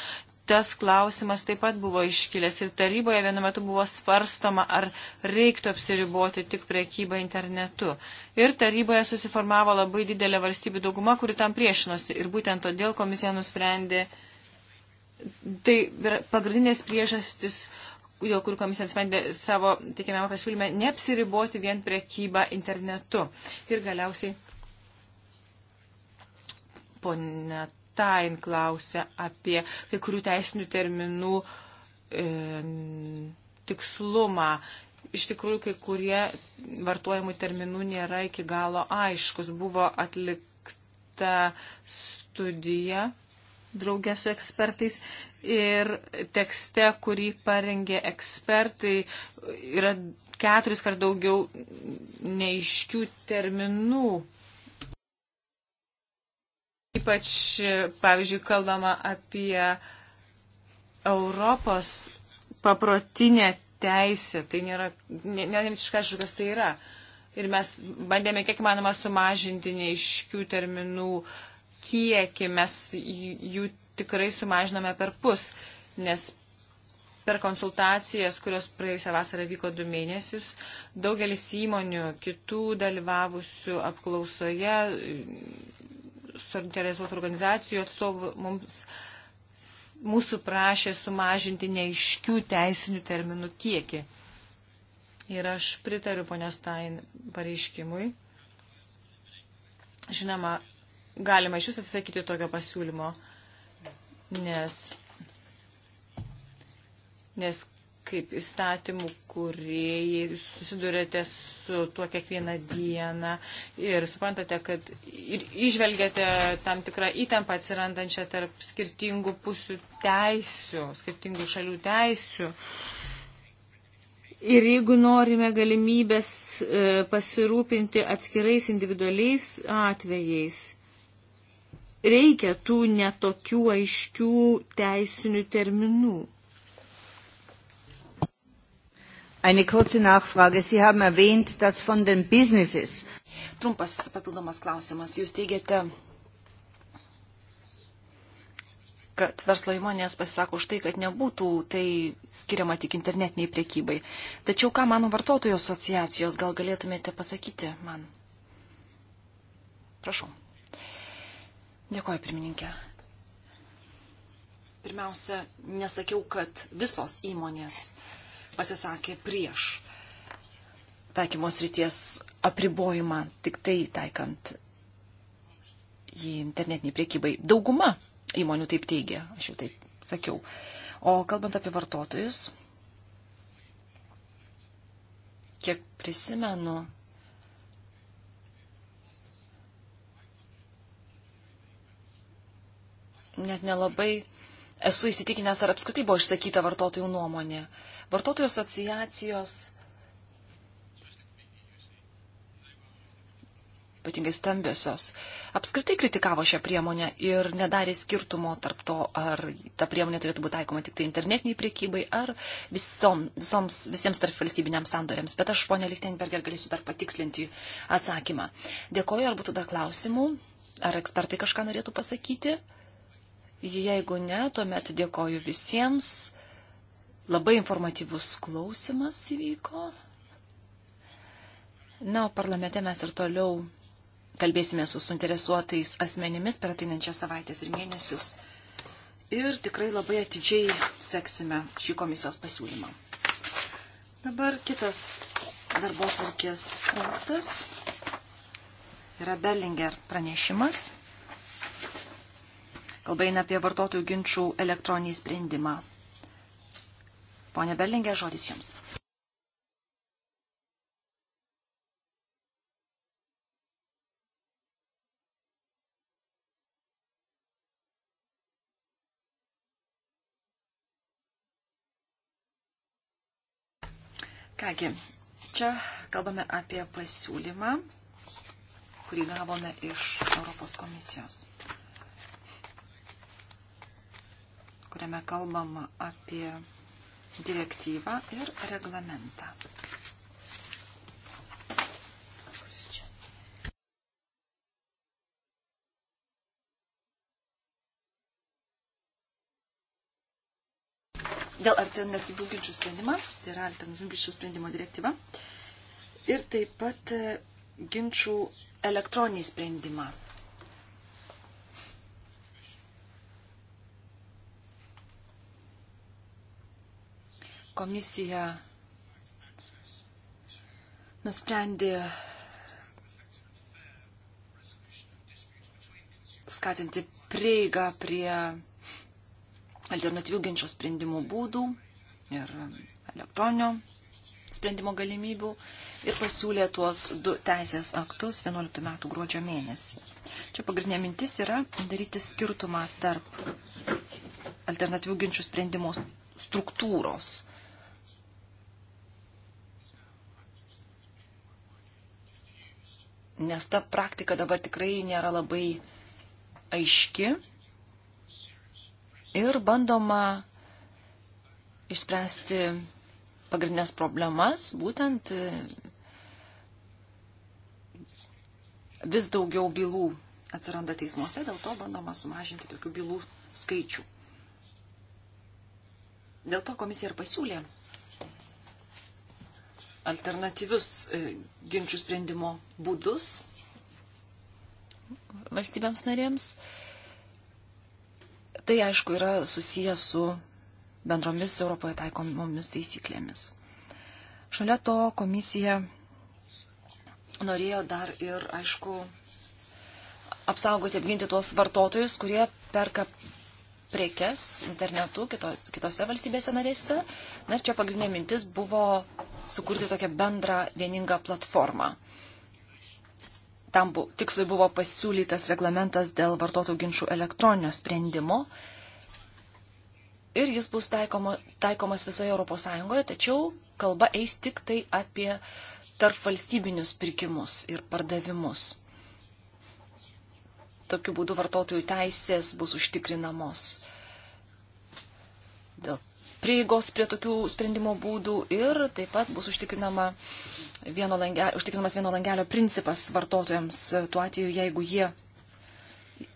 tas klausimas taip pat buvo iškilęs ir taryboje vienu metu buvo svarstoma, ar reiktų apsiriboti tik priekybą internetu. Ir taryboje susiformavo labai didelė valstybių dauguma, kuri tam priešinosi. Ir būtent todėl komisija nusprendė, tai pagrindinės priežastis, dėl kurių komisija nusprendė savo teikiamame pasiūlyme, neapsiriboti vien priekybą internetu. Ir galiausiai. Ponet Štain klausia apie kai kurių teisinių terminų e, tikslumą. Iš tikrųjų, kai kurie vartojimų terminų nėra iki galo aiškus. Buvo atlikta studija draugė su ekspertais ir tekste, kurį parengė ekspertai, yra keturis kart daugiau neiškių terminų Ypač, pavyzdžiui, kalbama apie Europos paprotinę teisę. Tai nėra, nėra visiškai aišku, kas tai yra. Ir mes bandėme kiek manoma sumažinti neiškių terminų kiekį. Mes jų tikrai sumažiname per pus, nes per konsultacijas, kurios praėjusią vasarą vyko du mėnesius, daugelis įmonių, kitų dalyvavusių apklausoje, suinteresuotų organizacijų atstovų mums mūsų prašė sumažinti neiškių teisinių terminų kiekį. Ir aš pritariu ponios Stein pareiškimui. Žinoma, galima iš vis atsisakyti tokio pasiūlymo, nes, nes kaip įstatymų kuriejai susidurėte su tuo kiekvieną dieną ir suprantate, kad ir išvelgiate tam tikrą įtampą atsirandančią tarp skirtingų pusių teisių, skirtingų šalių teisių. Ir jeigu norime galimybės e, pasirūpinti atskirais individualiais atvejais, reikia tų netokių aiškių teisinių terminų. Eine kurze Nachfrage. Sie haben erwähnt, dass von den Businesses. Trumpas papildomas klausimas. Jūs teigiate, kad verslo įmonės pasisako už tai, kad nebūtų tai skiriama tik internetiniai priekybai. Tačiau ką mano vartotojų asociacijos gal galėtumėte pasakyti man? Prašau. Dėkuoju, pirmininkė. Pirmiausia, nesakiau, kad visos įmonės pasisakė prieš taikymos ryties apribojimą, tik tai taikant į internetinį priekybą. Dauguma įmonių taip teigia, aš jau taip sakiau. O kalbant apie vartotojus, kiek prisimenu, net nelabai esu įsitikinęs, ar apskritai buvo išsakyta vartotojų nuomonė. Uh, Vartotojų asociacijos, ypatingai stambiosios, apskritai kritikavo šią priemonę ir nedarė skirtumo tarp to, ar ta priemonė turėtų būti taikoma tik tai internetiniai priekybai ar visom, visoms, visiems tarp valstybiniams sandoriams. Bet aš, ponė Lichtenberger, galėsiu dar patikslinti atsakymą. Dėkoju, ar būtų dar klausimų, ar ekspertai kažką norėtų pasakyti. Jeigu ne, tuomet dėkoju visiems Labai informatyvus klausimas įvyko. Na, o parlamente mes ir toliau kalbėsime su suinteresuotais asmenimis per ateinančias savaitės ir mėnesius. Ir tikrai labai atidžiai seksime šį komisijos pasiūlymą. Dabar kitas darbo tvarkės punktas yra Bellinger pranešimas. Kalba eina apie vartotojų ginčių elektroninį sprendimą. Pone Berlingė, žodis Jums. Kągi, čia kalbame apie pasiūlymą, kurį gavome iš Europos komisijos, kuriame kalbama apie direktyvą ir reglamentą. dėl alternatyvių ginčių sprendimą, tai yra alternatyvių ginčių sprendimo direktyva, ir taip pat e, ginčių elektroninį sprendimą. komisija nusprendė skatinti prieigą prie alternatyvių ginčio sprendimo būdų ir elektroninio sprendimo galimybių ir pasiūlė tuos du teisės aktus 11 metų gruodžio mėnesį. Čia pagrindinė mintis yra daryti skirtumą tarp alternatyvių ginčių sprendimo struktūros nes ta praktika dabar tikrai nėra labai aiški ir bandoma išspręsti pagrindinės problemas, būtent e, vis daugiau bylų atsiranda teismuose, dėl to bandoma sumažinti tokių bylų skaičių. Dėl to komisija ir pasiūlė alternatyvius e, ginčių sprendimo būdus valstybėms narėms. Tai aišku yra susijęs su bendromis Europoje taikomomis taisyklėmis. Šalia to komisija norėjo dar ir, aišku, apsaugoti, apginti tuos vartotojus, kurie perka prekes internetu kito, kitose valstybėse narėse. Na ir čia pagrindinė mintis buvo sukurti tokią bendrą vieningą platformą. Tam bu, tikslui buvo pasiūlytas reglamentas dėl vartotojų ginčių elektroninio sprendimo ir jis bus taikoma, taikomas visoje ES, tačiau kalba eis tik tai apie tarp valstybinius pirkimus ir pardavimus. Tokiu būdu vartotojų teisės bus užtikrinamos. Dėl prieigos prie tokių sprendimo būdų ir taip pat bus užtikrinama vieno langelio, užtikrinamas vieno langelio principas vartotojams tuo atveju, jeigu jie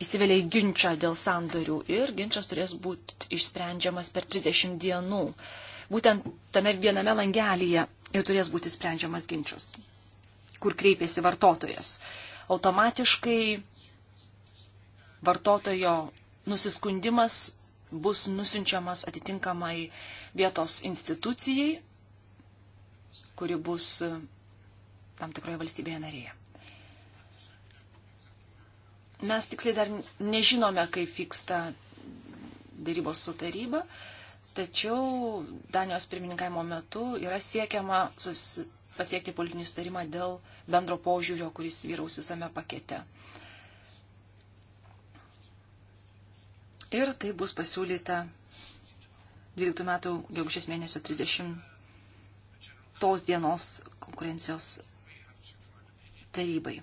įsivelia į ginčą dėl sandorių ir ginčas turės būti išsprendžiamas per 30 dienų. Būtent tame viename langelyje ir turės būti sprendžiamas ginčius, kur kreipėsi vartotojas. Automatiškai vartotojo nusiskundimas bus nusinčiamas atitinkamai vietos institucijai, kuri bus e, tam tikroje valstybėje narėje. Mes tiksliai dar nežinome, kaip vyksta dėrybos su taryba, tačiau Danijos pirmininkavimo metu yra siekiama susi... pasiekti politinį sutarimą dėl bendro požiūrio, kuris vyraus visame pakete. Ir tai bus pasiūlyta 12 metų gegužės mėnesio 30 tos dienos konkurencijos tarybai.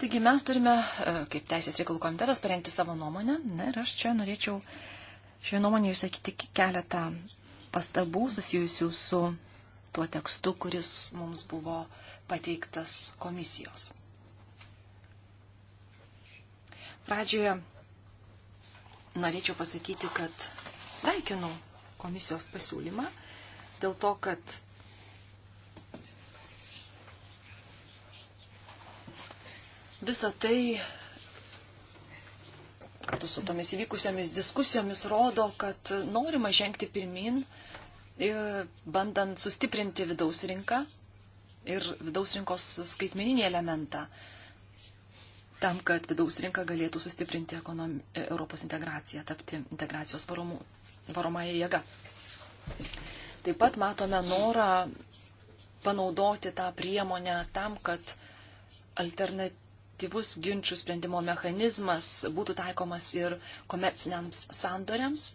Taigi mes turime, e, kaip Teisės reikalų komitetas, parengti savo nuomonę. Na ir aš čia norėčiau šioje nuomonėje išsakyti keletą pastabų susijusių su tuo tekstu, kuris mums buvo pateiktas komisijos. Pradžioje norėčiau pasakyti, kad sveikinu komisijos pasiūlymą dėl to, kad visa tai kartu su tomis įvykusiamis diskusijomis rodo, kad norima žengti pirmin, bandant sustiprinti vidaus rinką ir vidaus rinkos skaitmeninį elementą tam, kad vidaus rinka galėtų sustiprinti ekonom... E, Europos integraciją, tapti integracijos varomų... varomąją jėgą. Taip pat matome norą panaudoti tą priemonę tam, kad alternatyvus ginčių sprendimo mechanizmas būtų taikomas ir komerciniams sandoriams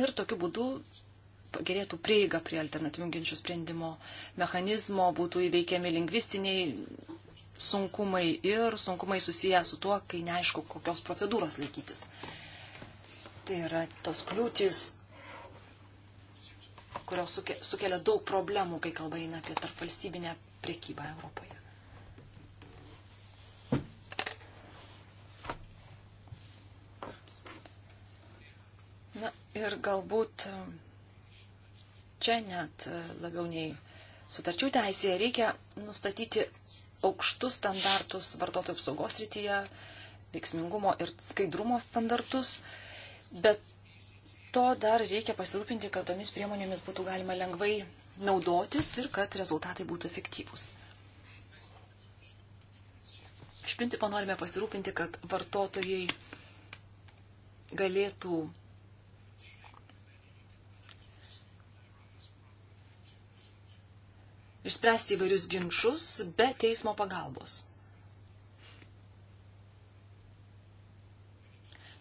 ir tokiu būdu gerėtų prieiga prie alternatyvių ginčių sprendimo mechanizmo, būtų įveikiami lingvistiniai sunkumai ir sunkumai susiję su tuo, kai neaišku, kokios procedūros laikytis. Tai yra tos kliūtis, kurios sukelia daug problemų, kai kalba eina apie tarpvalstybinę priekybą Europoje. Na ir galbūt čia net labiau nei sutarčių teisėje reikia nustatyti aukštus standartus vartotojų apsaugos rytyje, veiksmingumo ir skaidrumo standartus, bet to dar reikia pasirūpinti, kad tomis priemonėmis būtų galima lengvai naudotis ir kad rezultatai būtų efektyvūs. Iš principo norime pasirūpinti, kad vartotojai galėtų išspręsti įvairius ginčius be teismo pagalbos.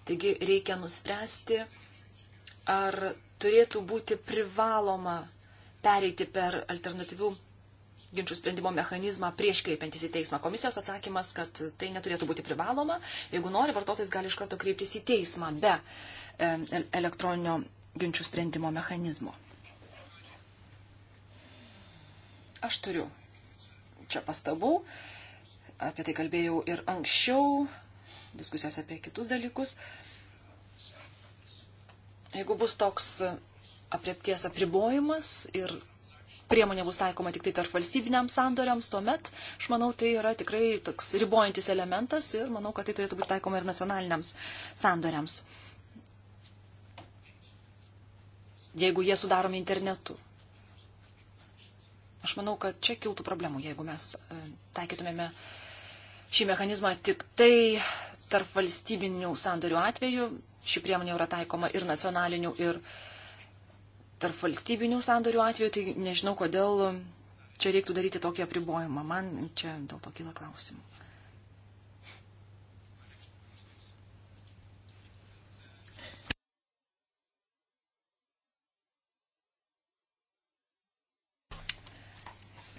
Taigi reikia nuspręsti, ar turėtų būti privaloma pereiti per alternatyvių ginčių sprendimo mechanizmą prieš kreipiantis į teismą. Komisijos atsakymas, kad tai neturėtų būti privaloma. Jeigu nori, vartotojas gali iš karto kreiptis į teismą be elektroninio ginčių sprendimo mechanizmo. Aš turiu čia pastabų, apie tai kalbėjau ir anksčiau, diskusijos apie kitus dalykus. Jeigu bus toks apriepties apribojimas ir priemonė bus taikoma tik tai tarp valstybiniams sandoriams, tuomet, aš manau, tai yra tikrai toks ribojantis elementas ir manau, kad tai turėtų būti taikoma ir nacionaliniams sandoriams, jeigu jie sudaromi internetu. Aš manau, kad čia kiltų problemų, jeigu mes e, taikytumėme šį mechanizmą tik tai tarp valstybinių sandorių atveju. Ši priemonė yra taikoma ir nacionalinių, ir tarp valstybinių sandorių atveju. Tai nežinau, kodėl čia reiktų daryti tokį apribojimą. Man čia dėl to kyla klausimų.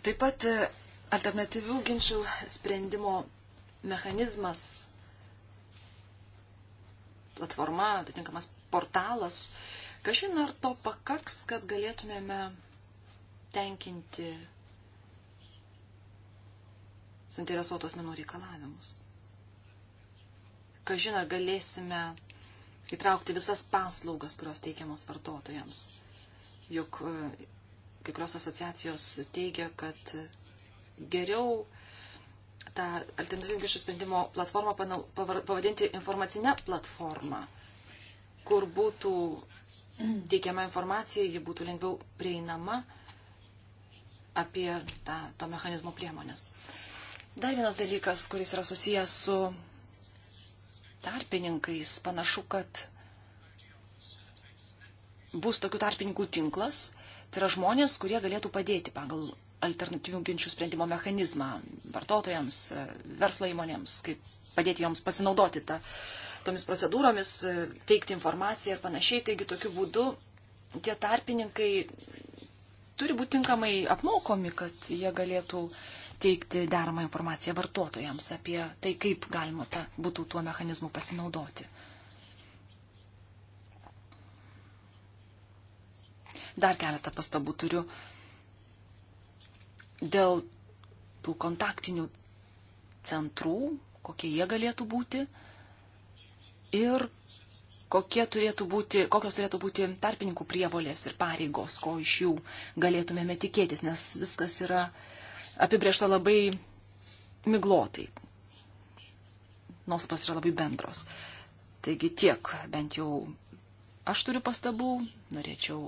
Taip pat e, alternatyvių ginčių sprendimo mechanizmas, platforma, atitinkamas portalas, kažin ar to pakaks, kad galėtumėme tenkinti suinteresuotos menų reikalavimus. Kažin ar galėsime įtraukti visas paslaugas, kurios teikiamos vartotojams. Juk e, kai kurios asociacijos teigia, kad geriau tą alternatyvų ginčių sprendimo platformą pavadinti informacinę platformą, kur būtų teikiama informacija, ji būtų lengviau prieinama apie tą, to mechanizmo priemonės. Dar vienas dalykas, kuris yra susijęs su tarpininkais, panašu, kad bus tokių tarpininkų tinklas, Tai yra žmonės, kurie galėtų padėti pagal alternatyvių ginčių sprendimo mechanizmą vartotojams, verslo įmonėms, kaip padėti joms pasinaudoti tą, tomis procedūromis, teikti informaciją ir panašiai. Taigi tokiu būdu tie tarpininkai turi būti tinkamai apmokomi, kad jie galėtų teikti deramą informaciją vartotojams apie tai, kaip galima ta, būtų tuo mechanizmu pasinaudoti. Dar keletą pastabų turiu dėl tų kontaktinių centrų, kokie jie galėtų būti ir kokie turėtų būti, kokios turėtų būti tarpininkų prievolės ir pareigos, ko iš jų galėtumėme tikėtis, nes viskas yra apibriešta labai miglotai. Nuostatos yra labai bendros. Taigi tiek, bent jau aš turiu pastabų, norėčiau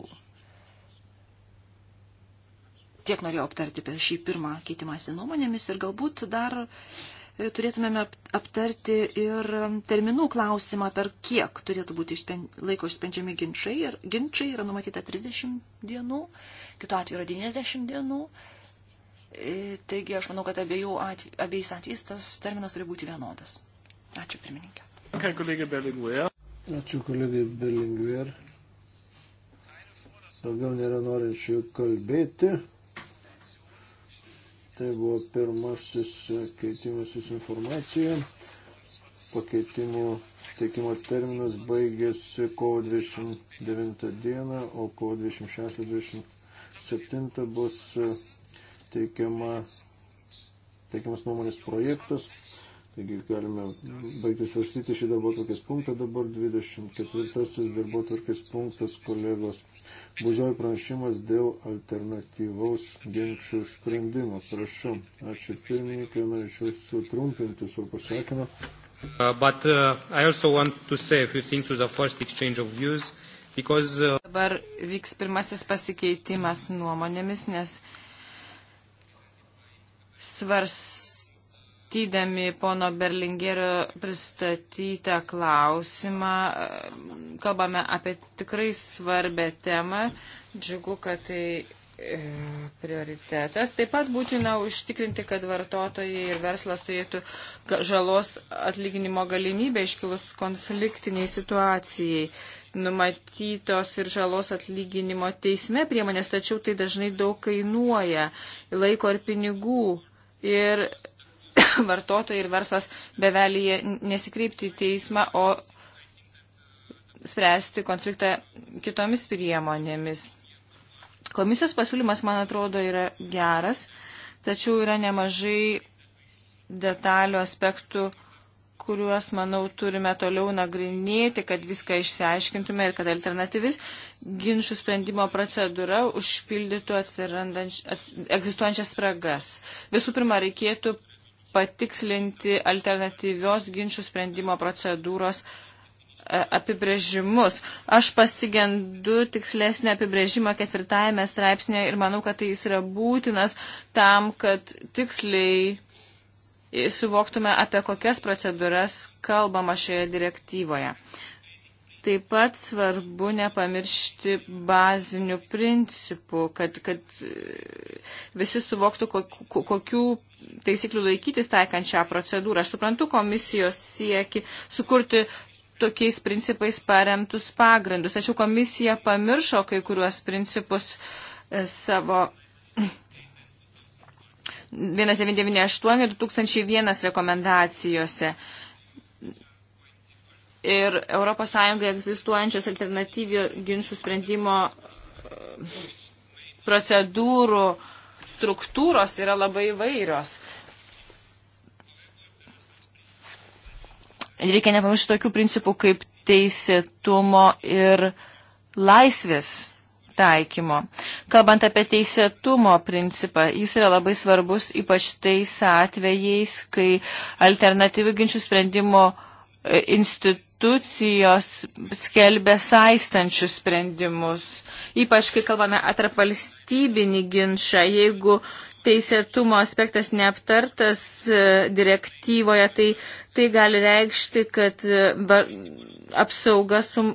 tiek norėjau aptarti per šį pirmą keitimąsi nuomonėmis ir galbūt dar e, turėtumėme aptarti ir terminų klausimą, per kiek turėtų būti išspen, laiko išsprendžiami ginčiai. Ir ginčiai yra numatyta 30 dienų, kitu atveju yra 90 dienų. E, taigi aš manau, kad abiejų atve, abiejais atvejais tas terminas turi būti vienodas. Ačiū pirmininkė. Ačiū kolegai Belingver. Daugiau nėra norinčių kalbėti. Tai buvo pirmasis keitimasis informacija. Pakeitimo teikimo terminas baigėsi kovo 29 dieną, o kovo 26-27 bus teikiama, teikiamas nuomonės projektas. Taigi galime baigti svarstyti šį darbo tvarkės punktą. Dabar 24 darbo tvarkės punktas kolegos Bužoj pranešimas dėl alternatyvaus ginčių sprendimo. Prašau, ačiū pirmininkai, norėčiau sutrumpinti savo pasakymą. Uh, but uh, I also want to say a few things to the first exchange of views, because... Uh... Dabar vyks pirmasis pasikeitimas nuomonėmis, nes svars svarstydami pono Berlingerio pristatytą klausimą, e, kalbame apie tikrai svarbę temą. Džiugu, kad tai e, prioritetas. Taip pat būtina užtikrinti, kad vartotojai ir verslas turėtų žalos atlyginimo galimybę iškilus konfliktiniai situacijai. Numatytos ir žalos atlyginimo teisme priemonės, tačiau tai dažnai daug kainuoja laiko ir pinigų. Ir vartotojai ir verslas bevelyje nesikreipti į teismą, o spręsti konfliktą kitomis priemonėmis. Komisijos pasiūlymas, man atrodo, yra geras, tačiau yra nemažai detalių aspektų, kuriuos, manau, turime toliau nagrinėti, kad viską išsiaiškintume ir kad alternatyvis ginčių sprendimo procedūra užpildytų egzistuojančias spragas. Visų pirma, reikėtų patikslinti alternatyvios ginčių sprendimo procedūros e, apibrėžimus. Aš pasigendu tikslesnį apibrėžimą ketvirtajame straipsnėje ir manau, kad tai jis yra būtinas tam, kad tiksliai suvoktume, apie kokias procedūras kalbama šioje direktyvoje. Taip pat svarbu nepamiršti bazinių principų, kad, kad e, visi suvoktų, kokių taisyklių laikytis taikant šią procedūrą. Aš suprantu komisijos sieki sukurti tokiais principais paremtus pagrindus. Tačiau komisija pamiršo kai kuriuos principus e, savo 1998 ir 2001 rekomendacijose ir ES egzistuojančios alternatyvių ginčių sprendimo e, procedūrų struktūros yra labai vairios. Reikia nepamiršti tokių principų kaip teisėtumo ir laisvės taikymo. Kalbant apie teisėtumo principą, jis yra labai svarbus ypač tais atvejais, kai alternatyvių ginčių sprendimo e, institucijų institucijos skelbia saistančius sprendimus, ypač kai kalbame atrap valstybinį ginčą. Jeigu teisėtumo aspektas neaptartas e, direktyvoje, tai, tai gali reikšti, kad e, apsauga sum,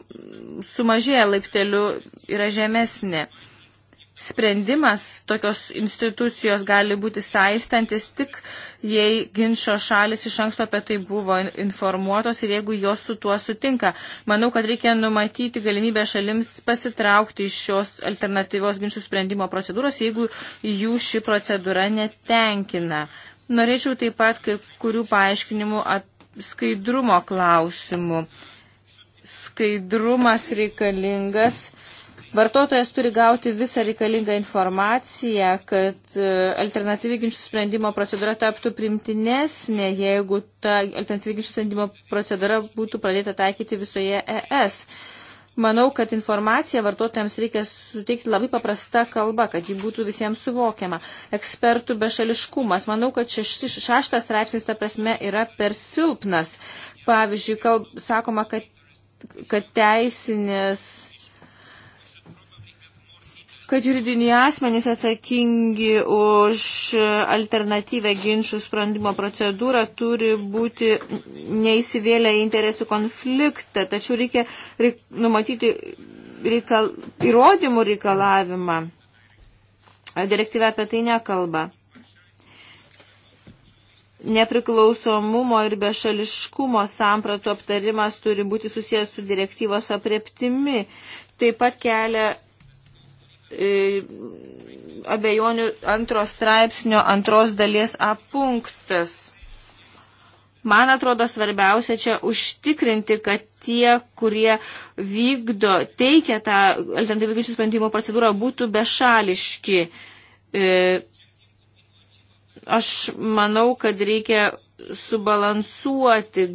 sumažėja laipteliu yra žemesnė sprendimas tokios institucijos gali būti saistantis tik, jei ginčio šalis iš anksto apie tai buvo informuotos ir jeigu jos su tuo sutinka. Manau, kad reikia numatyti galimybę šalims pasitraukti iš šios alternatyvios ginčių sprendimo procedūros, jeigu jų ši procedūra netenkina. Norėčiau taip pat kai kurių paaiškinimų skaidrumo klausimų. Skaidrumas reikalingas Vartotojas turi gauti visą reikalingą informaciją, kad e, alternatyvi ginčių sprendimo procedūra taptų primtinesnė, jeigu ta alternatyvi ginčių sprendimo procedūra būtų pradėta taikyti visoje ES. Manau, kad informaciją vartotojams reikia suteikti labai paprasta kalba, kad ji būtų visiems suvokiama. Ekspertų bešališkumas. Manau, kad šeš, šeštas straipsnis ta prasme yra per silpnas. Pavyzdžiui, kalb, sakoma, kad, kad teisinės kad juridiniai asmenys atsakingi už alternatyvę ginčių sprendimo procedūrą turi būti neįsivėlę į interesų konfliktą, tačiau reikia reik, numatyti reikal, įrodymų reikalavimą. Direktyva apie tai nekalba. Nepriklausomumo ir bešališkumo sampratų aptarimas turi būti susijęs su direktyvos apreptimi. Taip pat kelia E, abejonių antros straipsnio antros dalies A punktas. Man atrodo svarbiausia čia užtikrinti, kad tie, kurie vykdo, teikia tą alternatyvių ginčių sprendimo procedūrą, būtų bešališki. E, aš manau, kad reikia subalansuoti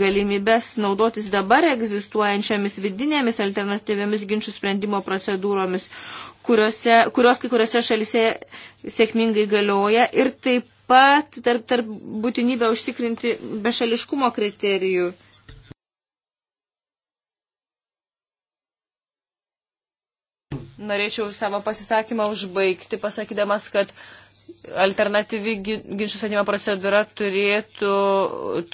galimybės naudotis dabar egzistuojančiamis vidinėmis alternatyviamis ginčių sprendimo procedūromis, kuriuose, kurios kai kuriuose šalise sėkmingai galioja ir taip pat tarp, tarp būtinybę užtikrinti bešališkumo kriterijų. Norėčiau savo pasisakymą užbaigti, pasakydamas, kad uh, alternatyvi ginčių sprendimo procedūra turėtų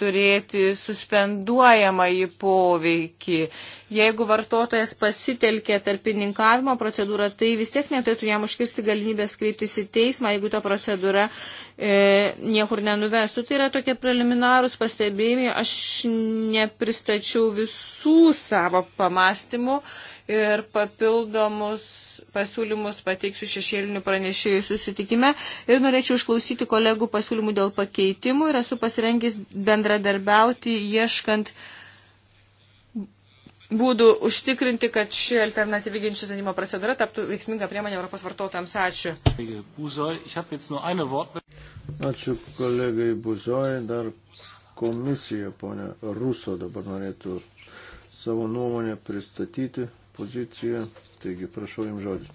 turėti suspenduojamą į poveikį Jeigu vartotojas pasitelkė tarpininkavimo procedūrą, tai vis tiek neturėtų jam užkirsti galimybės kreiptis į teismą, jeigu ta procedūra e, niekur nenuvestų. Tai yra tokie preliminarūs pastebėjimai. Aš nepristačiau visų savo pamastymų ir papildomus pasiūlymus pateiksiu šešėlinių pranešėjų susitikime ir norėčiau išklausyti kolegų pasiūlymų dėl pakeitimų ir esu pasirengęs bendradarbiauti ieškant būdų užtikrinti, kad ši alternatyvi ginčių sprendimo procedūra taptų veiksminga priemonė Europos vartotojams. Ačiū. Ačiū kolegai Buzoj, dar komisija, ponė Ruso, dabar norėtų savo nuomonę pristatyti, poziciją. Taigi, prašau jums žodį.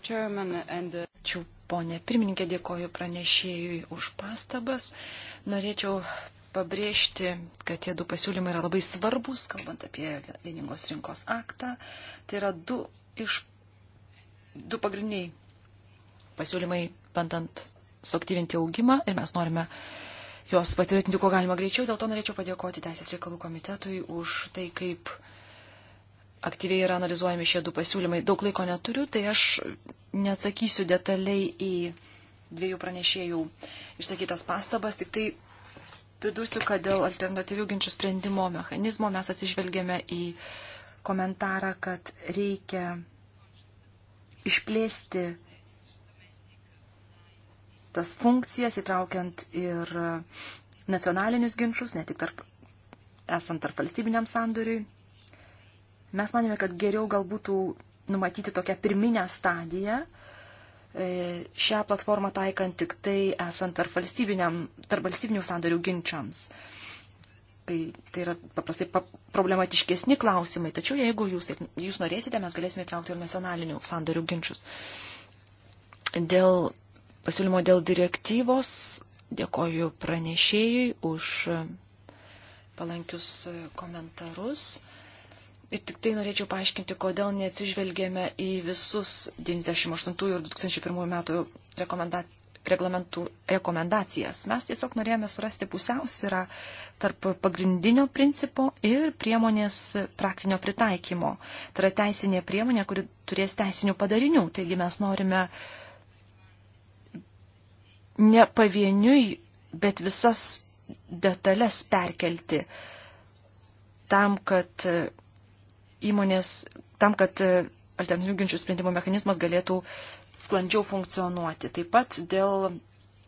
Ačiū, ponė pirmininkė, dėkoju pranešėjui už pastabas. Norėčiau pabrėžti, kad tie du pasiūlymai yra labai svarbus, kalbant apie vieningos rinkos aktą. Tai yra du, iš, du pagrindiniai pasiūlymai, bandant suaktyvinti augimą ir mes norime juos patvirtinti kuo galima greičiau. Dėl to norėčiau padėkoti Teisės reikalų komitetui už tai, kaip aktyviai yra analizuojami šie du pasiūlymai. Daug laiko neturiu, tai aš neatsakysiu detaliai į dviejų pranešėjų išsakytas pastabas, tik tai Pridursiu, kad dėl alternatyvių ginčių sprendimo mechanizmo mes atsižvelgėme į komentarą, kad reikia išplėsti tas funkcijas, įtraukiant ir nacionalinius ginčius, ne tik tarp, esant tarp valstybiniam sandoriui. Mes manėme, kad geriau gal būtų numatyti tokią pirminę stadiją, E, šią platformą taikant tik tai esant tarp, tarp valstybinių sandorių ginčiams. Tai, tai yra paprastai problematiškesni klausimai, tačiau jeigu jūs, taip, jūs norėsite, mes galėsime įtraukti ir nacionalinių sandorių ginčius. Dėl pasiūlymo dėl direktyvos dėkoju pranešėjui už palankius komentarus. Ir tik tai norėčiau paaiškinti, kodėl neatsižvelgėme į visus 98 ir 2001 metų rekomenda... reglamentų rekomendacijas. Mes tiesiog norėjome surasti pusiausvyrą tarp pagrindinio principo ir priemonės praktinio pritaikymo. Tai yra teisinė priemonė, kuri turės teisinių padarinių. Taigi mes norime ne pavieniui, bet visas detalės perkelti tam, kad įmonės tam, kad e, alternatyvių ginčių sprendimo mechanizmas galėtų sklandžiau funkcionuoti. Taip pat dėl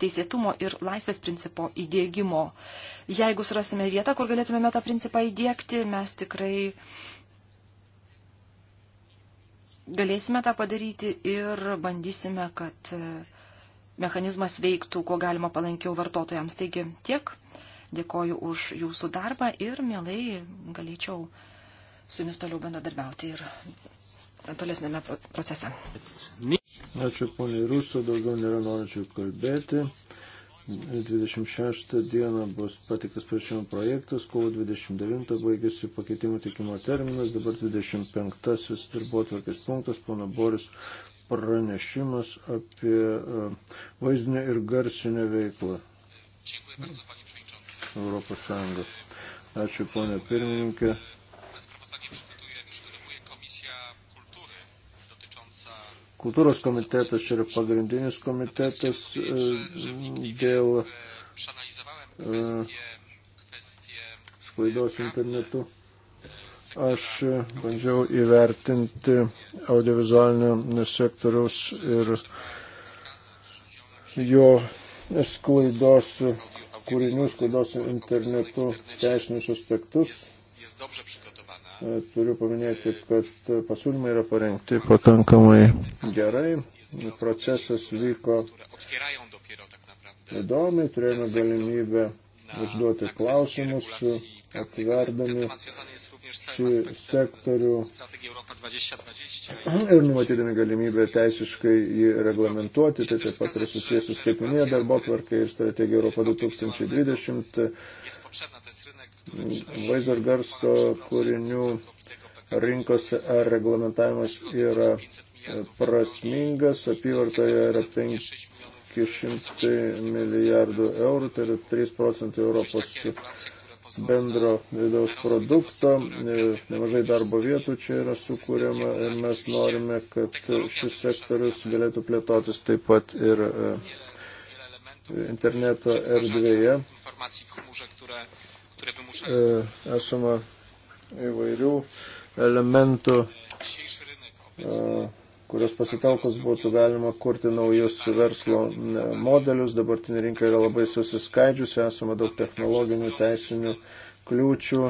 teisėtumo ir laisvės principo įdėgymo. Jeigu surasime vietą, kur galėtumėme tą principą įdėkti, mes tikrai galėsime tą padaryti ir bandysime, kad e, mechanizmas veiktų, kuo galima palankiau vartotojams. Taigi tiek. Dėkoju už jūsų darbą ir mielai galėčiau su jumis toliau bendradarbiauti ir tolesnėme procese. Ačiū, ponė Rusų, daugiau nėra norinčių kalbėti. 26 dieną bus patiktas prašymo projektas, kovo 29 baigėsi pakeitimų tikimo terminas, dabar 25 darbo atvarkės punktas, pono Boris pranešimas apie e, vaizdinę ir garsinę veiklą. Europos Sąjunga. Ačiū, ponė pirmininkė. Kultūros komitetas yra pagrindinis komitetas e, dėl e, sklaidos internetu. Aš bandžiau įvertinti audiovizualinio sektoriaus ir jo sklaidos kūrinių, sklaidos internetu teisinius aspektus. E, turiu paminėti, kad pasiūlymai yra parengti pakankamai gerai. Procesas vyko įdomiai, turėjome galimybę užduoti klausimus, atverdami šį sektorių ir numatydami galimybę teisiškai jį reglamentuoti, tai taip pat yra susijęs su skaitminėje darbo tvarkai ir strategija Europa 2020 vaizdo ir garso kūrinių rinkos reglamentavimas yra prasmingas, apyvartoje yra 500 milijardų eurų, tai yra 3 procentai Europos bendro vidaus produkto, nemažai darbo vietų čia yra sukūrėma ir mes norime, kad šis sektorius galėtų plėtotis taip pat ir e, interneto erdvėje. E, esama įvairių elementų, e, kurios pasitelkus būtų galima kurti naujus verslo e, modelius. Dabartinė rinka yra labai susiskaidžiusi, esama daug technologinių, teisinių kliūčių,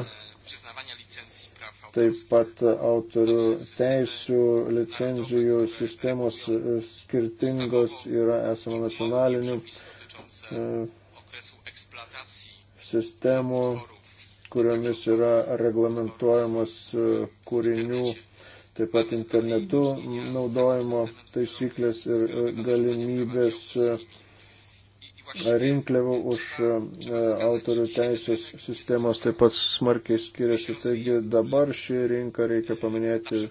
taip pat autorių teisų, licenzijų sistemos skirtingos yra esama nacionalinių sistemų, kuriomis yra reglamentuojamos e, kūrinių, taip pat internetu naudojimo taisyklės ir e, galimybės e, rinkliavų už autorių teisės sistemos taip pat smarkiai skiriasi. Taigi dabar šį rinką reikia paminėti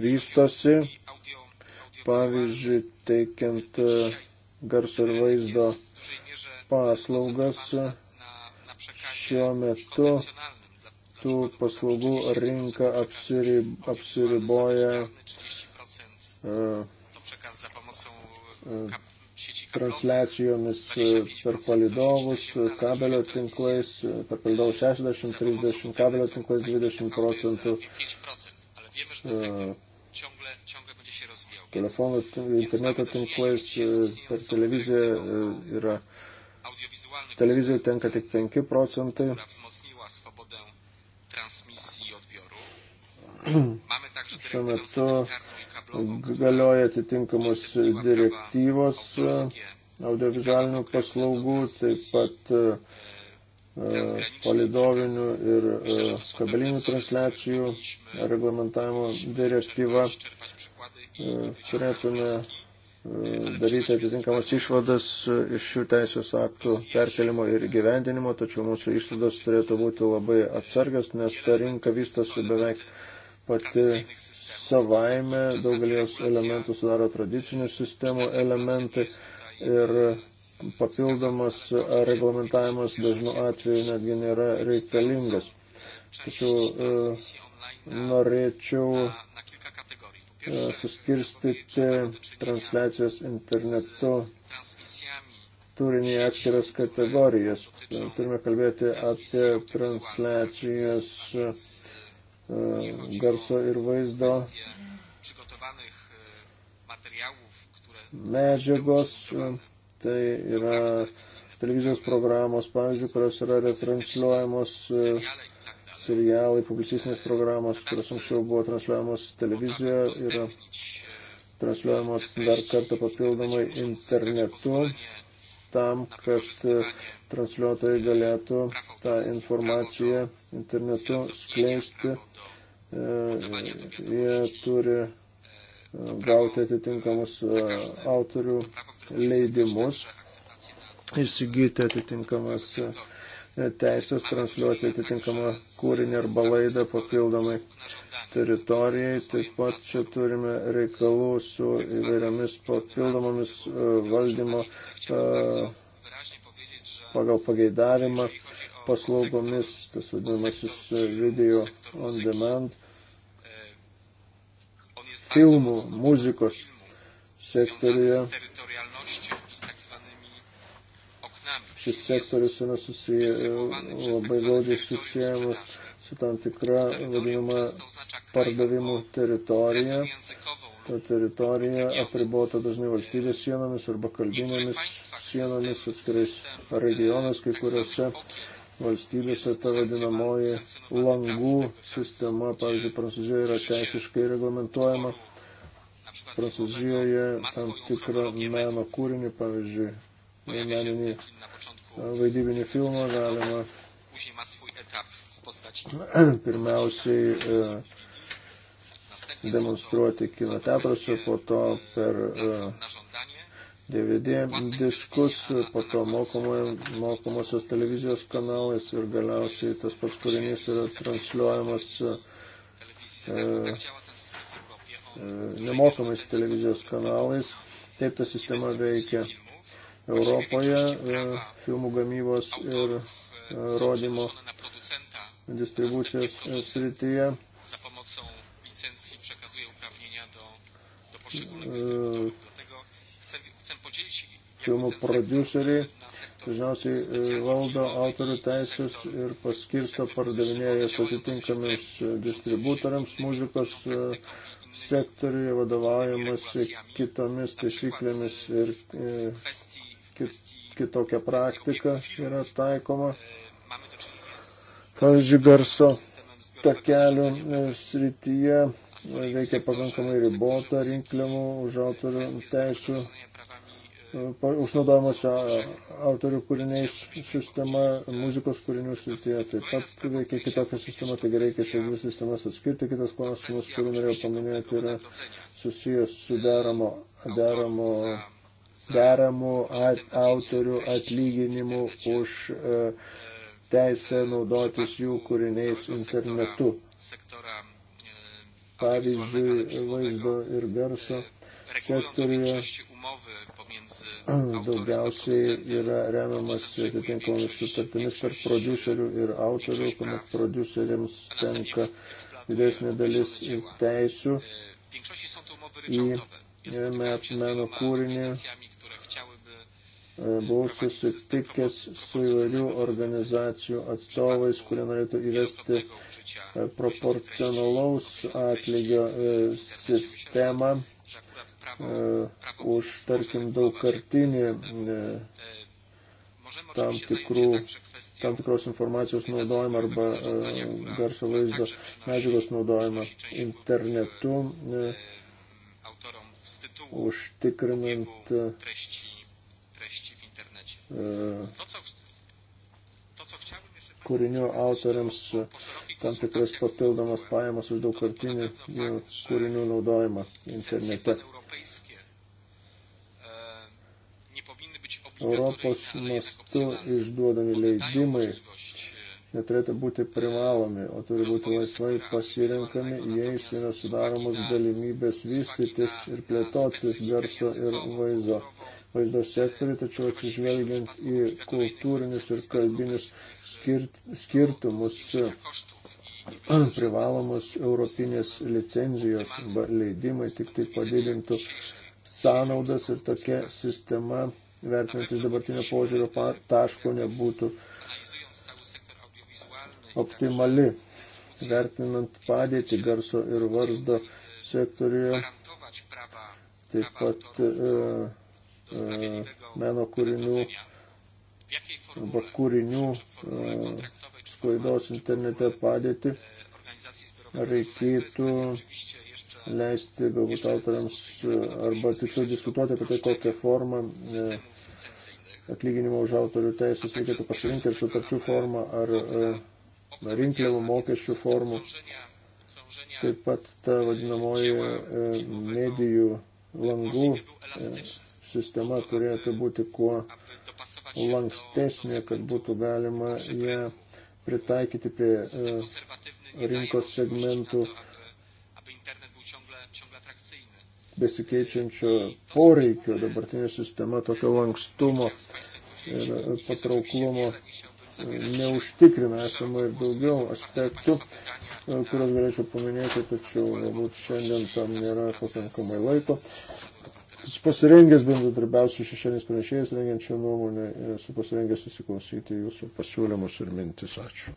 vystosi, pavyzdžiui, teikiant garso ir vaizdo paslaugas šiuo metu tų paslaugų rinka apsirib, apsiriboja uh, transliacijomis e, per palidovus, kabelio tinklais, per palidovus 60, 30, kabelio tinklais 20 procentų, telefonų, interneto tinklais, per televiziją yra televizijų tenka tik 5 procentai. Šiuo metu galioja atitinkamos direktyvos audiovizualinių paslaugų, taip pat e, e, palidovinių ir e, kabelinių transliacijų reglamentavimo direktyva. Turėtume daryti atitinkamas išvadas e, iš šių teisės aktų perkelimo ir gyvendinimo, tačiau mūsų išvados turėtų būti labai atsargas, nes ta rinka vystosi beveik pati savaime, daugelį jos elementų sudaro tradicinių sistemų elementai ir papildomas reglamentavimas dažnu atveju netgi nėra reikalingas. Tačiau e, norėčiau E, suskirstyti transliacijos internetu turinį atskiras kategorijas. Turime kalbėti apie transliacijas e, garso ir vaizdo medžiagos. Tai yra televizijos programos, pavyzdžiui, kurios yra retransliuojamos e, serialai, publicistinės programos, kurios anksčiau buvo transliuojamos televizijoje, yra transliuojamos dar kartą papildomai internetu tam, kad e, transliuotojai galėtų tą informaciją internetu skleisti. E, jie turi e, gauti atitinkamus autorių leidimus, įsigyti atitinkamas uh, teisės transliuoti atitinkamą kūrinį arba laidą papildomai teritorijai. Taip pat čia turime reikalų su įvairiomis papildomomis e, valdymo e, pagal pageidavimą paslaugomis, tas vadinamasis e, video on demand, filmų, muzikos sektoriuje šis sektorius yra susiję, labai glaudžiai susijęs su tam tikra vadinama pardavimų teritorija. Ta teritorija apribota dažnai valstybės sienomis arba kalbinėmis sienomis atskirais regionais, kai kuriuose valstybėse ta vadinamoji langų sistema, pavyzdžiui, Prancūzijoje yra teisiškai reglamentuojama. Prancūzijoje tam tikrą meno kūrinį, pavyzdžiui, meninį vaidybinį filmą galima pirmiausiai e, demonstruoti kino teatruose, po to per e, DVD diskus, po to mokomoje, mokomosios televizijos kanalais ir galiausiai tas pats kūrinys yra transliuojamas e, nemokamais televizijos kanalais. Taip ta sistema veikia Europoje e, filmų gamybos ir e, rodymo dystrybucijos e, srityje. Filmų produceriai dažniausiai valdo autorių teisės ir paskirsto pardavinėjęs atitinkamiems distributoriams muzikos sektoriuje vadovaujamas kitomis taisyklėmis ir kitokia praktika yra taikoma. Pavyzdžiui, garso takelių e, srityje e, veikia pakankamai ribota rinkliamų už autorių teisų, e, užnaudojamose autorių kūriniais sistema, muzikos kūrinių srityje taip pat veikia kitokia sistema, taigi reikia šias dvi sistemas atskirti. Kitas klausimas, kurį norėjau paminėti, yra susijęs su deramo, deramo deramų at, autorių atlyginimų už e, teisę naudotis jų kūriniais internetu. Pavyzdžiui, vaizdo ir garso sektoriuje daugiausiai yra remiamas atitinkamomis sutartimis tarp producerių ir autorių, kuomet produceriams tenka didesnė dalis teisių į e, meno kūrinį E, buvau susitikęs su įvairių organizacijų atstovais, kurie norėtų įvesti e, proporcionalaus atlygio e, sistemą už, tarkim, daugkartinį tam, tikrų, tam tikros informacijos naudojimą arba garso vaizdo medžiagos naudojimą internetu, užtikrinant kūrinių autoriams tam tikras papildomas pajamas už daugkartinį e, kūrinių naudojimą internete. E, Europos mastu išduodami leidimai e, neturėtų būti privalomi, o turi būti laisvai pasirinkami, jais yra sudaromos galimybės vystytis ir plėtotis garso ir vaizdo vaizdo sektorių, tačiau atsižvelgiant į kultūrinius ir kalbinius skirt, skirtumus privalomos europinės licenzijos arba leidimai tik tai padidintų sąnaudas ir tokia sistema, vertinantis dabartinio požiūrio taško, nebūtų optimali. Vertinant padėtį garso ir varzdo sektoriuje, taip pat e, Mm, meno kūrinių arba kūrinių e, sklaidos internete padėtį reikėtų leisti galbūt autoriams e, arba tiksliau diskutuoti apie tai, kokią formą e, atlyginimo už autorių teisės reikėtų pasirinkti ir sutarčių formą ar rinkliavų mokesčių formų. Taip pat ta vadinamoji medijų langų sistema turėtų būti kuo lankstesnė, kad būtų galima ją pritaikyti prie e, rinkos segmentų besikeičiančio poreikio. Dabartinė sistema tokio lankstumo ir patrauklumo e, neužtikrina esama ir daugiau aspektų, e, kuriuos galėčiau paminėti, tačiau galbūt šiandien tam nėra pakankamai laiko. Esu pasirengęs bendradarbiauti su šešėliais pranešėjais rengiančią nuomonę ir esu pasirengęs įsiklausyti jūsų pasiūlymus ir mintis. Ačiū.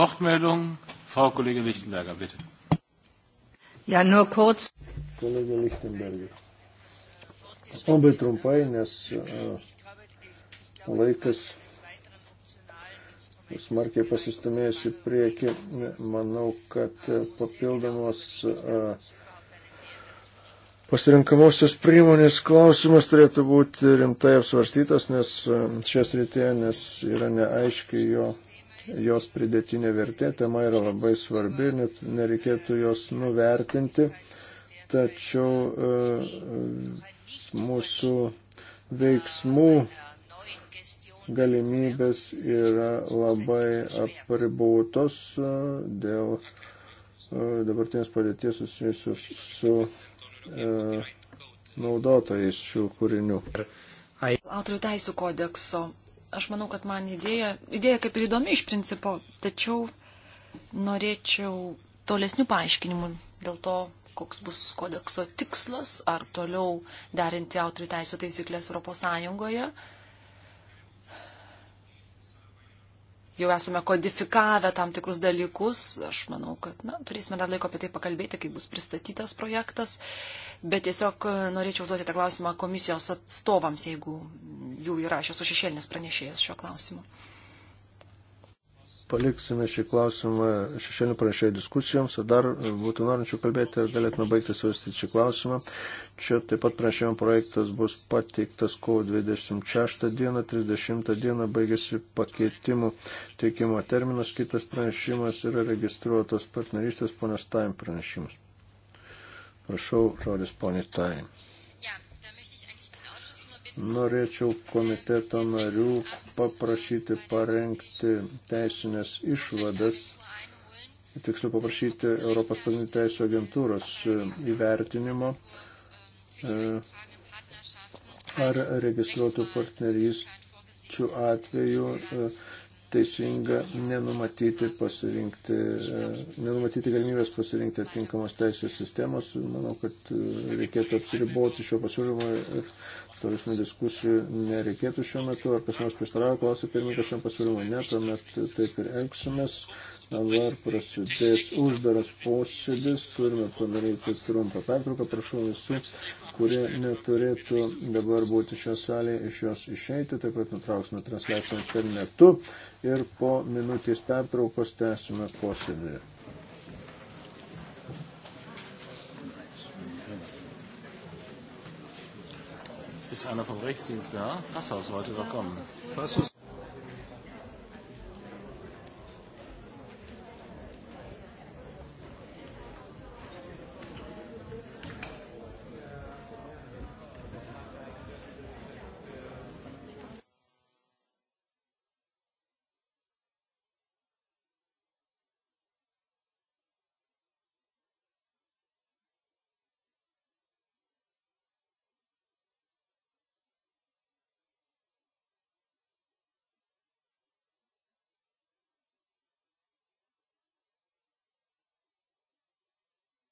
Wortmeldung, Frau Kollegin Lichtenberger, bitte. Ja, nur kurz. Kollege Lichtenberger. Labai trumpai, nes uh, laikas smarkiai pasistumėjęs į priekį. Manau, kad papildomos uh, pasirinkamosios priemonės klausimas turėtų būti rimtai apsvarstytas, nes um, šias rytėje, nes yra neaiški jo, jos pridėtinė vertė, tema yra labai svarbi, net nereikėtų jos nuvertinti, tačiau uh, mūsų veiksmų galimybės yra labai apribūtos uh, dėl uh, dabartinės padėties susijusios su E, naudotojais šių kūrinių. Autorių teisų kodekso. Aš manau, kad man idėja, idėja kaip ir įdomi iš principo, tačiau norėčiau tolesnių paaiškinimų dėl to, koks bus kodekso tikslas, ar toliau derinti autorių teisų taisyklės ES jau esame kodifikavę tam tikrus dalykus. Aš manau, kad na, turėsime dar laiko apie tai pakalbėti, kai bus pristatytas projektas. Bet tiesiog e, norėčiau užduoti tą klausimą komisijos atstovams, jeigu jų yra. Aš esu šešėlinis pranešėjas šio klausimu. Paliksime šį klausimą šešėlinių pranešėjų diskusijoms. Ar dar e, būtų norinčių kalbėti, ar galėtume baigti svarstyti šį klausimą. Čia taip pat prašymo projektas bus pateiktas kovo 26 dieną, 30 dieną baigėsi pakeitimų teikimo terminas, kitas pranešimas yra registruotos partnerystės ponios Tain pranešimas. Prašau, žodis poniai Tain. Norėčiau komiteto narių paprašyti parengti teisinės išvadas tiksliau paprašyti Europos pagrindinių teisų agentūros e, įvertinimo E, ar registruotų partnerysčių atveju e, teisinga nenumatyti, pasirinkti, e, nenumatyti galimybės pasirinkti atitinkamos teisės sistemos. Manau, kad reikėtų apsiriboti šio pasiūlymo ir tolesnių diskusijų nereikėtų šiuo metu. Ar kas nors prieštaravo, klausė pirmininkas šiam pasiūlymui, ne, tuomet taip ir elgsimės. Dabar prasidės uždaras posėdis, turime padaryti trumpą pertrauką, prašau visų kurie neturėtų dabar būti šios salėje, iš jos išeiti. Taip pat nutrauksime transliaciją internetu ir po minutės pertraukos tęsime posėdį. Ist einer vom Rechtsdienst da? Passhaus wollte doch kommen. Passhaus.